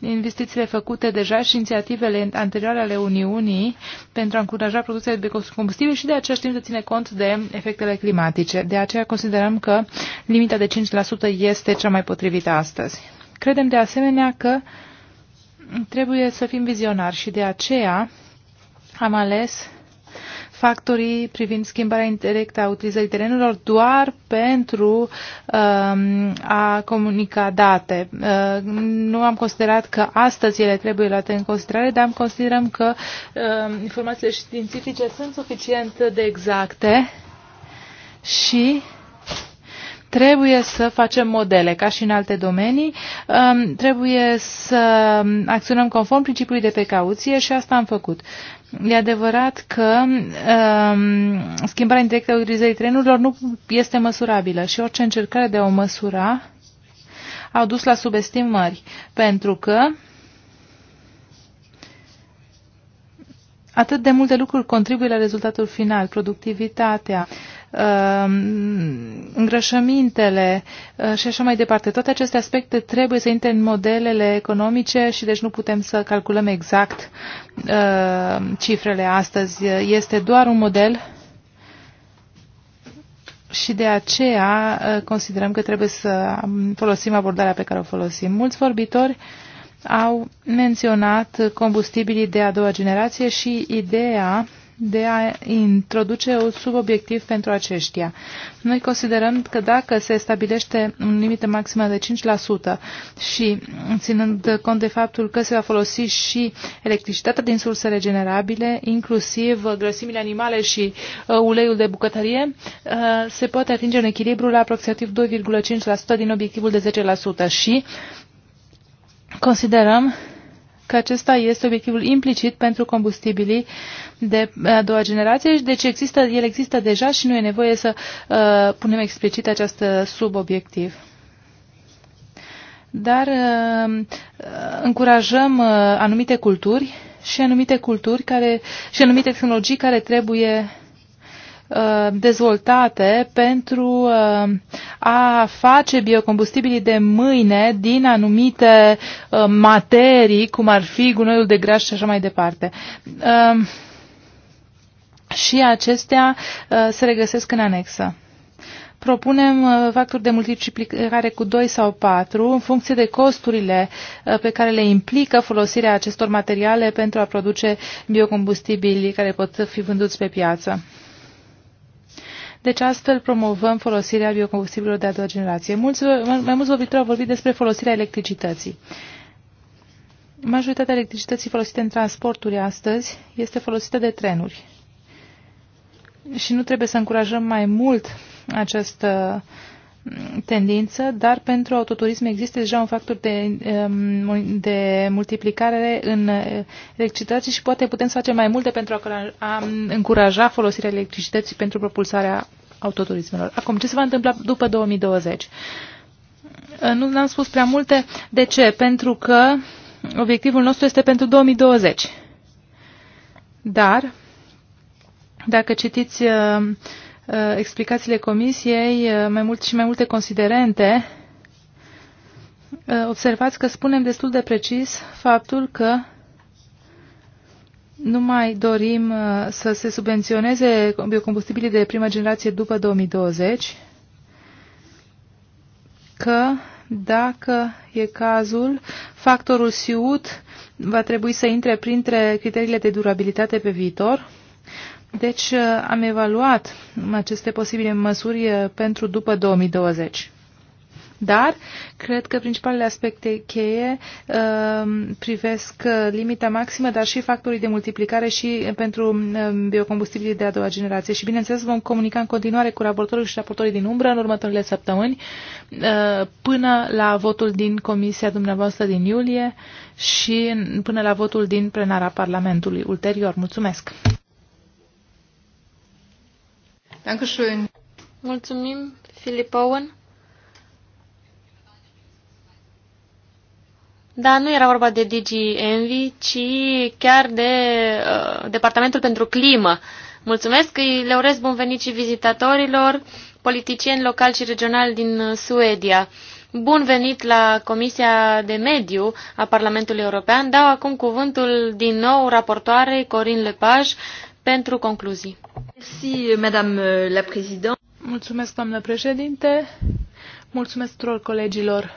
investițiile făcute deja și inițiativele anterioare ale Uniunii pentru a încuraja producția de combustibil și de același timp să ține cont de efectele climatice. De aceea considerăm că limita de 5% este cea mai potrivită astăzi. Credem de asemenea că trebuie să fim vizionari și de aceea am ales factorii privind schimbarea indirectă a utilizării terenurilor doar pentru um, a comunica date. Uh, nu am considerat că astăzi ele trebuie luate în considerare, dar considerăm că uh, informațiile științifice sunt suficient de exacte și trebuie să facem modele, ca și în alte domenii, um, trebuie să acționăm conform principiului de precauție și asta am făcut. E adevărat că um, schimbarea indirectă a utilizării trenurilor nu este măsurabilă și orice încercare de a o măsura au dus la subestimări, pentru că atât de multe lucruri contribuie la rezultatul final, productivitatea, uh, Um, îngrășămintele uh, și așa mai departe. Toate aceste aspecte trebuie să intre în modelele economice și deci nu putem să calculăm exact uh, cifrele astăzi. Este doar un model și de aceea uh, considerăm că trebuie să um, folosim abordarea pe care o folosim. Mulți vorbitori au menționat combustibilii de a doua generație și ideea de a introduce un subobiectiv pentru aceștia. Noi considerăm că dacă se stabilește un limită maximă de 5% și ținând cont de faptul că se va folosi și electricitatea din surse regenerabile, inclusiv grăsimile animale și uh, uleiul de bucătărie, uh, se poate atinge un echilibru la aproximativ 2,5% din obiectivul de 10% și considerăm că acesta este obiectivul implicit pentru combustibilii de a doua generație deci există, el există deja și nu e nevoie să uh, punem explicit acest subobiectiv. Dar uh, încurajăm uh, anumite culturi și anumite culturi care, și anumite tehnologii care trebuie Uh, dezvoltate pentru uh, a face biocombustibilii de mâine din anumite uh, materii, cum ar fi gunoiul de graș și așa mai departe. Și acestea se regăsesc în anexă propunem factori de multiplicare cu 2 sau 4 în funcție de costurile pe care le implică folosirea acestor materiale pentru a produce biocombustibili care pot fi vânduți pe piață. Deci astfel promovăm folosirea biocombustibilor de a doua generație. Mulți, mai mulți vorbitori au vorbit despre folosirea electricității. Majoritatea electricității folosite în transporturi astăzi este folosită de trenuri. Și nu trebuie să încurajăm mai mult această uh, tendință, dar pentru autoturism există deja un factor de, um, de multiplicare în electricitate și poate putem să facem mai multe pentru a încuraja folosirea electricității pentru propulsarea autoturismelor. Acum, ce se va întâmpla după 2020? Uh, nu am spus prea multe. De ce? Pentru că obiectivul nostru este pentru 2020. Dar, dacă citiți uh, Uh, explicațiile comisiei uh, mai mult și mai multe considerente, uh, observați că spunem destul de precis faptul că nu mai dorim să se subvenționeze biocombustibilii de primă generație după 2020, că dacă e cazul, factorul SIUT va trebui să intre printre criteriile de durabilitate pe viitor, deci uh, am evaluat aceste posibile măsuri uh, pentru după 2020. Dar cred că principalele aspecte cheie uh, privesc uh, limita maximă, dar și factorii de multiplicare și pentru uh, biocombustibilii de a doua generație. Și bineînțeles vom comunica în continuare cu raportorul și raportorii din umbră în următoarele săptămâni uh, până la votul din comisia dumneavoastră din iulie și până la votul din plenara Parlamentului ulterior. Mulțumesc! Dankeschön. Mulțumim, Philip Owen. Da, nu era vorba de DG Envy, ci chiar de uh, Departamentul pentru Climă. Mulțumesc, îi le urez bun venit și vizitatorilor, politicieni locali și regionali din Suedia. Bun venit la Comisia de Mediu a Parlamentului European. Dau acum cuvântul din nou raportoarei Corin Lepaj pentru concluzii. Merci, Madame la Mulțumesc, doamnă președinte. Mulțumesc tuturor colegilor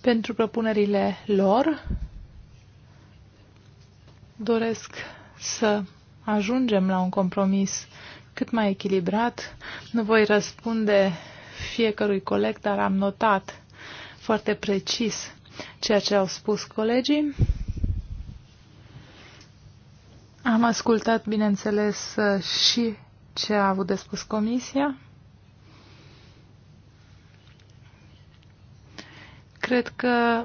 pentru propunerile lor. Doresc să ajungem la un compromis cât mai echilibrat. Nu voi răspunde fiecărui coleg, dar am notat foarte precis ceea ce au spus colegii. Am ascultat, bineînțeles, și ce a avut de spus Comisia. Cred că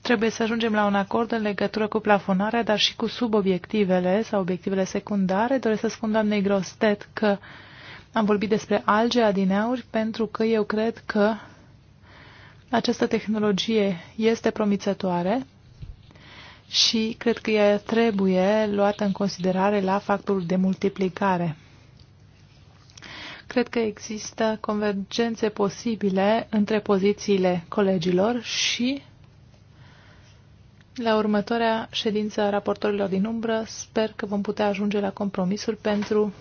trebuie să ajungem la un acord în legătură cu plafonarea, dar și cu subobiectivele sau obiectivele secundare. Doresc să spun doamnei Grostet că am vorbit despre alge adineauri pentru că eu cred că această tehnologie este promițătoare și cred că ea trebuie luată în considerare la factorul de multiplicare. Cred că există convergențe posibile între pozițiile colegilor și la următoarea ședință a raportorilor din umbră sper că vom putea ajunge la compromisul pentru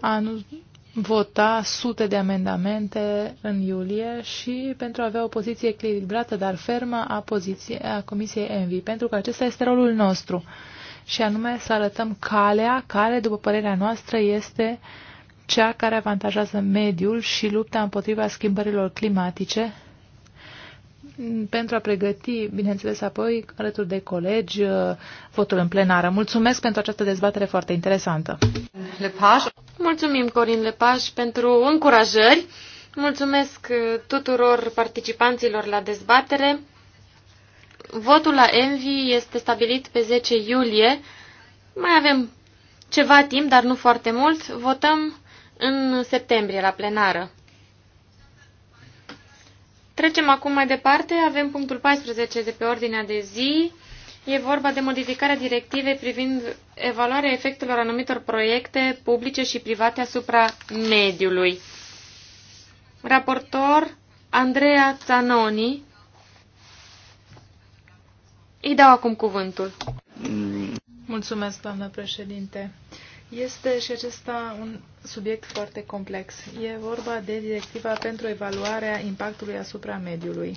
a nu vota sute de amendamente în iulie și pentru a avea o poziție echilibrată, dar fermă, a, poziție, a Comisiei ENVI, pentru că acesta este rolul nostru, și anume să arătăm calea care, după părerea noastră, este cea care avantajează mediul și lupta împotriva schimbărilor climatice pentru a pregăti, bineînțeles, apoi, alături de colegi, uh, votul în plenară. Mulțumesc pentru această dezbatere foarte interesantă. Lepaș. Mulțumim, Corin Lepaș, pentru încurajări. Mulțumesc uh, tuturor participanților la dezbatere. Votul la Envi este stabilit pe 10 iulie. Mai avem ceva timp, dar nu foarte mult. Votăm în septembrie la plenară. Trecem acum mai departe. Avem punctul 14 de pe ordinea de zi. E vorba de modificarea directivei privind evaluarea efectelor anumitor proiecte publice și private asupra mediului. Raportor Andrea Zanoni. Îi dau acum cuvântul. Mulțumesc, doamnă președinte. Este și acesta un subiect foarte complex. E vorba de directiva pentru evaluarea impactului asupra mediului.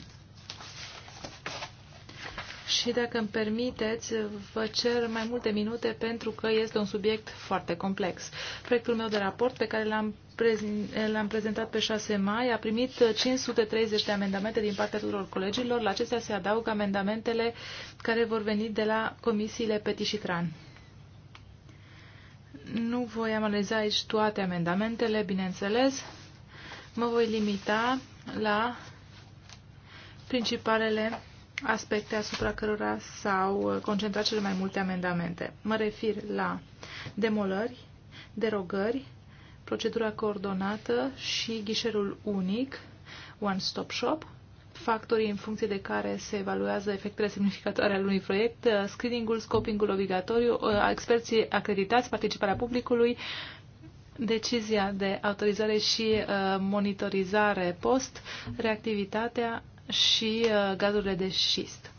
Și dacă îmi permiteți, vă cer mai multe minute pentru că este un subiect foarte complex. Proiectul meu de raport pe care l-am l-am prezentat pe 6 mai, a primit 530 de amendamente din partea tuturor colegilor. La acestea se adaugă amendamentele care vor veni de la comisiile Petit și Tran. Nu voi analiza aici toate amendamentele, bineînțeles. Mă voi limita la principalele aspecte asupra cărora s-au concentrat cele mai multe amendamente. Mă refer la demolări, derogări, procedura coordonată și ghișerul unic, One Stop Shop, factorii în funcție de care se evaluează efectele semnificatoare ale unui proiect, uh, screening-ul, scoping-ul obligatoriu, uh, experții acreditați, participarea publicului, decizia de autorizare și uh, monitorizare post, reactivitatea și gazurile de șist.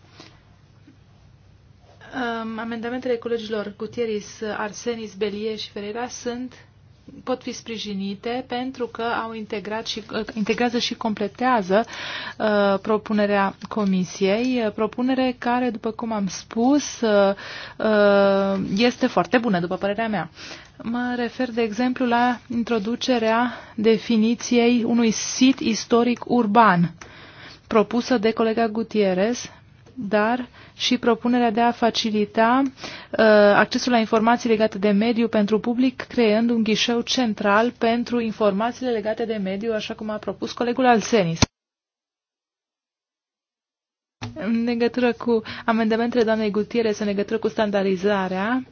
Um, amendamentele colegilor Gutieris, Arsenis, Belie și Ferreira sunt pot fi sprijinite pentru că au integrat și, uh, integrează și completează uh, propunerea comisiei, uh, propunere care, după cum am spus, uh, uh, este foarte bună, după părerea mea. Mă refer, de exemplu, la introducerea definiției unui sit istoric urban propusă de colega Gutierrez dar și propunerea de a facilita uh, accesul la informații legate de mediu pentru public, creând un ghișeu central pentru informațiile legate de mediu, așa cum a propus colegul Alsenis. În legătură cu amendamentele doamnei Gutiere, în legătură cu standardizarea,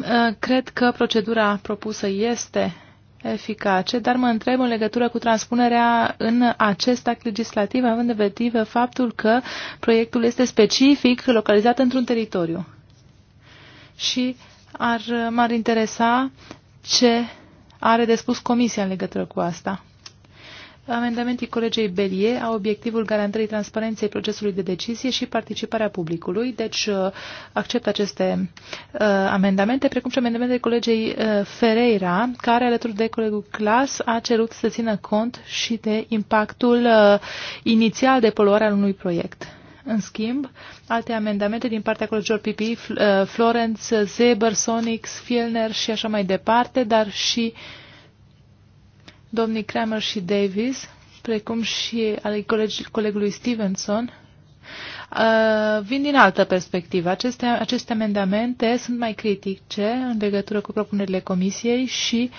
uh, cred că procedura propusă este eficace, dar mă întreb în legătură cu transpunerea în acest act legislativ, având în vedere faptul că proiectul este specific localizat într-un teritoriu. Și ar, m-ar interesa ce are de spus Comisia în legătură cu asta. Amendamentii colegei Belie au obiectivul garantării transparenței procesului de decizie și participarea publicului, deci uh, accept aceste uh, amendamente, precum și amendamentele colegei uh, Ferreira, care alături de colegul Clas a cerut să țină cont și de impactul uh, inițial de poluare al unui proiect. În schimb, alte amendamente din partea colegilor PP, uh, Florence, Zeber, Sonics, Fielner și așa mai departe, dar și uh, domnii Kramer și Davis, precum și ale colegi, colegului Stevenson, uh, vin din altă perspectivă. Aceste, aceste amendamente sunt mai critice în legătură cu propunerile comisiei și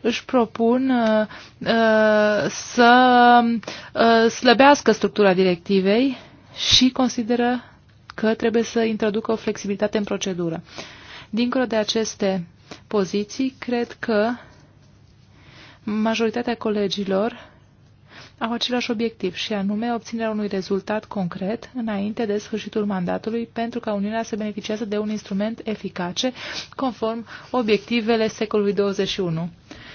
își propun uh, uh, să uh, slăbească structura directivei și consideră că trebuie să introducă o flexibilitate în procedură. Dincolo de aceste poziții, cred că uh, majoritatea colegilor au același obiectiv și anume obținerea unui rezultat concret înainte de sfârșitul mandatului pentru ca Uniunea să beneficiază de un instrument eficace conform obiectivele secolului 21.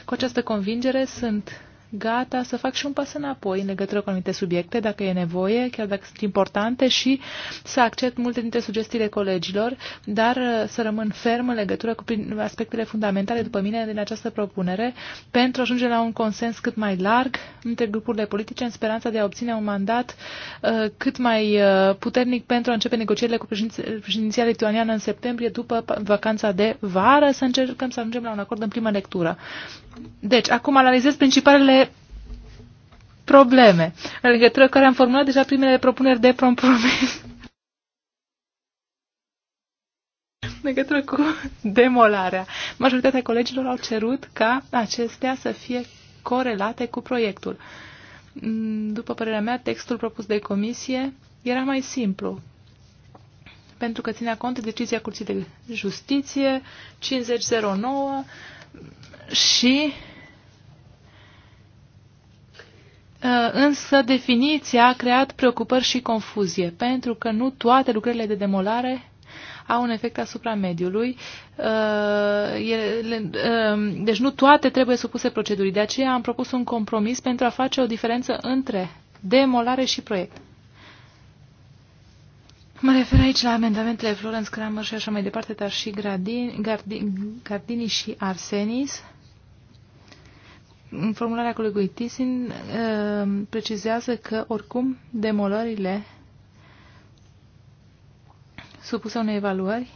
Cu această convingere sunt gata să fac și un pas înapoi în legătură cu anumite subiecte, dacă e nevoie, chiar dacă sunt importante, și să accept multe dintre sugestiile colegilor, dar uh, să rămân ferm în legătură cu aspectele fundamentale, după mine, din această propunere, pentru a ajunge la un consens cât mai larg între grupurile politice, în speranța de a obține un mandat uh, cât mai uh, puternic pentru a începe negocierile cu președinția lituaniană în septembrie, după vacanța de vară, să încercăm să ajungem la un acord în primă lectură. Deci, acum analizez principalele probleme, în legătură care am formulat deja primele propuneri de compromis. în legătură cu demolarea. Majoritatea colegilor au cerut ca acestea să fie corelate cu proiectul. După părerea mea, textul propus de comisie era mai simplu, pentru că ținea cont de decizia Curții de Justiție 5009 și Uh, însă definiția a creat preocupări și confuzie, pentru că nu toate lucrările de demolare au un efect asupra mediului. Uh, uh, deci nu toate trebuie supuse procedurii. De aceea am propus un compromis pentru a face o diferență între demolare și proiect. Mă refer aici la amendamentele Florence Kramer și așa mai departe, dar și Gardini și Arsenis în formularea colegului Tisin uh, precizează că oricum demolările supuse unei evaluări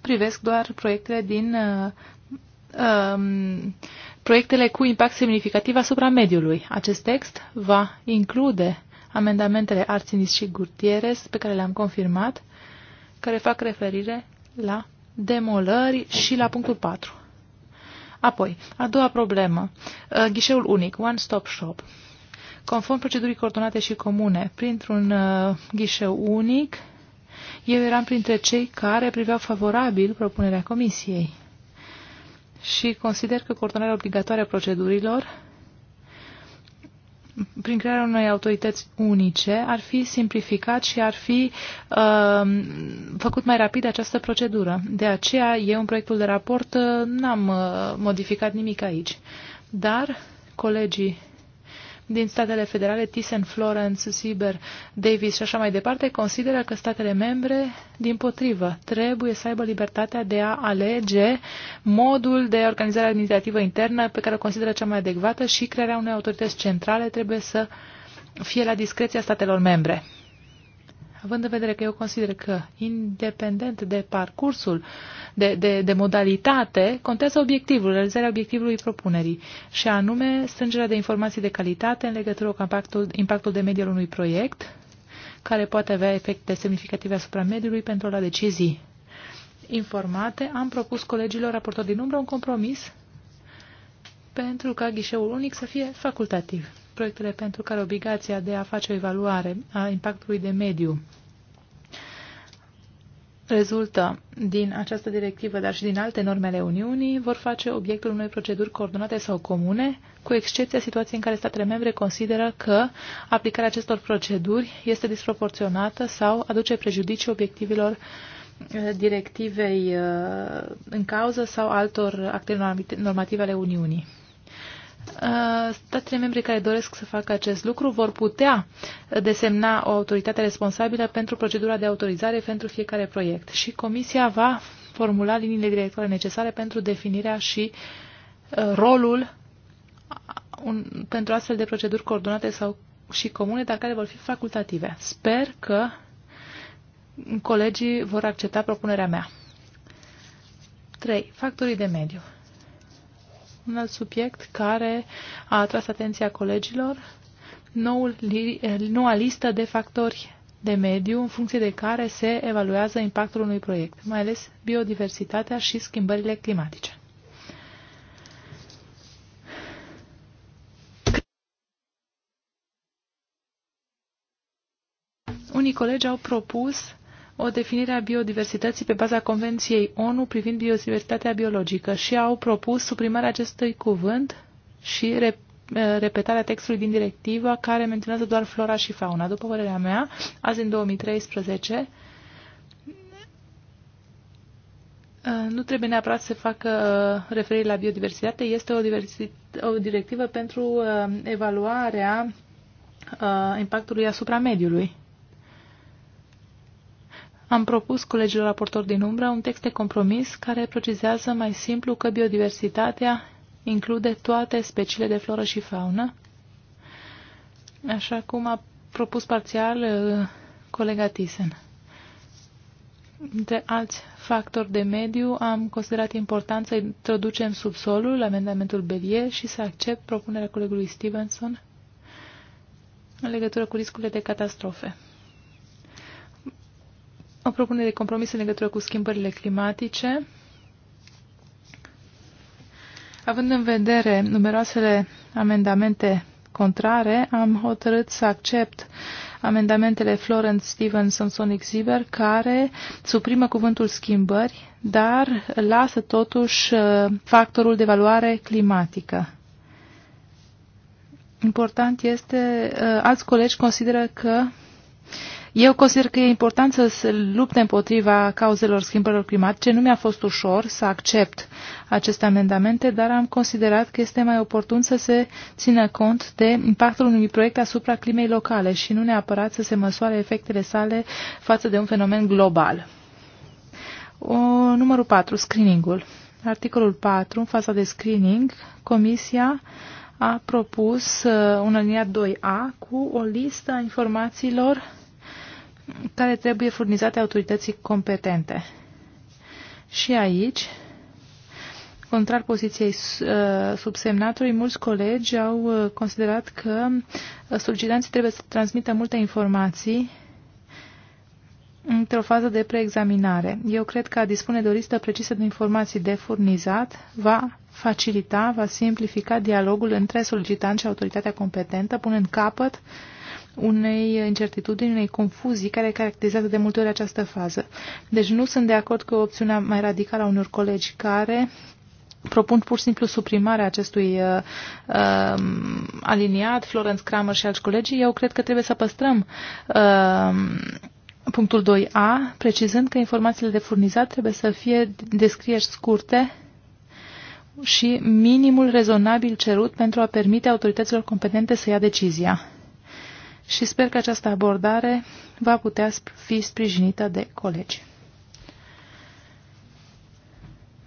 privesc doar proiectele din uh, um, proiectele cu impact semnificativ asupra mediului. Acest text va include amendamentele Arținis și Gurtieres pe care le-am confirmat, care fac referire la demolări și la punctul 4. Apoi, a doua problemă, uh, ghișeul unic, One Stop Shop. Conform procedurii coordonate și comune, printr-un uh, ghișeu unic, eu eram printre cei care priveau favorabil propunerea comisiei și consider că coordonarea obligatoare a procedurilor prin crearea unei autorități unice, ar fi simplificat și ar fi uh, făcut mai rapid această procedură. De aceea, eu în proiectul de raport uh, n-am uh, modificat nimic aici. Dar colegii din statele federale, Thyssen, Florence, Sieber, Davis și așa mai departe, consideră că statele membre, din potrivă, trebuie să aibă libertatea de a alege modul de organizare administrativă internă pe care o consideră cea mai adecvată și crearea unei autorități centrale trebuie să fie la discreția statelor membre având în vedere că eu consider că, independent de parcursul, de, de, de modalitate, contează obiectivul, realizarea obiectivului propunerii, și anume strângerea de informații de calitate în legătură cu impactul, impactul de mediu al unui proiect, care poate avea efecte semnificative asupra mediului pentru la decizii informate. Am propus colegilor raportor din umbră un compromis pentru ca ghișeul unic să fie facultativ proiectele pentru care obligația de a face o evaluare a impactului de mediu rezultă din această directivă, dar și din alte norme ale Uniunii, vor face obiectul unei proceduri coordonate sau comune, cu excepția situației în care statele membre consideră că aplicarea acestor proceduri este disproporționată sau aduce prejudicii obiectivelor eh, directivei eh, în cauză sau altor acte normative ale Uniunii. Uh, statele membre care doresc să facă acest lucru vor putea desemna o autoritate responsabilă pentru procedura de autorizare pentru fiecare proiect și Comisia va formula liniile directoare necesare pentru definirea și uh, rolul uh, un, pentru astfel de proceduri coordonate sau și comune, dar care vor fi facultative. Sper că colegii vor accepta propunerea mea. 3. Factorii de mediu un alt subiect care a atras atenția colegilor, noul, noua listă de factori de mediu în funcție de care se evaluează impactul unui proiect, mai ales biodiversitatea și schimbările climatice. Unii colegi au propus o definire a biodiversității pe baza Convenției ONU privind biodiversitatea biologică și au propus suprimarea acestui cuvânt și rep eh, repetarea textului din directiva care menționează doar flora și fauna. După părerea mea, azi în 2013, eh, nu trebuie neapărat să facă referire la biodiversitate, este o, o directivă pentru eh, evaluarea impactului asupra mediului. Am propus colegilor raportori din umbră un text de compromis care precizează mai simplu că biodiversitatea include toate speciile de floră și faună, așa cum a propus parțial uh, colega Thyssen. Între alți factori de mediu, am considerat important să introducem subsolul, amendamentul Belie și să accept propunerea colegului Stevenson în legătură cu riscurile de catastrofe o propunere de compromis în legătură cu schimbările climatice. Având în vedere numeroasele amendamente contrare, am hotărât să accept amendamentele Florence Stevenson Sonic Ziber, care suprimă cuvântul schimbări, dar lasă totuși uh, factorul de valoare climatică. Important este, uh, alți colegi consideră că eu consider că e important să se lupte împotriva cauzelor schimbărilor climatice. Nu mi-a fost ușor să accept aceste amendamente, dar am considerat că este mai oportun să se țină cont de impactul unui proiect asupra climei locale și nu neapărat să se măsoare efectele sale față de un fenomen global. O, numărul 4, screeningul. Articolul 4, în faza de screening, Comisia a propus uh, un aliniat 2A cu o listă a informațiilor care trebuie furnizate autorității competente. Și aici, contrar poziției uh, subsemnatului, mulți colegi au uh, considerat că uh, solicitanții trebuie să transmită multe informații într-o fază de preexaminare. Eu cred că a dispune de o listă precisă de informații de furnizat va facilita, va simplifica dialogul între solicitant și autoritatea competentă, punând capăt uh, unei incertitudini, unei confuzii care caracterizează de multe ori această fază. Deci nu sunt de acord cu opțiunea mai radicală a unor colegi care propun pur și simplu suprimarea acestui uh, uh, aliniat, Florence Kramer și alți colegi. Eu cred că trebuie să păstrăm uh, punctul 2a, precizând că informațiile de furnizat trebuie să fie descrieri scurte și minimul rezonabil cerut pentru a permite autorităților competente să ia decizia și sper că această abordare va putea fi sprijinită de colegi.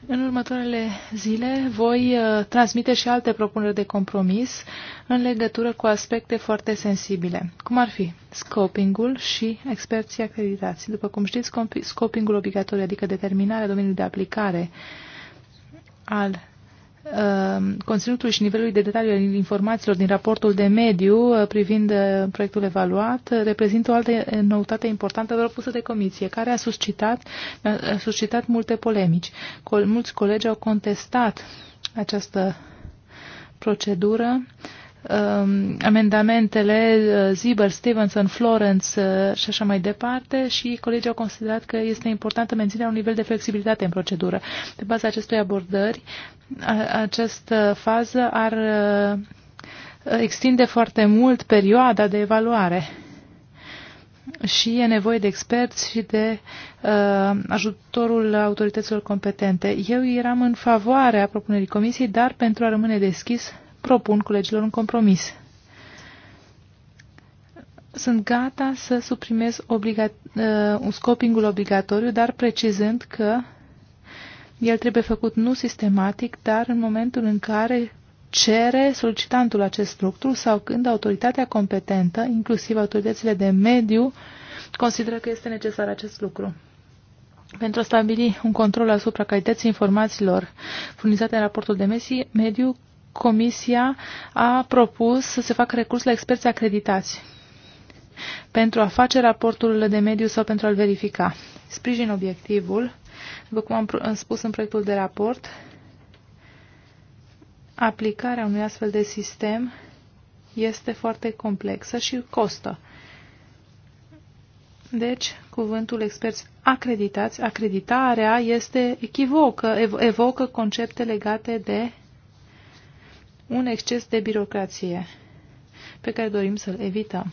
În următoarele zile voi uh, transmite și alte propuneri de compromis în legătură cu aspecte foarte sensibile, cum ar fi scopingul și experții acreditați. După cum știți, scopingul obligatoriu, adică determinarea domeniului de aplicare al Um, conținutul și nivelului de detaliu al informațiilor din raportul de mediu uh, privind uh, proiectul evaluat uh, reprezintă o altă noutate importantă propusă de comisie, care a suscitat, a suscitat multe polemici. Mulți colegi au contestat această procedură um, amendamentele uh, Ziber, Stevenson, Florence uh, și așa mai departe și colegii au considerat că este importantă menținerea un nivel de flexibilitate în procedură. Pe baza acestui abordări, a, această fază ar uh, extinde foarte mult perioada de evaluare și e nevoie de experți și de uh, ajutorul autorităților competente. Eu eram în favoarea propunerii comisiei, dar pentru a rămâne deschis propun colegilor un compromis. Sunt gata să suprimez obliga uh, scopingul obligatoriu, dar precizând că el trebuie făcut nu sistematic, dar în momentul în care cere solicitantul acest lucru sau când autoritatea competentă, inclusiv autoritățile de mediu, consideră că este necesar acest lucru. Pentru a stabili un control asupra calității informațiilor furnizate în raportul de mesi. mediu, Comisia a propus să se facă recurs la experți acreditați pentru a face raportul de mediu sau pentru a-l verifica. Sprijin obiectivul, după cum am spus în proiectul de raport, aplicarea unui astfel de sistem este foarte complexă și costă. Deci, cuvântul experți acreditați, acreditarea este echivocă, evocă concepte legate de un exces de birocrație pe care dorim să-l evităm.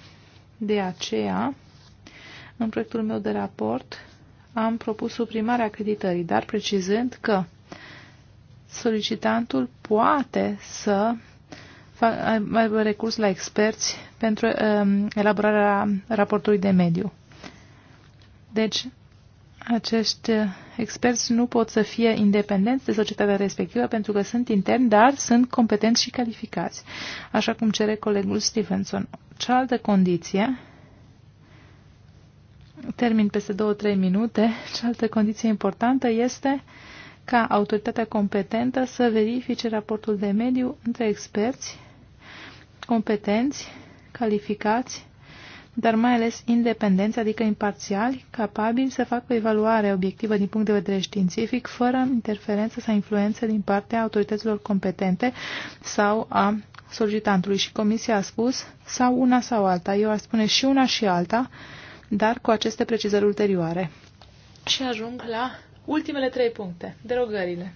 De aceea, în proiectul meu de raport, am propus suprimarea creditării, dar precizând că solicitantul poate să aibă recurs la experți pentru um, elaborarea raportului de mediu. Deci, acești experți nu pot să fie independenți de societatea respectivă pentru că sunt interni, dar sunt competenți și calificați, așa cum cere colegul Stevenson. Cealaltă condiție, termin peste 2-3 minute, cealaltă condiție importantă este ca autoritatea competentă să verifice raportul de mediu între experți competenți, calificați dar mai ales independenți, adică imparțiali, capabili să facă o evaluare obiectivă din punct de vedere științific, fără interferență sau influență din partea autorităților competente sau a solicitantului. Și comisia a spus sau una sau alta. Eu aș spune și una și alta, dar cu aceste precizări ulterioare. Și ajung la ultimele trei puncte, derogările.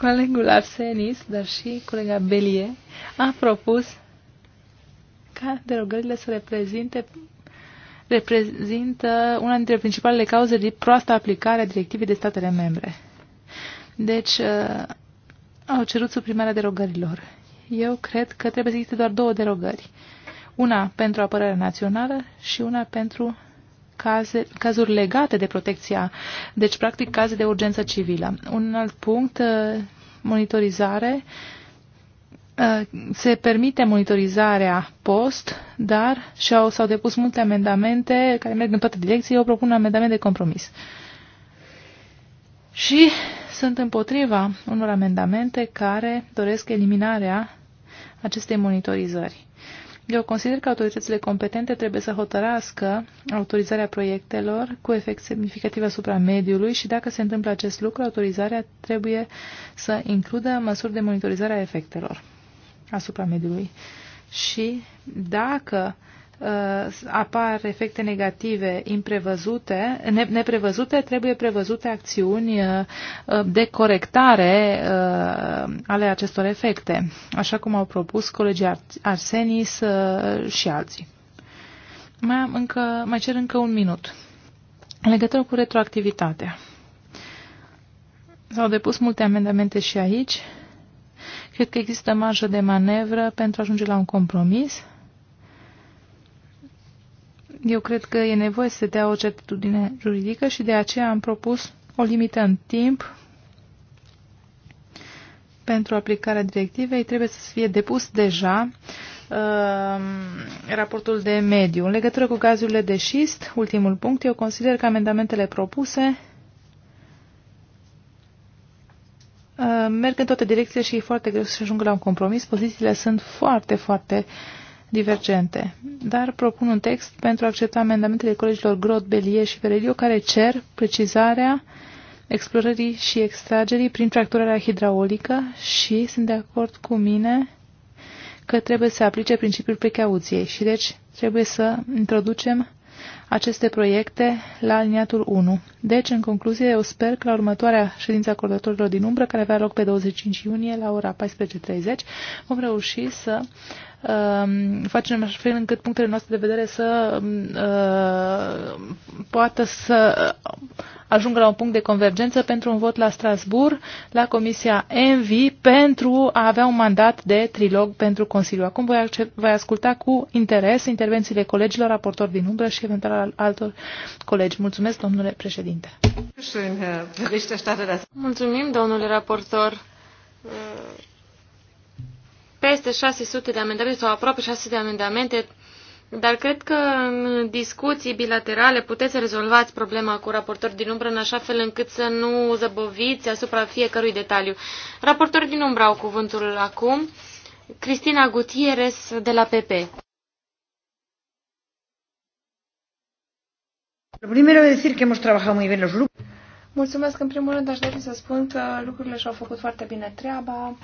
Colegul Arsenis, dar și colega Belie, a propus ca derogările să reprezinte reprezintă una dintre principalele cauze de proastă aplicare a directivei de statele membre. Deci, uh, au cerut suprimarea derogărilor. Eu cred că trebuie să existe doar două derogări. Una pentru apărarea națională și una pentru caze, cazuri legate de protecția, deci practic caze de urgență civilă. Un alt punct, uh, monitorizare Uh, se permite monitorizarea post, dar și-au, s-au depus multe amendamente care merg în toate direcții. Eu propun un amendament de compromis. Și sunt împotriva unor amendamente care doresc eliminarea acestei monitorizări. Eu consider că autoritățile competente trebuie să hotărască autorizarea proiectelor cu efect semnificativ asupra mediului și dacă se întâmplă acest lucru, autorizarea trebuie să includă măsuri de monitorizare a efectelor asupra mediului. Și dacă uh, apar efecte negative imprevăzute, ne, neprevăzute, trebuie prevăzute acțiuni uh, uh, de corectare ale acestor efecte, așa cum au propus colegii Arsenis și alții. Mai, am încă, mai cer încă un minut. În legătură cu retroactivitatea. S-au depus multe amendamente și aici. Cred că există marjă de manevră pentru a ajunge la un compromis. Eu cred că e nevoie să se dea o certitudine juridică și de aceea am propus o limită în timp pentru aplicarea directivei. Trebuie să fie depus deja um, raportul de mediu. În legătură cu gazurile de șist, ultimul punct, eu consider că amendamentele propuse Uh, merg în toate direcțiile și e foarte greu să ajungă la un compromis. Pozițiile sunt foarte, foarte divergente. Dar propun un text pentru a accepta amendamentele colegilor Grot, Belie și Perelio care cer precizarea explorării și extragerii prin fracturarea hidraulică și sunt de acord cu mine că trebuie să aplice principiul precauției și deci trebuie să introducem aceste proiecte la aliniatul 1. Deci, în concluzie, eu sper că la următoarea ședință a din umbră, care avea loc pe 25 iunie la ora 14.30, vom reuși să uh, facem așa fel încât punctele noastre de vedere să um, uh, poată să uh, ajungă la un punct de convergență pentru un vot la Strasbourg, la Comisia ENVI, pentru a avea un mandat de trilog pentru Consiliu. Acum voi, voi asculta cu interes intervențiile colegilor, raportori din umbră și eventual al altor colegi. Mulțumesc, domnule președinte. Mulțumim, domnule raportor. Peste 600 de amendamente sau aproape 600 de amendamente, dar cred că în discuții bilaterale puteți rezolvați problema cu raportori din umbră în așa fel încât să nu zăboviți asupra fiecărui detaliu. Raportori din umbră au cuvântul acum. Cristina Gutierrez de la PP. Primero decir que hemos trabajado muy bien los grupos. Mulțumesc. În primul rând aș dori să spun că lucrurile și-au făcut foarte bine treaba.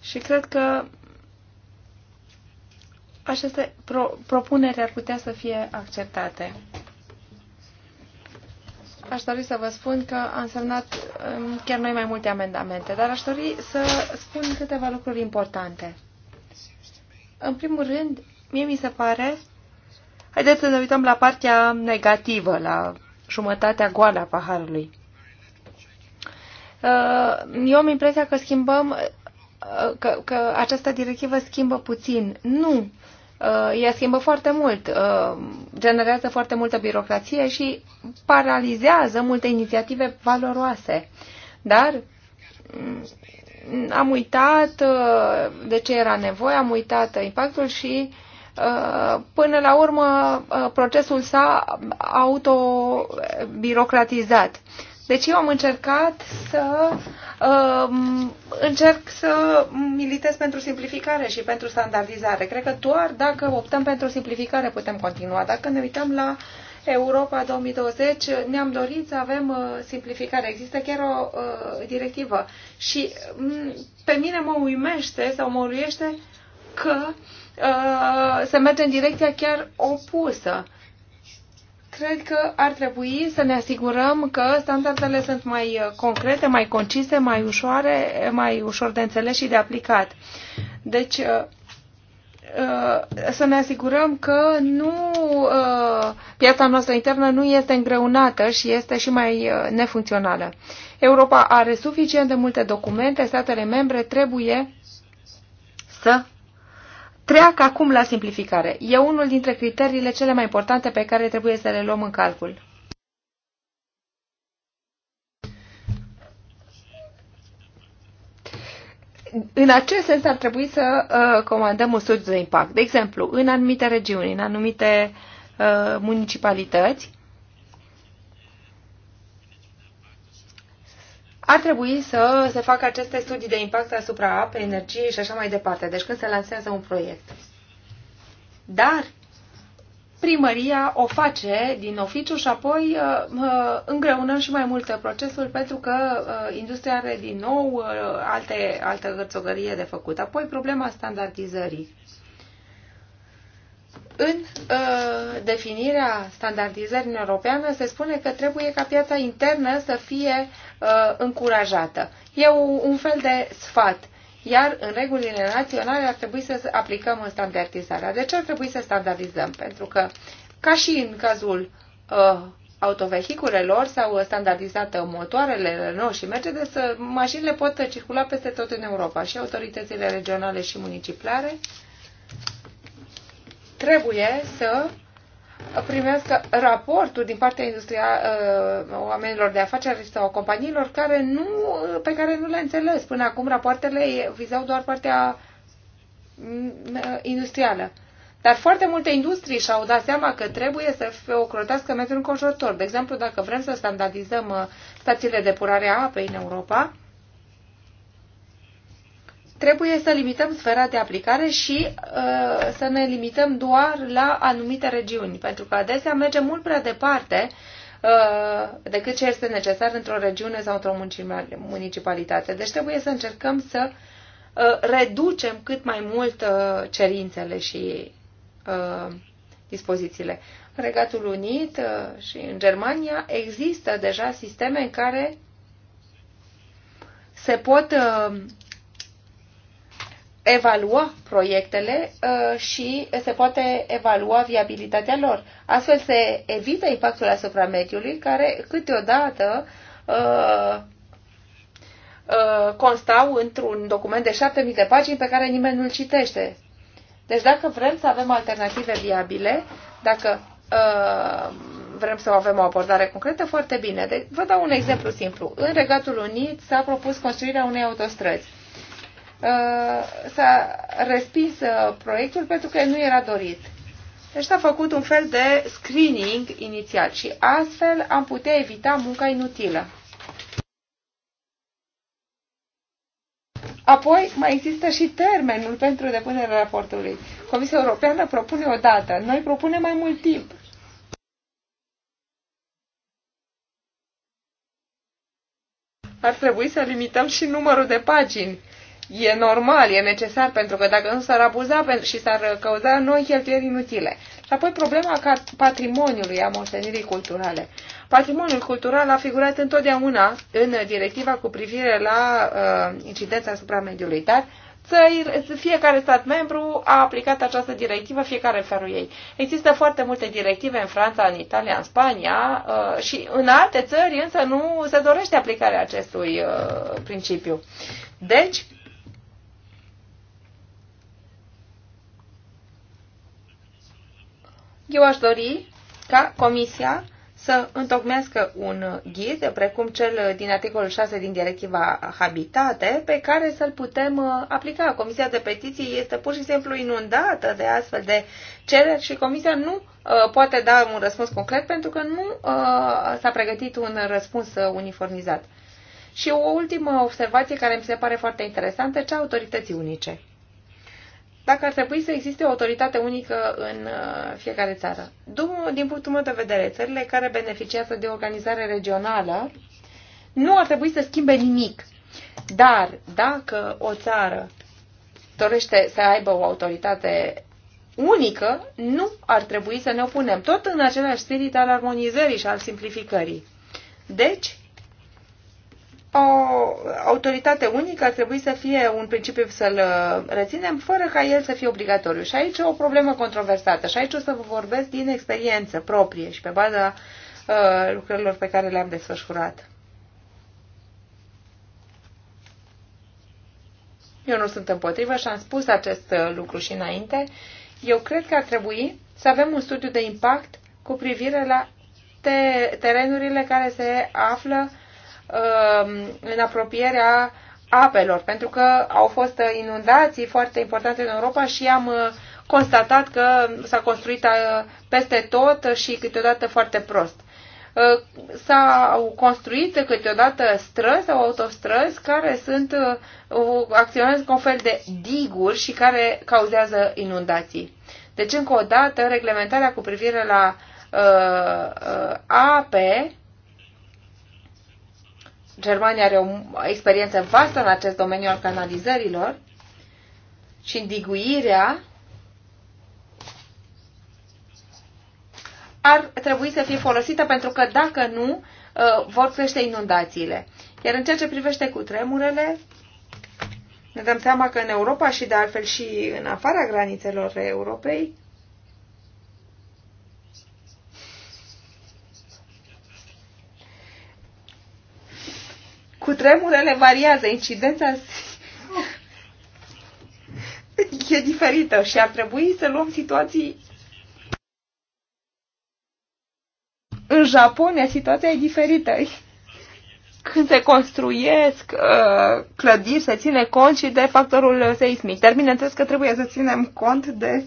Și cred că aceste pro- propuneri ar putea să fie acceptate. Aș dori să vă spun că am însemnat um, chiar noi mai multe amendamente, dar aș dori să spun câteva lucruri importante. În primul rând, mie mi se pare, haideți să ne uităm la partea negativă, la jumătatea goală a paharului. Uh, eu am impresia că schimbăm, uh, că, că această directivă schimbă puțin. Nu! Uh, ea schimbă foarte mult, generează foarte multă birocrație și paralizează multe inițiative valoroase. Dar mm, am uitat uh, de ce era nevoie, am uitat impactul și uh, până la urmă uh, procesul s-a autobirocratizat. Deci eu am încercat să um, încerc să militez pentru simplificare și pentru standardizare. Cred că doar dacă optăm pentru simplificare putem continua. Dacă ne uităm la uh, Europa 2020 ne-am dorit să avem uh, simplificare. Există chiar o uh, directivă și mm, pe mine mă uimește sau mă uluiește că uh, se merge în direcția chiar opusă. Cred că ar trebui să ne asigurăm că standardele sunt mai concrete, mai concise, mai ușoare, mai ușor de înțeles și de aplicat. Deci, Uh, să ne asigurăm că nu uh, piața noastră internă nu este îngreunată și este și mai uh, nefuncțională. Europa are suficient de multe documente, statele membre trebuie să treacă acum la simplificare. E unul dintre criteriile cele mai importante pe care trebuie să le luăm în calcul. în acest sens ar trebui să uh, comandăm un studiu de impact. De exemplu, în anumite regiuni, în anumite uh, municipalități, ar trebui să se facă aceste studii de impact asupra apei, energiei și așa mai departe. Deci când se lansează un proiect. Dar primăria o face din oficiu și apoi uh, uh, îngreunăm și mai mult procesul pentru că uh, industria are din nou alte, altă gărțogărie de făcut. Apoi problema standardizării. În uh, definirea standardizării în europeană se spune că trebuie ca piața internă să fie uh, încurajată. E un, un fel de sfat iar în regulile naționale ar trebui să aplicăm în standardizarea. De ce ar trebui să standardizăm? Pentru că, ca și în cazul uh, autovehiculelor, s-au standardizat motoarele Renault și Mercedes, mașinile pot circula peste tot în Europa și autoritățile regionale și municipale trebuie să primesc raportul din partea industria, uh, oamenilor de afaceri sau companiilor care nu, pe care nu le înțeles. Până acum rapoartele vizau doar partea mm, industrială. Dar foarte multe industrii și-au dat seama că trebuie să ocrotească mediul înconjurător. De exemplu, dacă vrem să standardizăm uh, stațiile de purare a apei în Europa, trebuie să limităm sfera de aplicare și uh, să ne limităm doar la anumite regiuni, pentru că adesea mergem mult prea departe uh, decât ce este necesar într-o regiune sau într-o municipalitate. Deci trebuie să încercăm să uh, reducem cât mai mult uh, cerințele și uh, dispozițiile. În Regatul Unit uh, și în Germania există deja sisteme în care se pot uh, evalua proiectele uh, și se poate evalua viabilitatea lor. Astfel se evită impactul asupra mediului, care câteodată uh, uh, constau într-un document de 7000 de pagini pe care nimeni nu-l citește. Deci dacă vrem să avem alternative viabile, dacă vrem să avem o abordare concretă, foarte bine. Deci, vă dau un exemplu simplu. În Regatul Unit s-a propus construirea unei autostrăzi. Uh, s-a respins uh, proiectul pentru că nu era dorit. Deci s-a făcut un fel de screening inițial și astfel am putea evita munca inutilă. Apoi mai există și termenul pentru depunerea raportului. Comisia Europeană propune o dată, noi propunem mai mult timp. Ar trebui să limităm și numărul de pagini E normal, e necesar, pentru că dacă nu s-ar abuza și s-ar căuza noi cheltuieli inutile. Și apoi problema patrimoniului, a moștenirii culturale. Patrimoniul cultural a figurat întotdeauna în directiva cu privire la uh, incidența asupra mediului, dar fiecare stat membru a aplicat această directivă, fiecare în felul ei. Există foarte multe directive în Franța, în Italia, în Spania uh, și în alte țări, însă nu se dorește aplicarea acestui uh, principiu. Deci, Eu aș dori ca Comisia să întocmească un ghid, precum cel din articolul 6 din directiva Habitate, pe care să-l putem uh, aplica. Comisia de petiții este pur și simplu inundată de astfel de cereri și Comisia nu uh, poate da un răspuns concret pentru că nu uh, s-a pregătit un răspuns uniformizat. Și o ultimă observație care mi se pare foarte interesantă, cea autorității unice dacă ar trebui să existe o autoritate unică în uh, fiecare țară. Din punctul meu de vedere, țările care beneficiază de organizare regională nu ar trebui să schimbe nimic. Dar dacă o țară dorește să aibă o autoritate unică, nu ar trebui să ne opunem, tot în același spirit al armonizării și al simplificării. Deci, o autoritate unică ar trebui să fie un principiu să-l uh, reținem fără ca el să fie obligatoriu. Și aici e o problemă controversată și aici o să vă vorbesc din experiență proprie și pe baza uh, lucrărilor pe care le-am desfășurat. Eu nu sunt împotrivă și am spus acest uh, lucru și înainte. Eu cred că ar trebui să avem un studiu de impact cu privire la te terenurile care se află uh, Um, în apropierea apelor, pentru că au fost inundații foarte importante în Europa și am uh, constatat că s-a construit uh, peste tot și câteodată foarte prost. Uh, s-au construit câteodată străzi sau autostrăzi care sunt, acționează cu un fel de diguri și care cauzează inundații. Deci, încă o dată, reglementarea cu privire la uh, uh, ape Germania are o experiență vastă în acest domeniu al canalizărilor și îndiguirea ar trebui să fie folosită pentru că dacă nu, uh, vor crește inundațiile. Iar în ceea ce privește cu tremurele, ne dăm seama că în Europa și de altfel și în afara granițelor Europei, cu tremurele variază, incidența e diferită și ar trebui să luăm situații în Japonia situația e diferită. Când se construiesc uh, clădiri, se ține cont și de factorul seismic. Dar bineînțeles că trebuie să ținem cont de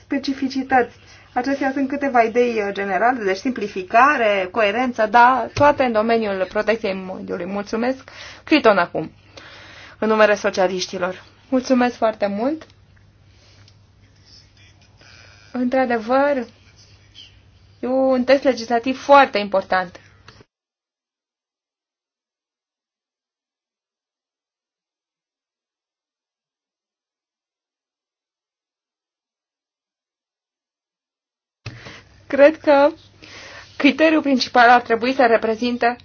specificități. Acestea sunt câteva idei uh, generale, deci simplificare, coerență, da, toate în domeniul protecției mediului. Mulțumesc. Criton acum, în numele socialiștilor. Mulțumesc foarte mult. Într-adevăr, e un test legislativ foarte important. cred că criteriul principal ar trebui să reprezinte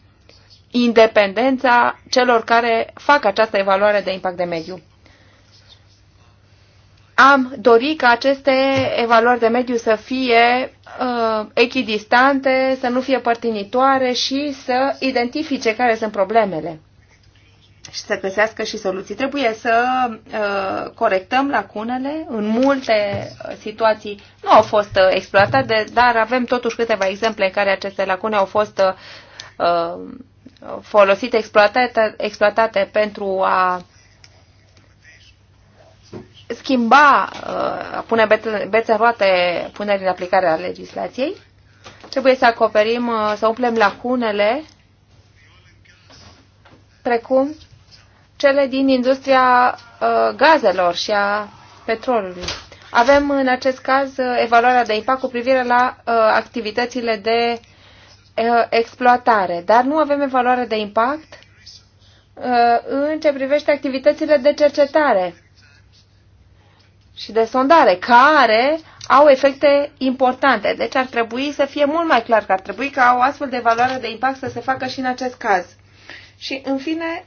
independența celor care fac această evaluare de impact de mediu. Am dorit ca aceste evaluări de mediu să fie uh, echidistante, să nu fie părtinitoare și să identifice care sunt problemele și să găsească și soluții. Trebuie să uh, corectăm lacunele. În multe uh, situații nu au fost uh, exploatate, dar avem totuși câteva exemple în care aceste lacune au fost uh, uh folosite, exploatate, exploatate pentru a schimba, a pune bețe, bețe în roate punerii în aplicare a legislației. Trebuie să acoperim, să umplem lacunele, precum cele din industria uh, gazelor și a petrolului. Avem în acest caz uh, evaluarea de impact cu privire la uh, activitățile de exploatare, dar nu avem evaluare de impact în ce privește activitățile de cercetare și de sondare, care au efecte importante. Deci ar trebui să fie mult mai clar că ar trebui ca o astfel de evaluare de impact să se facă și în acest caz. Și, în fine,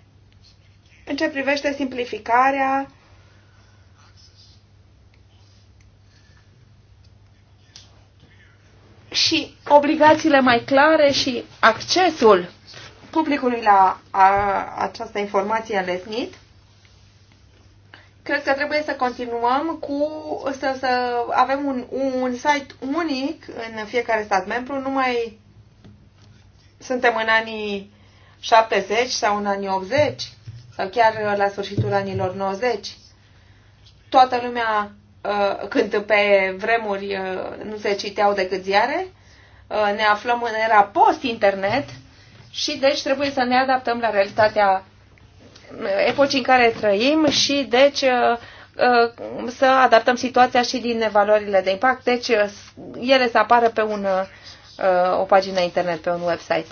în ce privește simplificarea, și obligațiile mai clare și accesul publicului la a, această informație lesnit. cred că trebuie să continuăm cu să, să avem un, un site unic în fiecare stat membru, nu mai suntem în anii 70 sau în anii 80 sau chiar la sfârșitul anilor 90, toată lumea, uh, când pe vremuri uh, nu se citeau decât ziare, uh, ne aflăm în era post-internet și deci trebuie să ne adaptăm la realitatea epocii în care trăim și deci să adaptăm situația și din valorile de impact, deci ele să apară pe un, o pagină internet, pe un website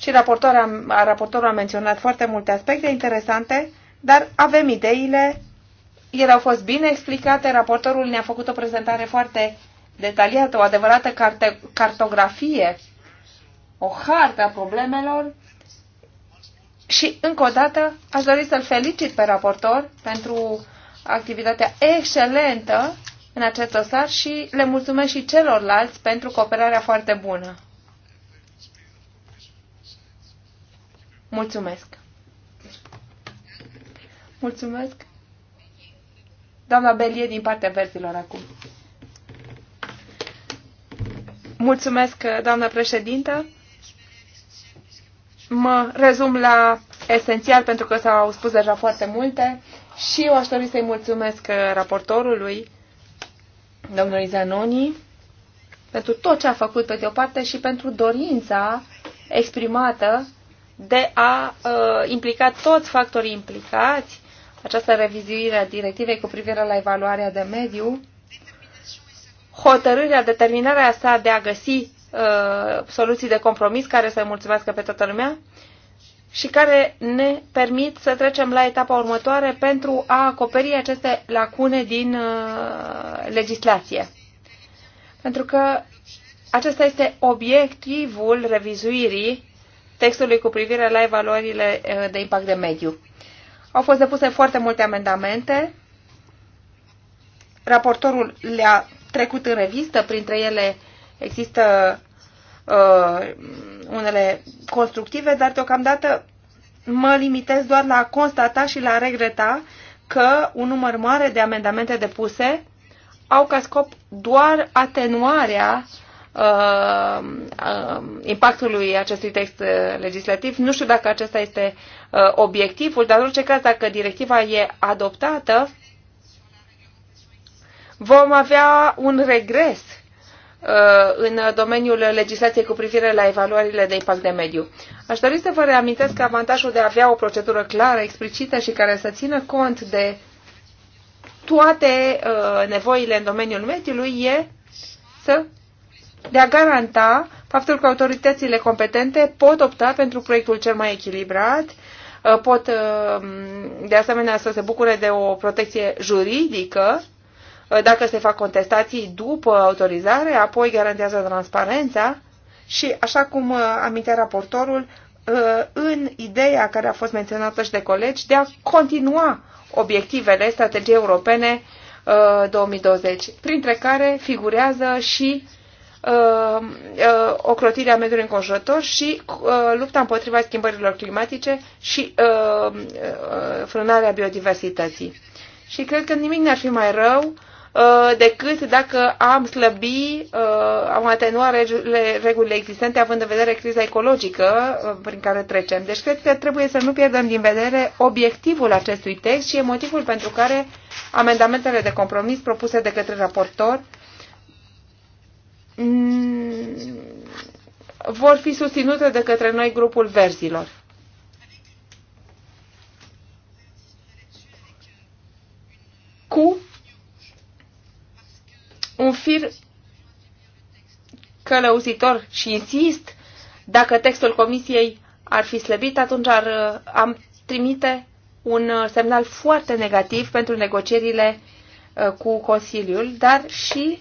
și raportorul a, raportorul a menționat foarte multe aspecte interesante, dar avem ideile, ele au fost bine explicate, raportorul ne-a făcut o prezentare foarte detaliată, o adevărată carte, cartografie, o hartă a problemelor și, încă o dată, aș dori să-l felicit pe raportor pentru activitatea excelentă în acest dosar și le mulțumesc și celorlalți pentru cooperarea foarte bună. Mulțumesc. Mulțumesc. Doamna Belie din partea verzilor acum. Mulțumesc, doamna președintă. Mă rezum la esențial pentru că s-au spus deja foarte multe și eu aș dori să-i mulțumesc raportorului, domnului Zanoni, pentru tot ce a făcut pe de o parte și pentru dorința exprimată de a uh, implica toți factorii implicați, această revizuire a directivei cu privire la evaluarea de mediu, hotărârea, determinarea sa de a găsi uh, soluții de compromis care să mulțumească pe toată lumea și care ne permit să trecem la etapa următoare pentru a acoperi aceste lacune din uh, legislație. Pentru că acesta este obiectivul revizuirii textului cu privire la evaluările eh, de impact de mediu. Au fost depuse foarte multe amendamente. Raportorul le-a trecut în revistă, printre ele există uh, unele constructive, dar deocamdată mă limitez doar la a constata și la a regreta că un număr mare de amendamente depuse au ca scop doar atenuarea uh, Uh, impactului acestui text uh, legislativ. Nu știu dacă acesta este uh, obiectivul, dar în orice caz, dacă directiva e adoptată, vom avea un regres în domeniul legislației cu privire la evaluările de impact de mediu. Aș dori să vă reamintesc că avantajul de a avea o procedură clară, explicită și care să țină cont de toate nevoile în domeniul mediului e să de a garanta faptul că autoritățile competente pot opta pentru proiectul cel mai echilibrat, uh, pot uh, de asemenea să se bucure de o protecție juridică uh, dacă se fac contestații după autorizare, apoi garantează transparența și, așa cum amintea raportorul, în ideea care a fost menționată și de colegi de a continua obiectivele strategiei europene 2020, printre care figurează și Uh, uh, ocrotirea mediului înconjurător și uh, lupta împotriva schimbărilor climatice și uh, uh, frânarea biodiversității. Și cred că nimic n-ar fi mai rău uh, decât dacă am slăbi, uh, am atenuat regulile, regulile existente având în vedere criza ecologică uh, prin care trecem. Deci cred că trebuie să nu pierdem din vedere obiectivul acestui text și e motivul pentru care amendamentele de compromis propuse de către raportor Mm, vor fi susținute de către noi grupul verzilor. Cu un fir călăuzitor și insist, dacă textul comisiei ar fi slăbit, atunci ar, uh, am trimite un uh, semnal foarte negativ pentru negocierile uh, cu Consiliul, dar și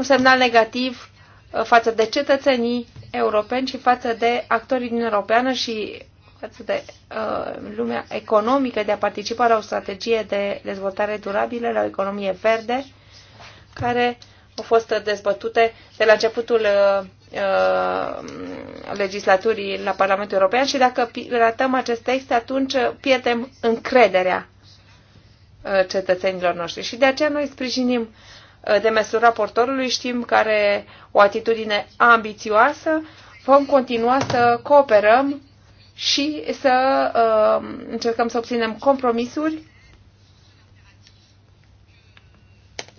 un semnal negativ uh, față de cetățenii europeni și față de actorii din Europeană și față de uh, lumea economică de a participa la o strategie de dezvoltare durabilă, la o economie verde, care au fost dezbătute de la începutul uh, uh legislaturii la Parlamentul European și dacă ratăm acest text, atunci pierdem încrederea uh, cetățenilor noștri. Și de aceea noi sprijinim Uh, de demersul raportorului, știm că are o atitudine ambițioasă, vom continua să cooperăm și să uh, încercăm să obținem compromisuri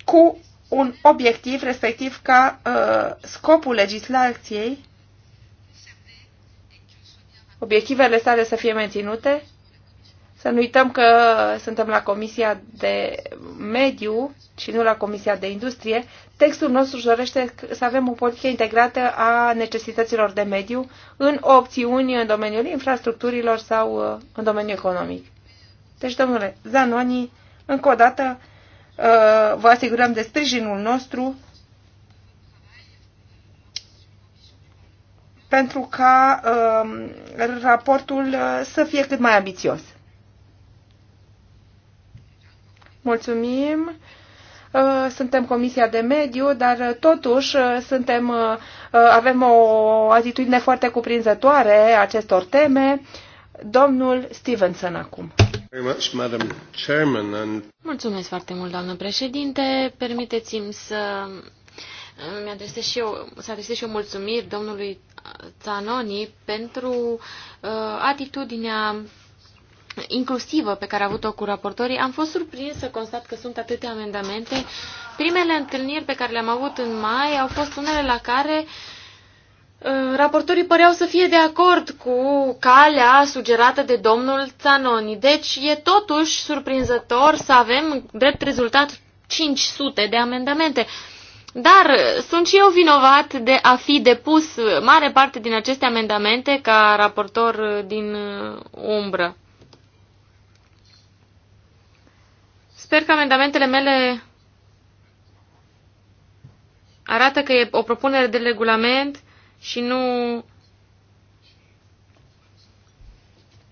cu un obiectiv, respectiv ca uh, scopul legislației, obiectivele sale să fie menținute să nu uităm că suntem la Comisia de Mediu și nu la Comisia de Industrie. Textul nostru dorește să avem o politică integrată a necesităților de mediu în opțiuni în domeniul infrastructurilor sau uh, în domeniul economic. Deci, domnule Zanoni, încă o dată uh, vă asigurăm de sprijinul nostru pentru ca uh, raportul să fie cât mai ambițios. Mulțumim! Uh, suntem Comisia de Mediu, dar uh, totuși uh, suntem, avem o atitudine foarte cuprinzătoare acestor teme. Domnul Stevenson acum. Mulțumesc foarte mult, doamnă președinte. Permiteți-mi să mi adresez și eu, să adresez și eu mulțumiri domnului Zanoni pentru uh, atitudinea inclusivă pe care a avut-o cu raportorii, am fost surprins să constat că sunt atâtea amendamente. Primele întâlniri pe care le-am avut în mai au fost unele la care uh, raportorii păreau să fie de acord cu calea sugerată de domnul Zanoni. Deci e totuși surprinzător să avem drept rezultat 500 de amendamente. Dar uh, sunt și eu vinovat de a fi depus uh, mare parte din aceste amendamente ca raportor din umbră. Sper că amendamentele mele arată că e o propunere de regulament și nu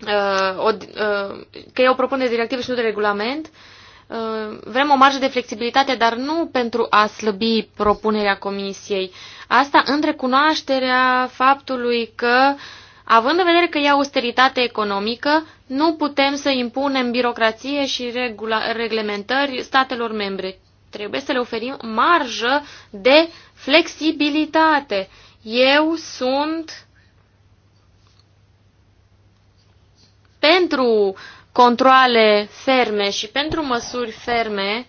uh, o, uh, că e o propunere de directivă și nu de regulament. Uh, vrem o marjă de flexibilitate, dar nu pentru a slăbi propunerea comisiei. Asta în recunoașterea faptului că uh, Având în vedere că e austeritate economică, nu putem să impunem birocrație și regula, reglementări statelor membre. Trebuie să le oferim marjă de flexibilitate. Eu sunt pentru controle ferme și pentru măsuri ferme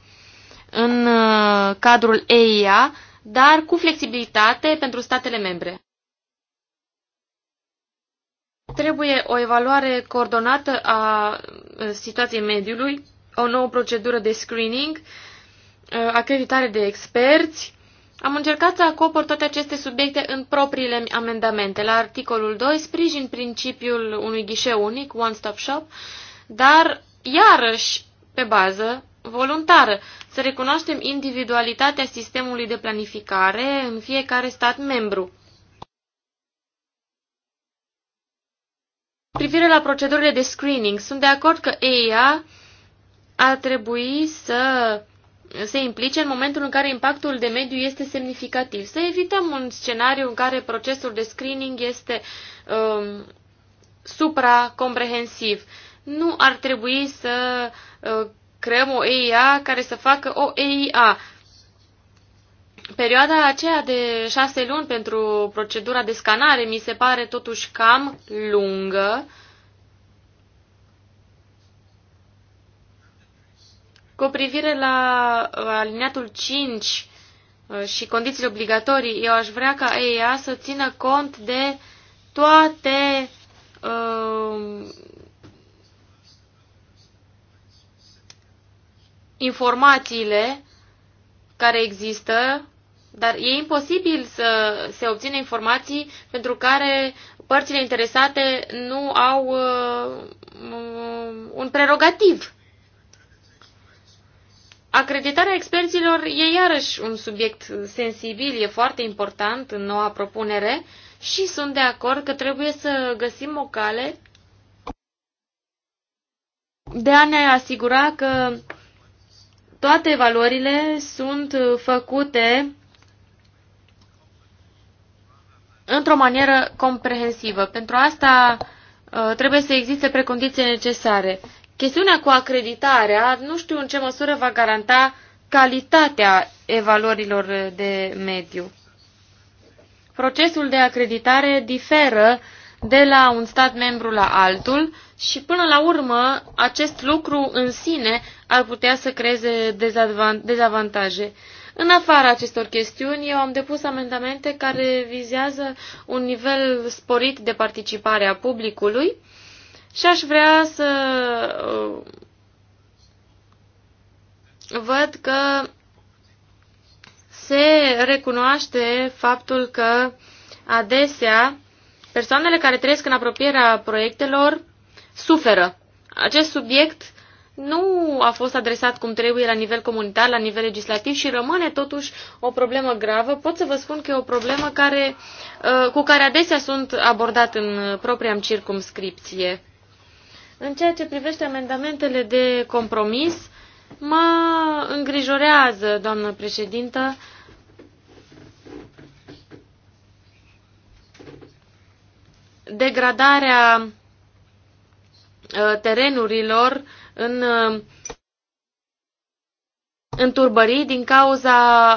în uh, cadrul EIA, dar cu flexibilitate pentru statele membre. Trebuie o evaluare coordonată a situației mediului, o nouă procedură de screening, acreditare de experți. Am încercat să acopăr toate aceste subiecte în propriile amendamente. La articolul 2 sprijin principiul unui ghișeu unic, one-stop shop, dar iarăși pe bază voluntară, să recunoaștem individualitatea sistemului de planificare în fiecare stat membru. privire la procedurile de screening, sunt de acord că EIA ar trebui să se implice în momentul în care impactul de mediu este semnificativ. Să evităm un scenariu în care procesul de screening este um, supracomprehensiv. Nu ar trebui să uh, creăm o EIA care să facă o EIA. Perioada aceea de șase luni pentru procedura de scanare mi se pare totuși cam lungă. Cu privire la uh, aliniatul 5 uh, și condițiile obligatorii, eu aș vrea ca EIA să țină cont de toate uh, informațiile care există dar e imposibil să se obțină informații pentru care părțile interesate nu au uh, un prerogativ. Acreditarea experților e iarăși un subiect sensibil, e foarte important în noua propunere și sunt de acord că trebuie să găsim o cale de a ne asigura că toate valorile sunt făcute într-o manieră comprehensivă. Pentru asta uh, trebuie să existe precondiții necesare. Chestiunea cu acreditarea, nu știu în ce măsură va garanta calitatea evaluărilor de mediu. Procesul de acreditare diferă de la un stat membru la altul și până la urmă acest lucru în sine ar putea să creeze dezavantaje. În afara acestor chestiuni, eu am depus amendamente care vizează un nivel sporit de participare a publicului și aș vrea să uh, văd că se recunoaște faptul că adesea persoanele care trăiesc în apropierea proiectelor suferă. Acest subiect nu a fost adresat cum trebuie la nivel comunitar, la nivel legislativ și rămâne totuși o problemă gravă. Pot să vă spun că e o problemă care, uh, cu care adesea sunt abordat în propria circumscripție. În ceea ce privește amendamentele de compromis, mă îngrijorează, doamnă președintă, degradarea uh, terenurilor uh, în, uh, în turbării din cauza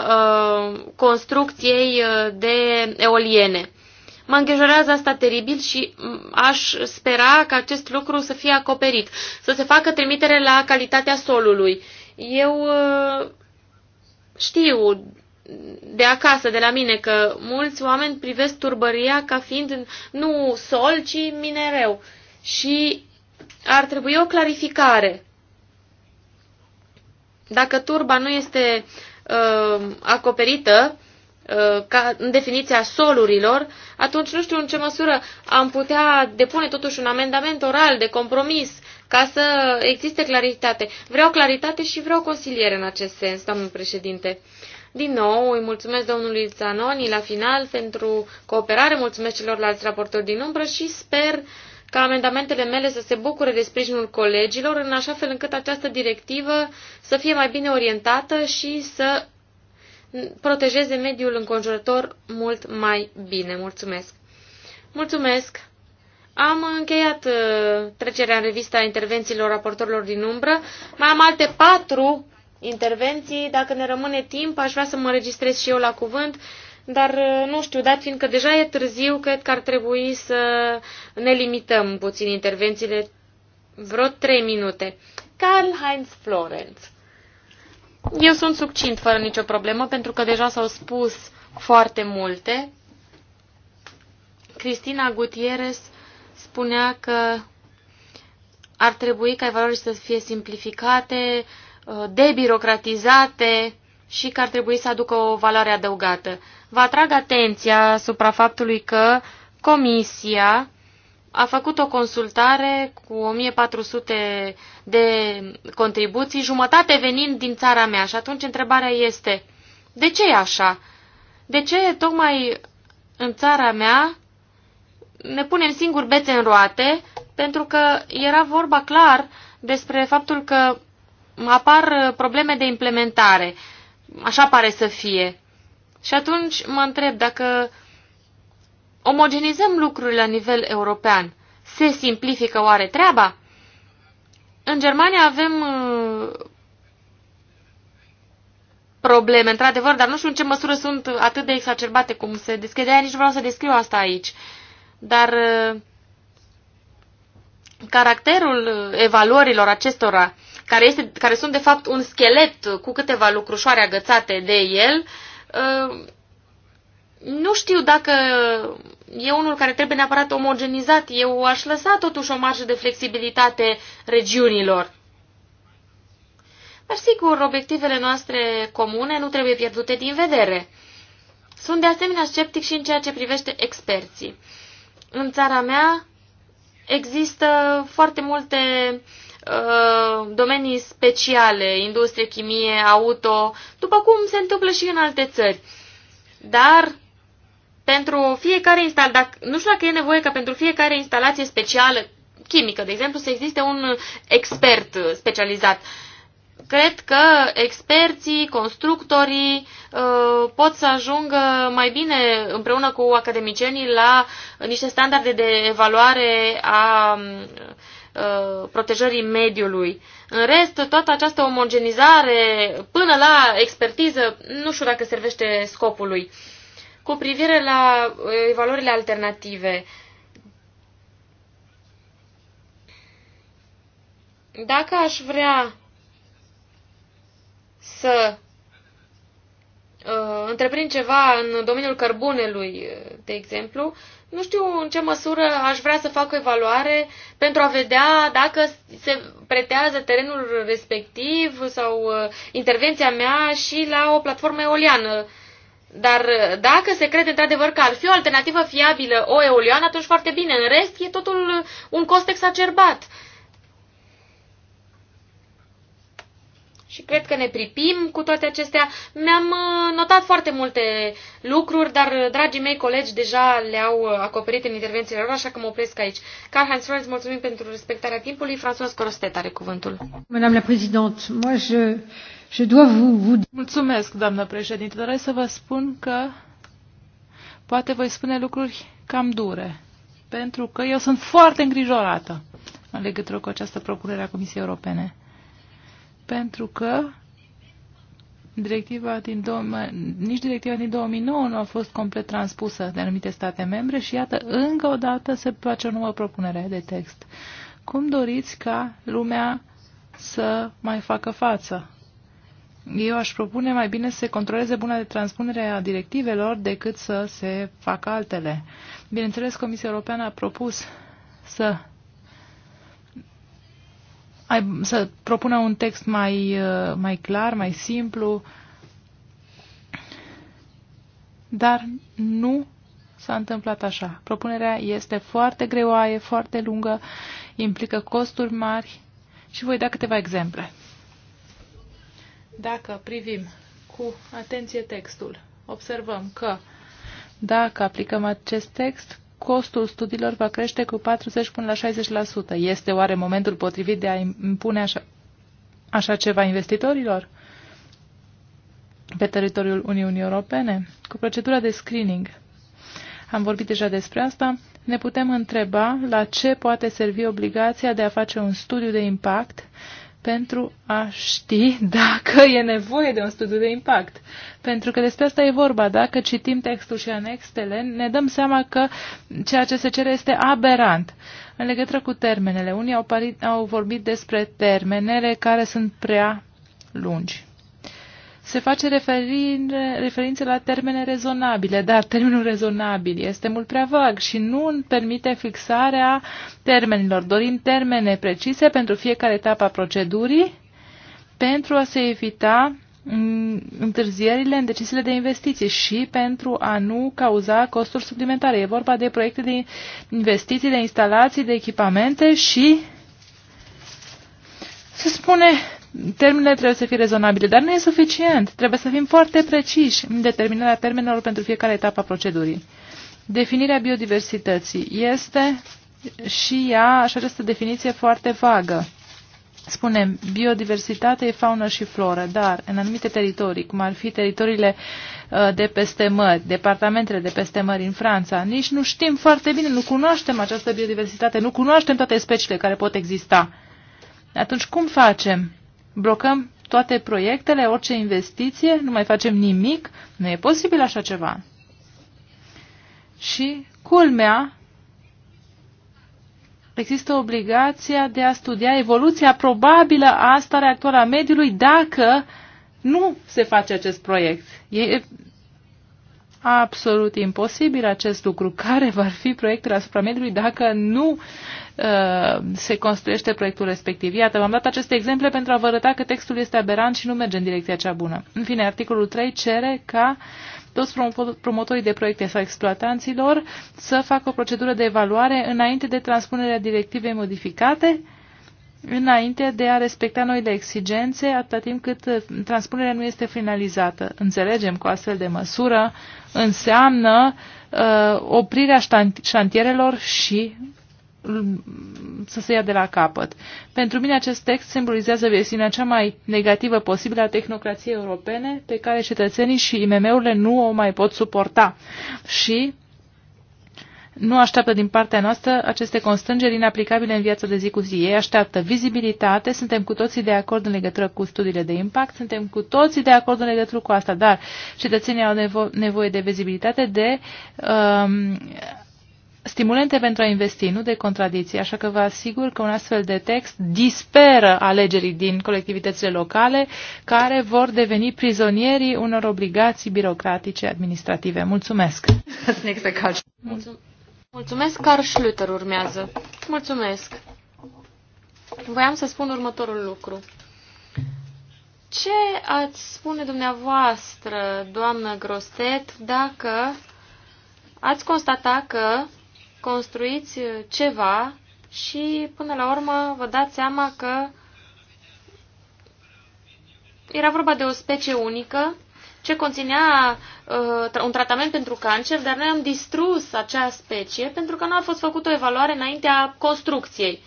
uh, construcției uh, de eoliene. Mă îngrijorează asta teribil și mm, aș spera că acest lucru să fie acoperit, să se facă trimitere la calitatea solului. Eu uh, știu de acasă, de la mine, că mulți oameni privesc turbăria ca fiind nu sol, ci minereu. Și ar trebui o clarificare. Dacă turba nu este uh, acoperită, uh, ca, în definiția solurilor, atunci nu știu în ce măsură am putea depune totuși un amendament oral de compromis ca să existe claritate. Vreau claritate și vreau consiliere în acest sens, doamnă președinte. Din nou, îi mulțumesc domnului Zanoni la final pentru cooperare, mulțumesc celorlalți raportori din umbră și sper uh, ca amendamentele mele să se bucure de sprijinul colegilor, în așa fel încât această directivă să fie mai bine orientată și să protejeze mediul înconjurător mult mai bine. Mulțumesc! Mulțumesc! Am încheiat uh, trecerea în revista intervențiilor raportorilor din umbră. Mai am alte patru intervenții. Dacă ne rămâne timp, aș vrea să mă registrez și eu la cuvânt dar uh, nu știu, dat fiindcă deja e târziu, cred că ar trebui să ne limităm puțin intervențiile, vreo trei minute. Karl-Heinz Florenz. Eu sunt succint fără nicio problemă, pentru că deja s-au spus foarte multe. Cristina Gutierrez spunea că ar trebui ca evaluările să fie simplificate, uh, debirocratizate și că ar trebui să aducă o valoare adăugată. Vă atrag atenția asupra faptului că Comisia a făcut o consultare cu 1400 de contribuții, jumătate venind din țara mea. Și atunci întrebarea este, de ce e așa? De ce tocmai în țara mea ne punem singur bețe în roate? Pentru că era vorba clar despre faptul că apar probleme de implementare. Așa pare să fie. Și atunci mă întreb dacă omogenizăm lucrurile la nivel european, se simplifică oare treaba? În Germania avem uh, probleme, într-adevăr, dar nu știu în ce măsură sunt atât de exacerbate cum se descrie. de nici nu vreau să descriu asta aici. Dar uh, caracterul evaluărilor acestora, care, este, care sunt de fapt un schelet cu câteva lucrușoare agățate de el, uh, Ehm, nu știu dacă e unul care trebuie neapărat omogenizat. Eu aș lăsa totuși o marjă de flexibilitate regiunilor. Dar sigur, obiectivele noastre comune nu trebuie pierdute din vedere. Sunt de asemenea sceptic și în ceea ce privește experții. În țara mea există foarte multe uh, Uh, domenii speciale, industrie, chimie, auto, după cum se întâmplă și în alte țări. Dar pentru fiecare instalație, nu știu dacă e nevoie ca pentru fiecare instalație specială, chimică, de exemplu, să existe un expert specializat. Cred că experții, constructorii uh, pot să ajungă mai bine împreună cu academicienii la niște standarde de evaluare a Uh, protejării mediului. În rest, toată această omogenizare până la expertiză nu știu dacă servește scopului. Cu privire la uh, valorile alternative, dacă aș vrea să uh, întreprind ceva în domeniul cărbunelui, de exemplu, nu știu în ce măsură aș vrea să fac o evaluare pentru a vedea dacă se pretează terenul respectiv sau uh, intervenția mea și la o platformă eoliană. Dar uh, dacă se crede într-adevăr că ar fi o alternativă fiabilă o eoliană, atunci foarte bine. În rest, e totul uh, un cost exacerbat. și cred că ne pripim cu toate acestea. Mi-am uh, notat foarte multe lucruri, dar uh, dragii mei colegi deja le-au uh, acoperit în intervențiile lor, așa că mă opresc aici. Carl Heinz Franz, mulțumim pentru respectarea timpului. François Corostet are cuvântul. Madame la Présidente, moi je, je dois vous, vous... Mulțumesc, doamnă președinte. Doresc să vă spun că poate voi spune lucruri cam dure, pentru că eu sunt foarte îngrijorată în legătură cu această propunere a Comisiei Europene pentru că directiva din nici directiva din 2009 nu a fost complet transpusă de anumite state membre și iată, încă o dată se face o nouă propunere de text. Cum doriți ca lumea să mai facă față? Eu aș propune mai bine să se controleze buna de transpunere a directivelor decât să se facă altele. Bineînțeles, Comisia Europeană a propus să să propună un text mai, uh, mai clar, mai simplu, dar nu s-a întâmplat așa. Propunerea este foarte greoaie, foarte lungă, implică costuri mari și voi da câteva exemple. Dacă privim cu atenție textul, observăm că dacă aplicăm acest text, costul studiilor va crește cu 40 până la 60%. Este oare momentul potrivit de a impune așa, așa ceva investitorilor pe teritoriul Uniunii Europene? Cu procedura de screening, am vorbit deja despre asta, ne putem întreba la ce poate servi obligația de a face un studiu de impact pentru a ști dacă e nevoie de un studiu de impact. Pentru că despre asta e vorba. Dacă citim textul și anexele, ne dăm seama că ceea ce se cere este aberant. În legătură cu termenele, unii au, parit, au vorbit despre termenele care sunt prea lungi se face referire, referință la termene rezonabile, dar termenul rezonabil este mult prea vag și nu permite fixarea termenilor. Dorim termene precise pentru fiecare etapă a procedurii pentru a se evita mm, întârzierile în deciziile de investiții și pentru a nu cauza costuri suplimentare. E vorba de proiecte de investiții, de instalații, de echipamente și se spune Termenele trebuie să fie rezonabile, dar nu e suficient. Trebuie să fim foarte preciși în determinarea termenelor pentru fiecare etapă a procedurii. Definirea biodiversității este și ea, și această definiție foarte vagă. Spunem, biodiversitate e faună și floră, dar în anumite teritorii, cum ar fi teritoriile uh, de peste mări, departamentele de peste mări în Franța, nici nu știm foarte bine, nu cunoaștem această biodiversitate, nu cunoaștem toate speciile care pot exista. Atunci cum facem? blocăm toate proiectele, orice investiție, nu mai facem nimic, nu e posibil așa ceva. Și culmea, există obligația de a studia evoluția probabilă a starea actuală a mediului dacă nu se face acest proiect. E absolut imposibil acest lucru. Care va fi proiectul asupra mediului dacă nu Uh, se construiește proiectul respectiv. Iată, v-am dat aceste exemple pentru a vă arăta că textul este aberant și nu merge în direcția cea bună. În fine, articolul 3 cere ca toți promotorii de proiecte sau exploatanților să facă o procedură de evaluare înainte de transpunerea directivei modificate, înainte de a respecta noile exigențe, atâta timp cât uh, transpunerea nu este finalizată. Înțelegem că o astfel de măsură înseamnă uh, oprirea șantierelor și Mm, să se ia de la capăt. Pentru mine acest text simbolizează versiunea cea mai negativă posibilă a tehnocrației europene pe care cetățenii și IMM-urile nu o mai pot suporta și nu așteaptă din partea noastră aceste constrângeri inaplicabile în viața de zi cu zi. Ei așteaptă vizibilitate, suntem cu toții de acord în legătură cu studiile de impact, suntem cu toții de acord în legătură cu asta, dar cetățenii au nevo- nevoie de vizibilitate, de um, stimulente pentru a investi, nu de contradicții, așa că vă asigur că un astfel de text disperă alegerii din colectivitățile locale care vor deveni prizonierii unor obligații birocratice administrative. Mulțumesc! Mulțumesc, Carl Schlüter urmează. Mulțumesc! Voiam să spun următorul lucru. Ce ați spune dumneavoastră, doamnă Grostet, dacă ați constata că construiți ceva și până la urmă vă dați seama că era vorba de o specie unică ce conținea uh, un tratament pentru cancer, dar noi am distrus acea specie pentru că nu a fost făcută o evaluare înaintea construcției.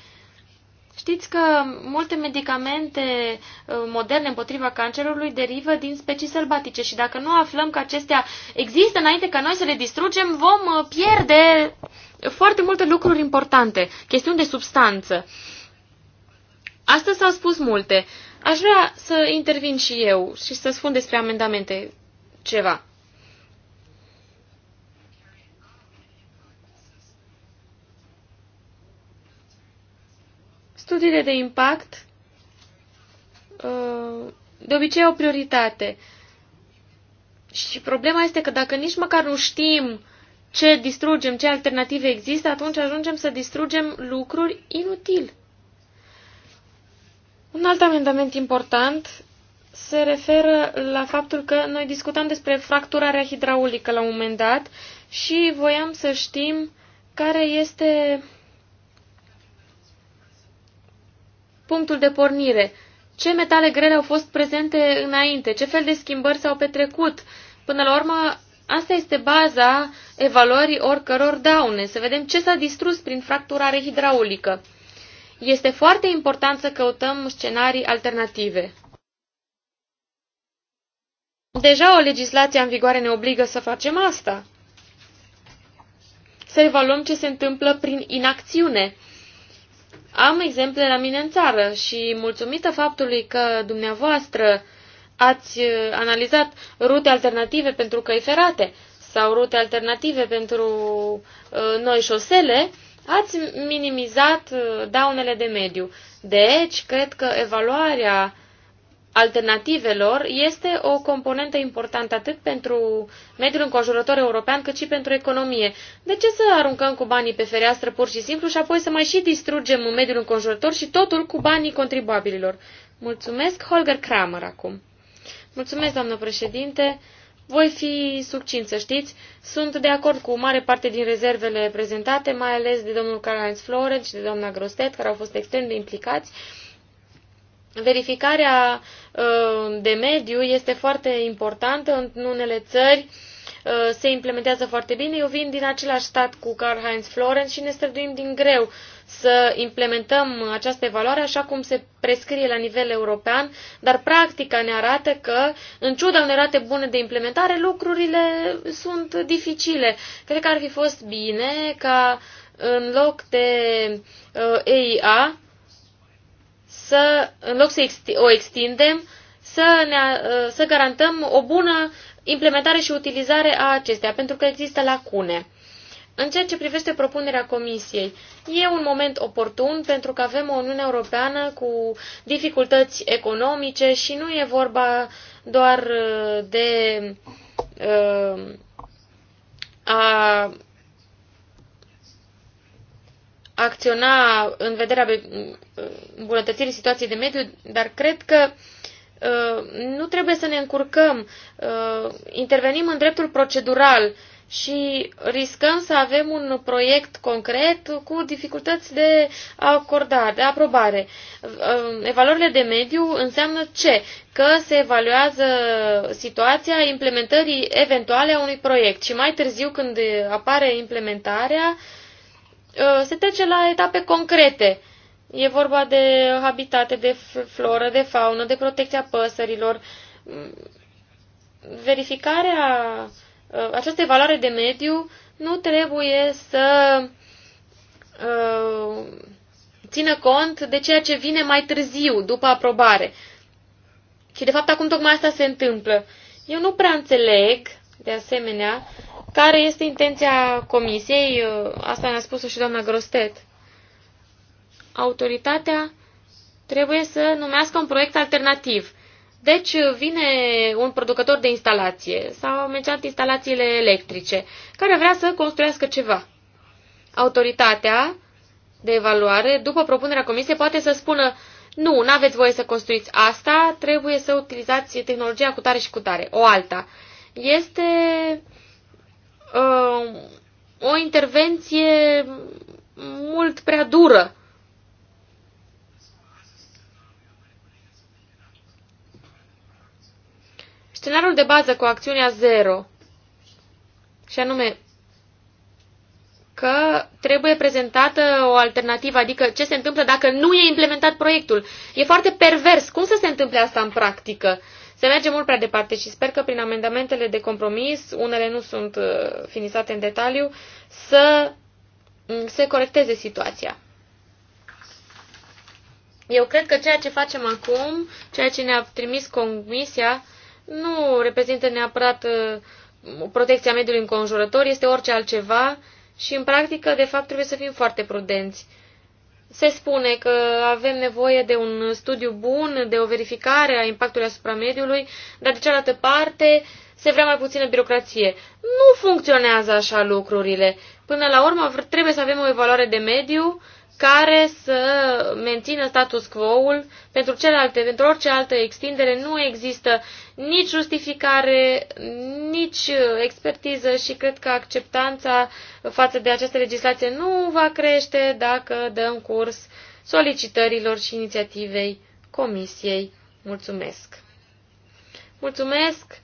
Știți că multe medicamente uh, moderne împotriva cancerului derivă din specii sălbatice și dacă nu aflăm că acestea există înainte ca noi să le distrugem, vom uh, pierde foarte multe lucruri importante, chestiuni de substanță. Astăzi s-au spus multe. Aș vrea să intervin și eu și să spun despre amendamente ceva. Studiile de impact uh, de obicei au prioritate. Și problema este că dacă nici măcar nu știm uh, ce distrugem, ce alternative există, atunci ajungem să distrugem lucruri inutil. Un alt amendament important se referă la faptul că noi discutam despre fracturarea hidraulică la un moment dat și voiam să știm care este punctul de pornire. Ce metale grele au fost prezente înainte? Ce fel de schimbări s-au petrecut? Până la urmă, Asta este baza evaluării oricăror daune, să vedem ce s-a distrus prin fracturare hidraulică. Este foarte important să căutăm scenarii alternative. Deja o legislație în vigoare ne obligă să facem asta. Să evaluăm ce se întâmplă prin inacțiune. Am exemple la mine în țară și, mulțumită faptului că dumneavoastră Ați uh, analizat rute alternative pentru căi ferate sau rute alternative pentru uh, noi șosele, ați minimizat uh, daunele de mediu. Deci, cred că evaluarea alternativelor este o componentă importantă atât pentru mediul înconjurător european cât și pentru economie. De ce să aruncăm cu banii pe fereastră pur și simplu și apoi să mai și distrugem mediul înconjurător și totul cu banii contribuabililor? Mulțumesc, Holger Kramer, acum. Mulțumesc, doamnă președinte. Voi fi succint, să știți. Sunt de acord cu mare parte din rezervele prezentate, mai ales de domnul Karl-Heinz Florent și de doamna Grostet, care au fost extrem de implicați. Verificarea uh, de mediu este foarte importantă în unele țări uh, se implementează foarte bine. Eu vin din același stat cu Karl-Heinz Florenz și ne străduim din greu să implementăm această evaluare așa cum se prescrie la nivel european, dar practica ne arată că, în ciuda unei rate bune de implementare, lucrurile sunt dificile. Cred că ar fi fost bine ca în loc de uh, EIA, să, în loc să o extindem, să, ne, uh, să garantăm o bună implementare și utilizare a acestea, pentru că există lacune. În ceea ce privește propunerea Comisiei, e un moment oportun pentru că avem o Uniune Europeană cu dificultăți economice și nu e vorba doar uh, de uh, a acționa în vederea uh, îmbunătățirii situației de mediu, dar cred că uh, nu trebuie să ne încurcăm. Uh, intervenim în dreptul procedural uh, și riscăm să avem un proiect concret cu dificultăți de acordare, de aprobare. Ehm, evaluările de mediu înseamnă ce? Că se evaluează situația implementării eventuale a unui proiect și mai târziu când apare implementarea, ehm, se trece la etape concrete. E vorba de habitate, de floră, de faună, de protecția păsărilor, ehm, verificarea uh, Uh, această evaluare de mediu nu trebuie să uh, țină cont de ceea ce vine mai târziu, după aprobare. Și, de fapt, acum tocmai asta se întâmplă. Eu nu prea înțeleg, de asemenea, care este intenția comisiei, uh, asta ne-a spus-o și doamna Grostet. Autoritatea trebuie să numească un proiect alternativ. Deci uh, vine un producător de instalație, sau menționat instalațiile electrice, care vrea să construiască ceva. Autoritatea de evaluare, după propunerea comisiei, poate să spună nu, nu aveți voie să construiți asta, trebuie să utilizați tehnologia cu tare și cu tare, o alta. Este uh, o intervenție mult prea dură Scenariul de bază cu acțiunea 0, și anume că trebuie prezentată o alternativă, adică ce se întâmplă dacă nu e implementat proiectul. E foarte pervers. Cum să se întâmple asta în practică? Se merge mult prea departe și sper că prin amendamentele de compromis, unele nu sunt uh, finisate în detaliu, să mm, se corecteze situația. Eu cred că ceea ce facem acum, ceea ce ne-a trimis comisia, nu reprezintă neapărat uh, protecția mediului înconjurător, este orice altceva și în practică, de fapt, trebuie să fim foarte prudenți. Se spune că avem nevoie de un studiu bun, de o verificare a impactului asupra mediului, dar de cealaltă parte se vrea mai puțină birocrație. Nu funcționează așa lucrurile. Până la urmă, trebuie să avem o evaluare de mediu uh, care să mențină status quo-ul pentru celelalte, pentru orice altă extindere nu există nici justificare, nici expertiză și cred că acceptanța față de această legislație nu va crește dacă dăm curs solicitărilor și inițiativei Comisiei. Mulțumesc! Mulțumesc!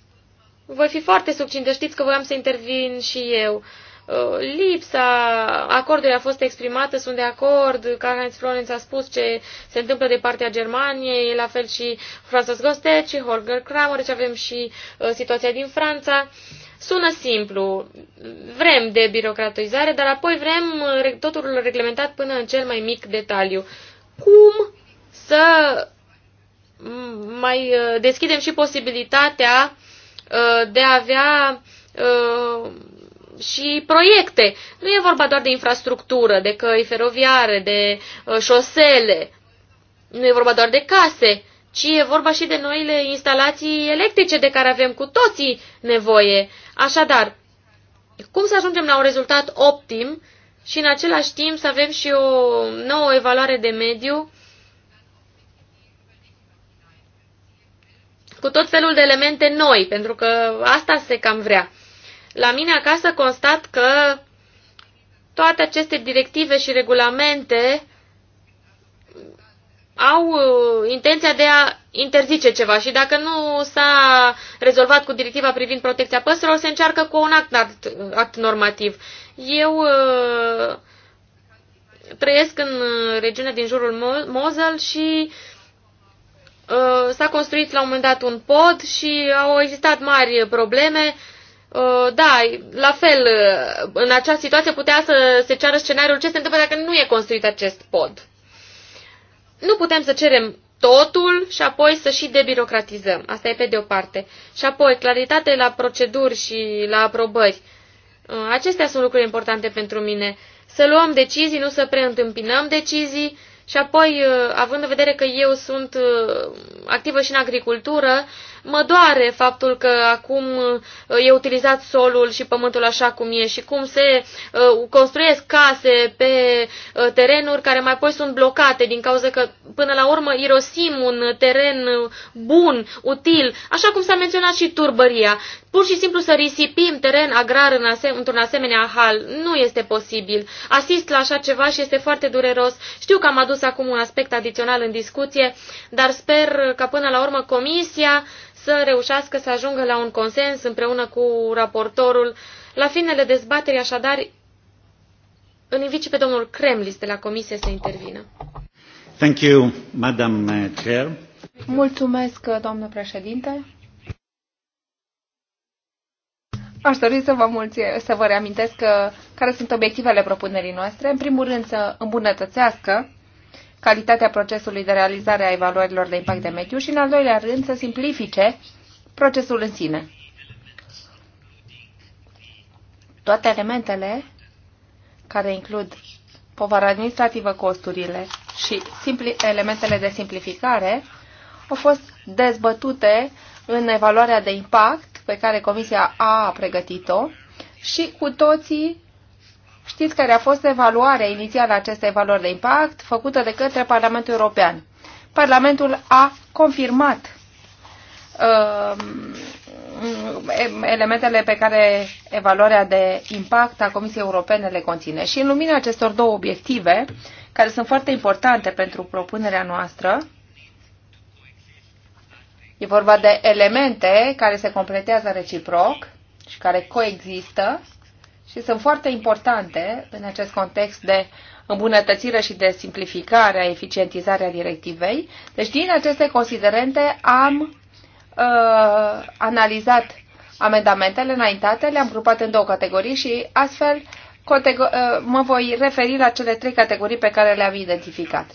Voi fi foarte succintă, știți că voiam să intervin și eu. Uh, lipsa acordului a fost exprimată, sunt de acord, Karl-Heinz Florenz a spus ce se întâmplă de partea Germaniei, la fel și Francis Gostet și Holger Kramer, ce deci avem și uh, situația din Franța. Sună simplu, vrem de birocratizare, dar apoi vrem uh, totul reglementat până în cel mai mic detaliu. Cum să mai deschidem și posibilitatea de a avea și proiecte. Nu e vorba doar de infrastructură, de căi feroviare, de uh, șosele, nu e vorba doar de case, ci e vorba și de noile instalații electrice de care avem cu toții nevoie. Așadar, cum să ajungem la un rezultat optim și în același timp să avem și o nouă evaluare de mediu cu tot felul de elemente noi, pentru că asta se cam vrea. La mine acasă constat că toate aceste directive și regulamente au uh, intenția de a interzice ceva și dacă nu s-a rezolvat cu directiva privind protecția păsărilor, se încearcă cu un act, act, act normativ. Eu uh, trăiesc în uh, regiunea din jurul Mosel și s-a construit la un moment dat un pod și au existat mari probleme Uh, da, la fel, uh, în această situație putea să se ceară scenariul ce se întâmplă dacă nu e construit acest pod. Nu putem să cerem totul și apoi să și debirocratizăm. Asta e pe de o parte. Și apoi, claritate la proceduri și la aprobări. Uh, acestea sunt lucruri importante pentru mine. Să luăm decizii, nu să preîntâmpinăm decizii și apoi, având în vedere că eu sunt activă și în agricultură, Mă doare faptul că acum uh, e utilizat solul și pământul așa cum e și cum se uh, construiesc case pe uh, terenuri care mai apoi sunt blocate din cauza că până la urmă irosim un teren bun, util, așa cum s-a menționat și turbăria. Pur și simplu să risipim teren agrar în asem- într-un asemenea hal nu este posibil. Asist la așa ceva și este foarte dureros. Știu că am adus acum un aspect adițional în discuție, dar sper că până la urmă Comisia să reușească să ajungă la un consens împreună cu raportorul. La finele dezbaterii, așadar, îl invit și pe domnul Kremlis de la Comisie să intervină. Thank you, Madam Chair. Mulțumesc, doamnă președinte. Aș dori să vă, mulți, să vă reamintesc că, uh, care sunt obiectivele propunerii noastre. În primul rând, să îmbunătățească calitatea procesului de realizare a evaluărilor de impact de mediu și, în al doilea rând, să simplifice procesul în sine. Toate elementele care includ povara administrativă, costurile și simpli, elementele de simplificare au fost dezbătute în evaluarea de impact pe care Comisia a pregătit-o și cu toții știți care a fost evaluarea inițială a acestei valori de impact făcută de către Parlamentul European. Parlamentul a confirmat uh, elementele pe care evaluarea de impact a Comisiei Europene le conține. Și în lumina acestor două obiective, care sunt foarte importante pentru propunerea noastră, E vorba de elemente care se completează reciproc și care coexistă și sunt foarte importante în acest context de îmbunătățire și de simplificare a eficientizarea directivei. Deci din aceste considerente am uh, analizat amendamentele înaintate, le-am grupat în două categorii și astfel uh, mă voi referi la cele trei categorii pe care le-am identificat.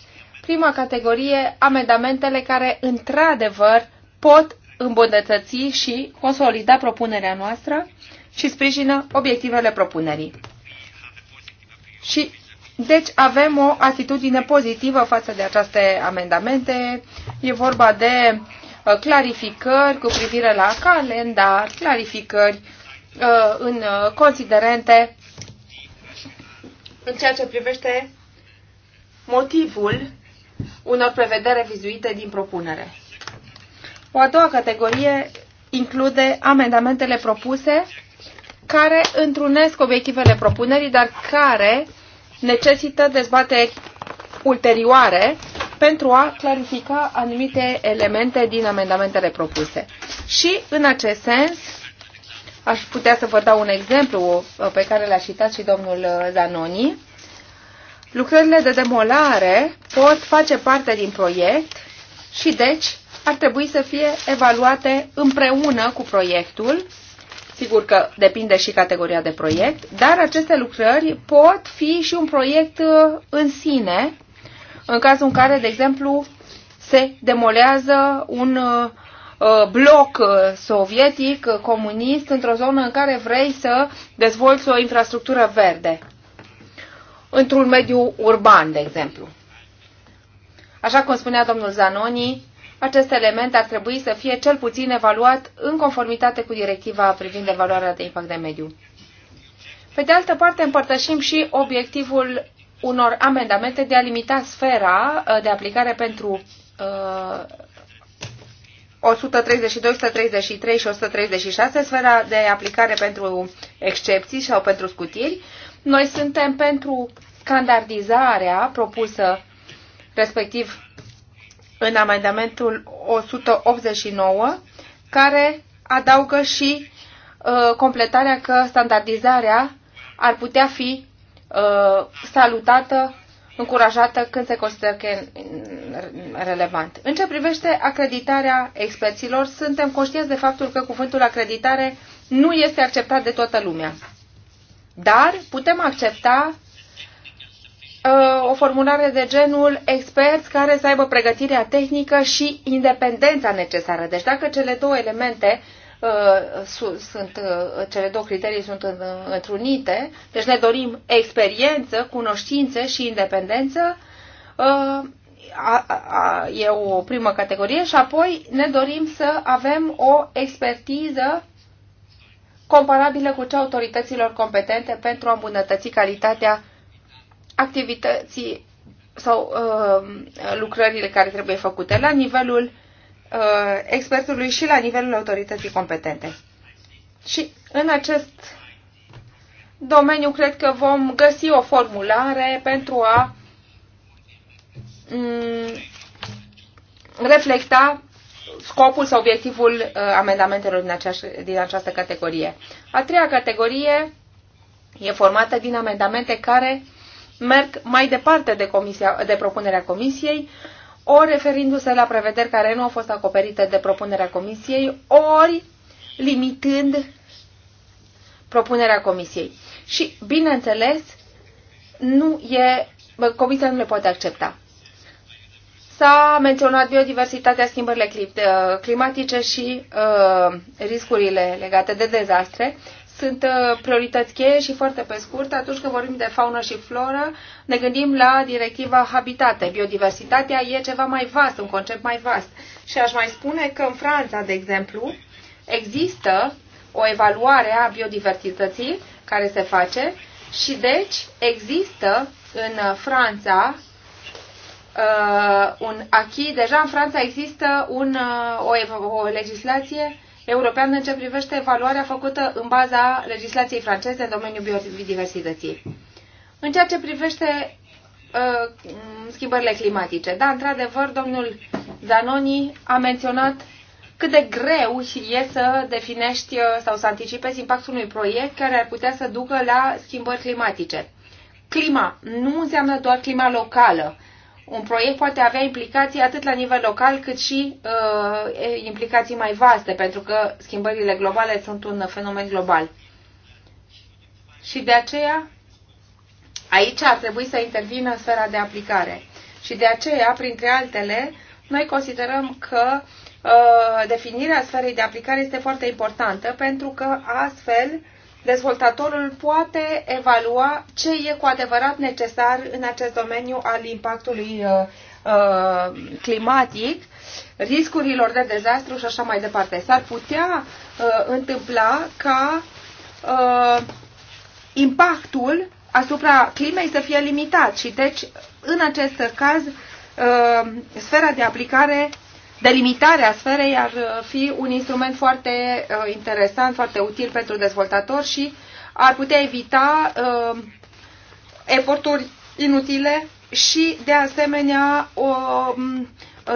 Prima categorie, amendamentele care într-adevăr pot îmbunătăți și consolida propunerea noastră și sprijină obiectivele propunerii. Și deci avem o atitudine pozitivă față de aceste amendamente. E vorba de uh, clarificări cu privire la calendar, clarificări uh, în uh, considerente în ceea ce privește motivul unor prevedere vizuite din propunere. O a doua categorie include amendamentele propuse care întrunesc obiectivele propunerii, dar care necesită dezbateri ulterioare pentru a clarifica anumite elemente din amendamentele propuse. Și, în acest sens, aș putea să vă dau un exemplu uh, pe care l-a citat și domnul uh, Zanoni. Lucrările de demolare pot face parte din proiect și, deci, ar trebui să fie evaluate împreună cu proiectul. Sigur că depinde și categoria de proiect, dar aceste lucrări pot fi și un proiect uh, în sine, în cazul în care, de exemplu, se demolează un uh, uh, bloc sovietic, comunist, într-o zonă în care vrei să dezvolți o infrastructură verde, într-un mediu urban, de exemplu. Așa cum spunea domnul Zanoni, acest element ar trebui să fie cel puțin evaluat în conformitate cu directiva privind evaluarea de impact de mediu. Pe de altă parte, împărtășim și obiectivul unor amendamente de a limita sfera uh, de aplicare pentru 132, uh, 133 și 136, sfera de aplicare pentru excepții sau pentru scutiri. Noi suntem pentru standardizarea propusă, respectiv în amendamentul 189, care adaugă și uh, completarea că standardizarea ar putea fi uh, salutată, încurajată când se consideră că e relevant. În ce privește acreditarea experților, suntem conștienți de faptul că cuvântul acreditare nu este acceptat de toată lumea. Dar putem accepta Uh, o formulare de genul experți care să aibă pregătirea tehnică și independența necesară. Deci dacă cele două elemente uh, sunt, uh, cele două criterii sunt întrunite, deci ne dorim experiență, cunoștință și independență, a, a, e o primă categorie și apoi ne dorim să avem o expertiză comparabilă cu cea autorităților competente pentru a îmbunătăți calitatea uh, activității sau uh, lucrările care trebuie făcute la nivelul uh, expertului și la nivelul autorității competente. Și în acest domeniu cred că vom găsi o formulare pentru a um, reflecta scopul sau obiectivul uh, amendamentelor din, aceași, din această categorie. A treia categorie e formată din amendamente care uh, merg mai departe de, comisia, de propunerea comisiei, ori referindu-se la prevederi care nu au fost acoperite de propunerea comisiei, ori limitând propunerea comisiei. Și, bineînțeles, nu e, comisia nu le poate accepta. S-a menționat biodiversitatea, schimbările uh, climatice și uh, riscurile legate de dezastre sunt uh, priorități cheie și foarte pe scurt, atunci când vorbim de faună și floră, ne gândim la directiva Habitate. Biodiversitatea e ceva mai vast, un concept mai vast. Și aș mai spune că în Franța, de exemplu, există o evaluare a biodiversității care se face și deci există în Franța uh, un acquis, deja în Franța există un, uh, o, o legislație european în ce privește evaluarea făcută în baza legislației franceze în domeniul biodiversității. În ceea ce privește uh, schimbările climatice, da, într-adevăr, domnul Zanoni a menționat cât de greu e să definești uh, sau să anticipezi impactul unui proiect care ar putea să ducă la schimbări climatice. Clima nu înseamnă doar clima locală, un proiect poate avea implicații atât la nivel local cât și uh, implicații mai vaste, pentru că schimbările globale sunt un fenomen global. Și de aceea, aici ar trebui să intervină sfera de aplicare. Și de aceea, printre altele, noi considerăm că uh, definirea sferei de aplicare este foarte importantă, pentru că astfel uh, Dezvoltatorul poate evalua ce e cu adevărat necesar în acest domeniu al impactului uh, uh, climatic, riscurilor de dezastru și așa mai departe. S-ar putea uh, întâmpla ca impactul asupra climei să fie limitat și deci, în acest caz, sfera de aplicare delimitarea sferei ar fi un instrument foarte uh, interesant, foarte util pentru dezvoltator și ar putea evita uh, eforturi inutile și, de asemenea, o, um,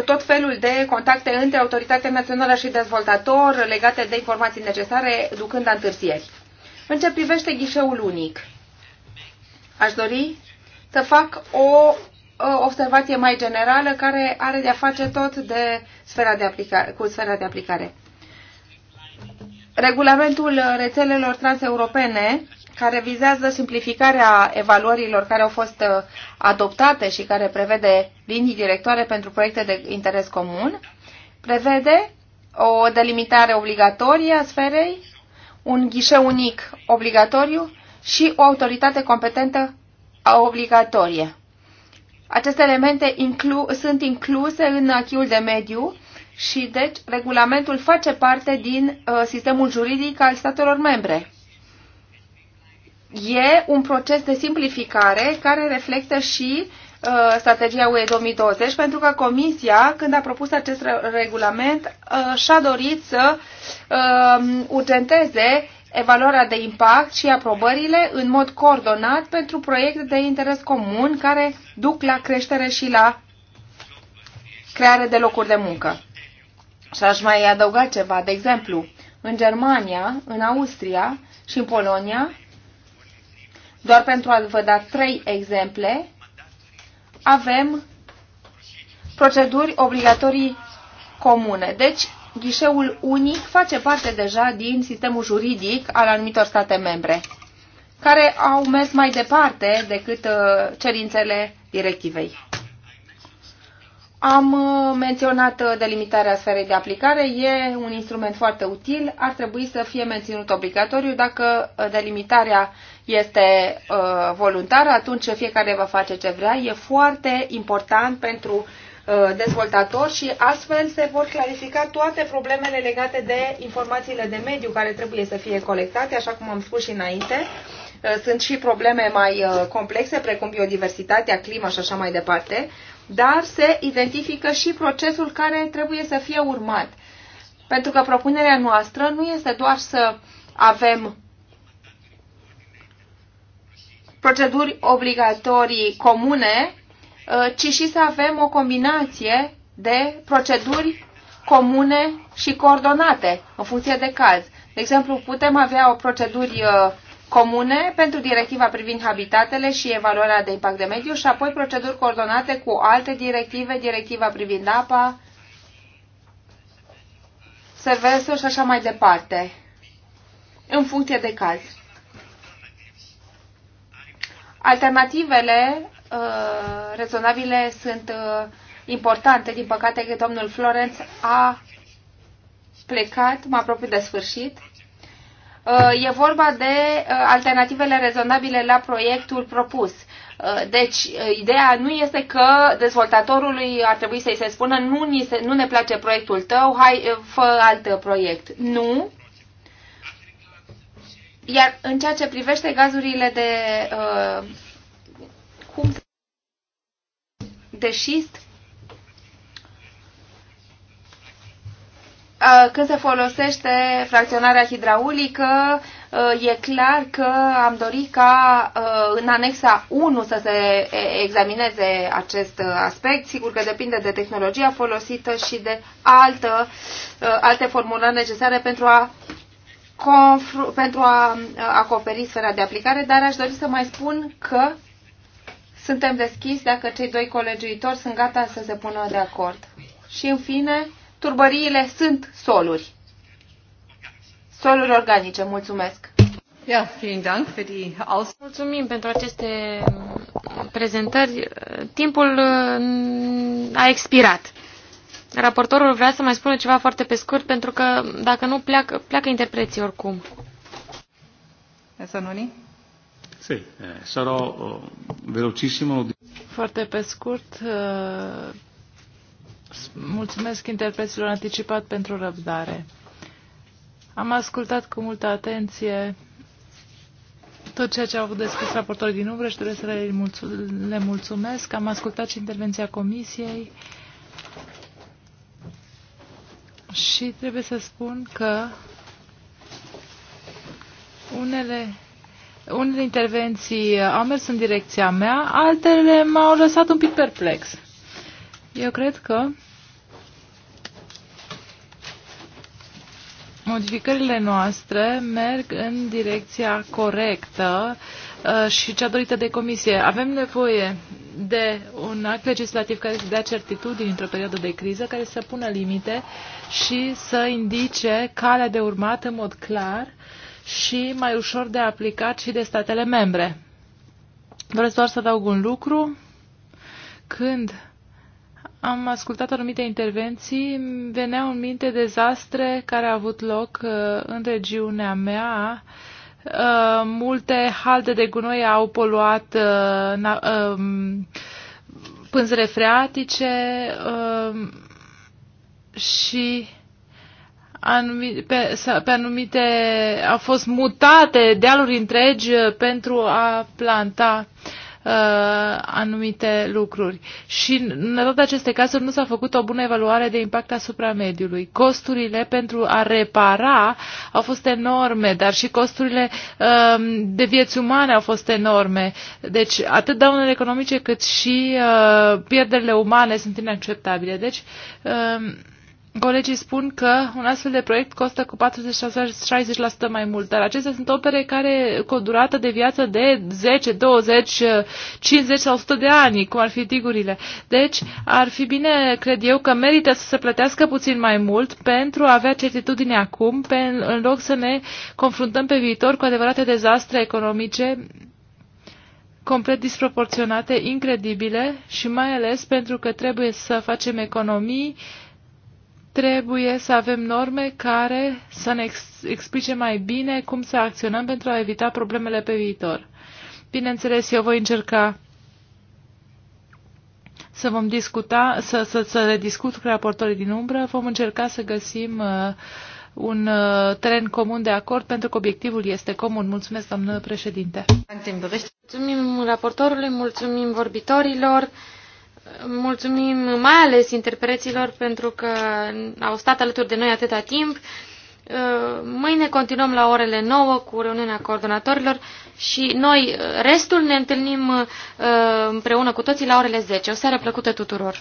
tot felul de contacte între autoritatea națională și dezvoltator legate de informații necesare, ducând la întârzieri. În ce privește ghișeul unic, aș dori să fac o o observație mai generală care are de-a face tot de sfera de aplicare, cu sfera de aplicare. Regulamentul rețelelor transeuropene, care vizează simplificarea evaluărilor care au fost uh, adoptate și care prevede linii directoare pentru proiecte de interes comun, prevede o delimitare obligatorie a sferei, un ghișeu unic obligatoriu și o autoritate competentă obligatorie. Aceste elemente inclu- sunt incluse în achiul de mediu și deci regulamentul face parte din uh, sistemul juridic al statelor membre. E un proces de simplificare care reflectă și uh, strategia UE 2020 pentru că Comisia, când a propus acest regulament, uh, și-a dorit să uh, urgenteze evaluarea de impact și aprobările în mod coordonat pentru proiecte de interes comun care duc la creștere și la creare de locuri de muncă. Și aș mai adăuga ceva, de exemplu, în Germania, în Austria și în Polonia, doar pentru a vă da trei exemple, avem proceduri obligatorii comune. Deci, ghișeul unic face parte deja din sistemul juridic al anumitor state membre, care au mers mai departe decât uh, cerințele directivei. Am uh, menționat uh, delimitarea sferei de aplicare, e un instrument foarte util, ar trebui să fie menținut obligatoriu. Dacă delimitarea este voluntară, atunci fiecare va face ce vrea. E foarte important pentru Uh, dezvoltator și astfel se vor clarifica toate problemele legate de informațiile de mediu care trebuie să fie colectate, așa cum am spus și înainte. Uh, sunt și probleme mai uh, complexe, precum biodiversitatea, clima și așa mai departe, dar se identifică și procesul care trebuie să fie urmat. Pentru că propunerea noastră nu este doar să avem proceduri obligatorii comune Uh, ci și să avem o combinație de proceduri comune și coordonate în funcție de caz. De exemplu, putem avea o proceduri uh, comune pentru directiva privind habitatele și evaluarea de impact de mediu și apoi proceduri coordonate cu alte directive, directiva privind apa, servesul și așa mai departe, în funcție de caz. Alternativele Uh, rezonabile sunt uh, importante. Din păcate că domnul Florenț a plecat, mă apropiu de sfârșit. Uh, e vorba de uh, alternativele rezonabile la proiectul propus. Uh, deci, uh, ideea nu este că dezvoltatorului ar trebui să-i se spună nu, ni se, nu ne place proiectul tău, hai, fă alt proiect. Nu. Iar în ceea ce privește gazurile de... Uh, cum de când se folosește fracționarea hidraulică, e clar că am dorit ca în anexa 1 să se examineze acest aspect. Sigur că depinde de tehnologia folosită și de altă, alte formulări necesare pentru a pentru a acoperi sfera de aplicare, dar aș dori să mai spun că suntem deschiși dacă cei doi colegiuitori sunt gata să se pună de acord. Și în fine, turbăriile sunt soluri. Soluri organice, mulțumesc. Ja, vielen Dank für die Aus Mulțumim pentru aceste prezentări. Timpul uh, a expirat. Raportorul vrea să mai spună ceva foarte pe scurt, pentru că dacă nu, pleacă, pleacă interpreții oricum. ni? Sì, eh, sarò velocissimo. Foarte pe scurt, eh, mulțumesc interpreților anticipat pentru răbdare. Am ascultat cu multă atenție tot ceea ce au avut de spus raportorii din umbră și doresc să le mulțumesc. Am ascultat și intervenția comisiei și trebuie să spun că unele unele intervenții au mers în direcția mea, altele m-au lăsat un pic perplex. Eu cred că modificările noastre merg în direcția corectă uh, și cea dorită de comisie. Avem nevoie de un act legislativ care să dea certitudini într-o perioadă de criză, care să pună limite și să indice calea de urmat în mod clar uh, și mai ușor de aplicat și de statele membre. Vreau doar să adaug un lucru. Când am ascultat anumite intervenții, veneau în minte dezastre care au avut loc uh, în regiunea mea. Uh, multe halde de gunoi au poluat uh, um, pânzele freatice um, și anumite, pe, pe anumite, au fost mutate dealuri întregi uh, pentru a planta uh, anumite lucruri. Și în toate aceste cazuri nu s-a făcut o bună evaluare de impact asupra mediului. Costurile pentru a repara au fost enorme, dar și costurile uh, de vieți umane au fost enorme. Deci atât daunele economice cât și uh, pierderile umane sunt inacceptabile. Deci uh, Colegii spun că un astfel de proiect costă cu 40-60% mai mult, dar acestea sunt opere care cu o durată de viață de 10, 20, 50 sau 100 de ani, cum ar fi tigurile. Deci ar fi bine, cred eu, că merită să se plătească puțin mai mult pentru a avea certitudine acum, pe, în loc să ne confruntăm pe viitor cu adevărate dezastre economice complet disproporționate, incredibile și mai ales pentru că trebuie să facem economii uh, trebuie să avem norme care să ne explice mai bine cum să acționăm pentru a evita problemele pe viitor. Bineînțeles, eu voi încerca să vom discuta, să, să, să le discut cu raportorii din umbră, vom încerca să găsim uh, un uh, teren comun de acord pentru că obiectivul este comun. Mulțumesc, doamnă președinte. Mulțumim raportorului, mulțumim vorbitorilor. Mulțumim mai ales interpreților pentru că au stat alături de noi atâta timp. Uh, mâine continuăm la orele 9 cu reuniunea coordonatorilor și noi uh, restul ne întâlnim uh, împreună cu toții la orele 10. O seară plăcută tuturor!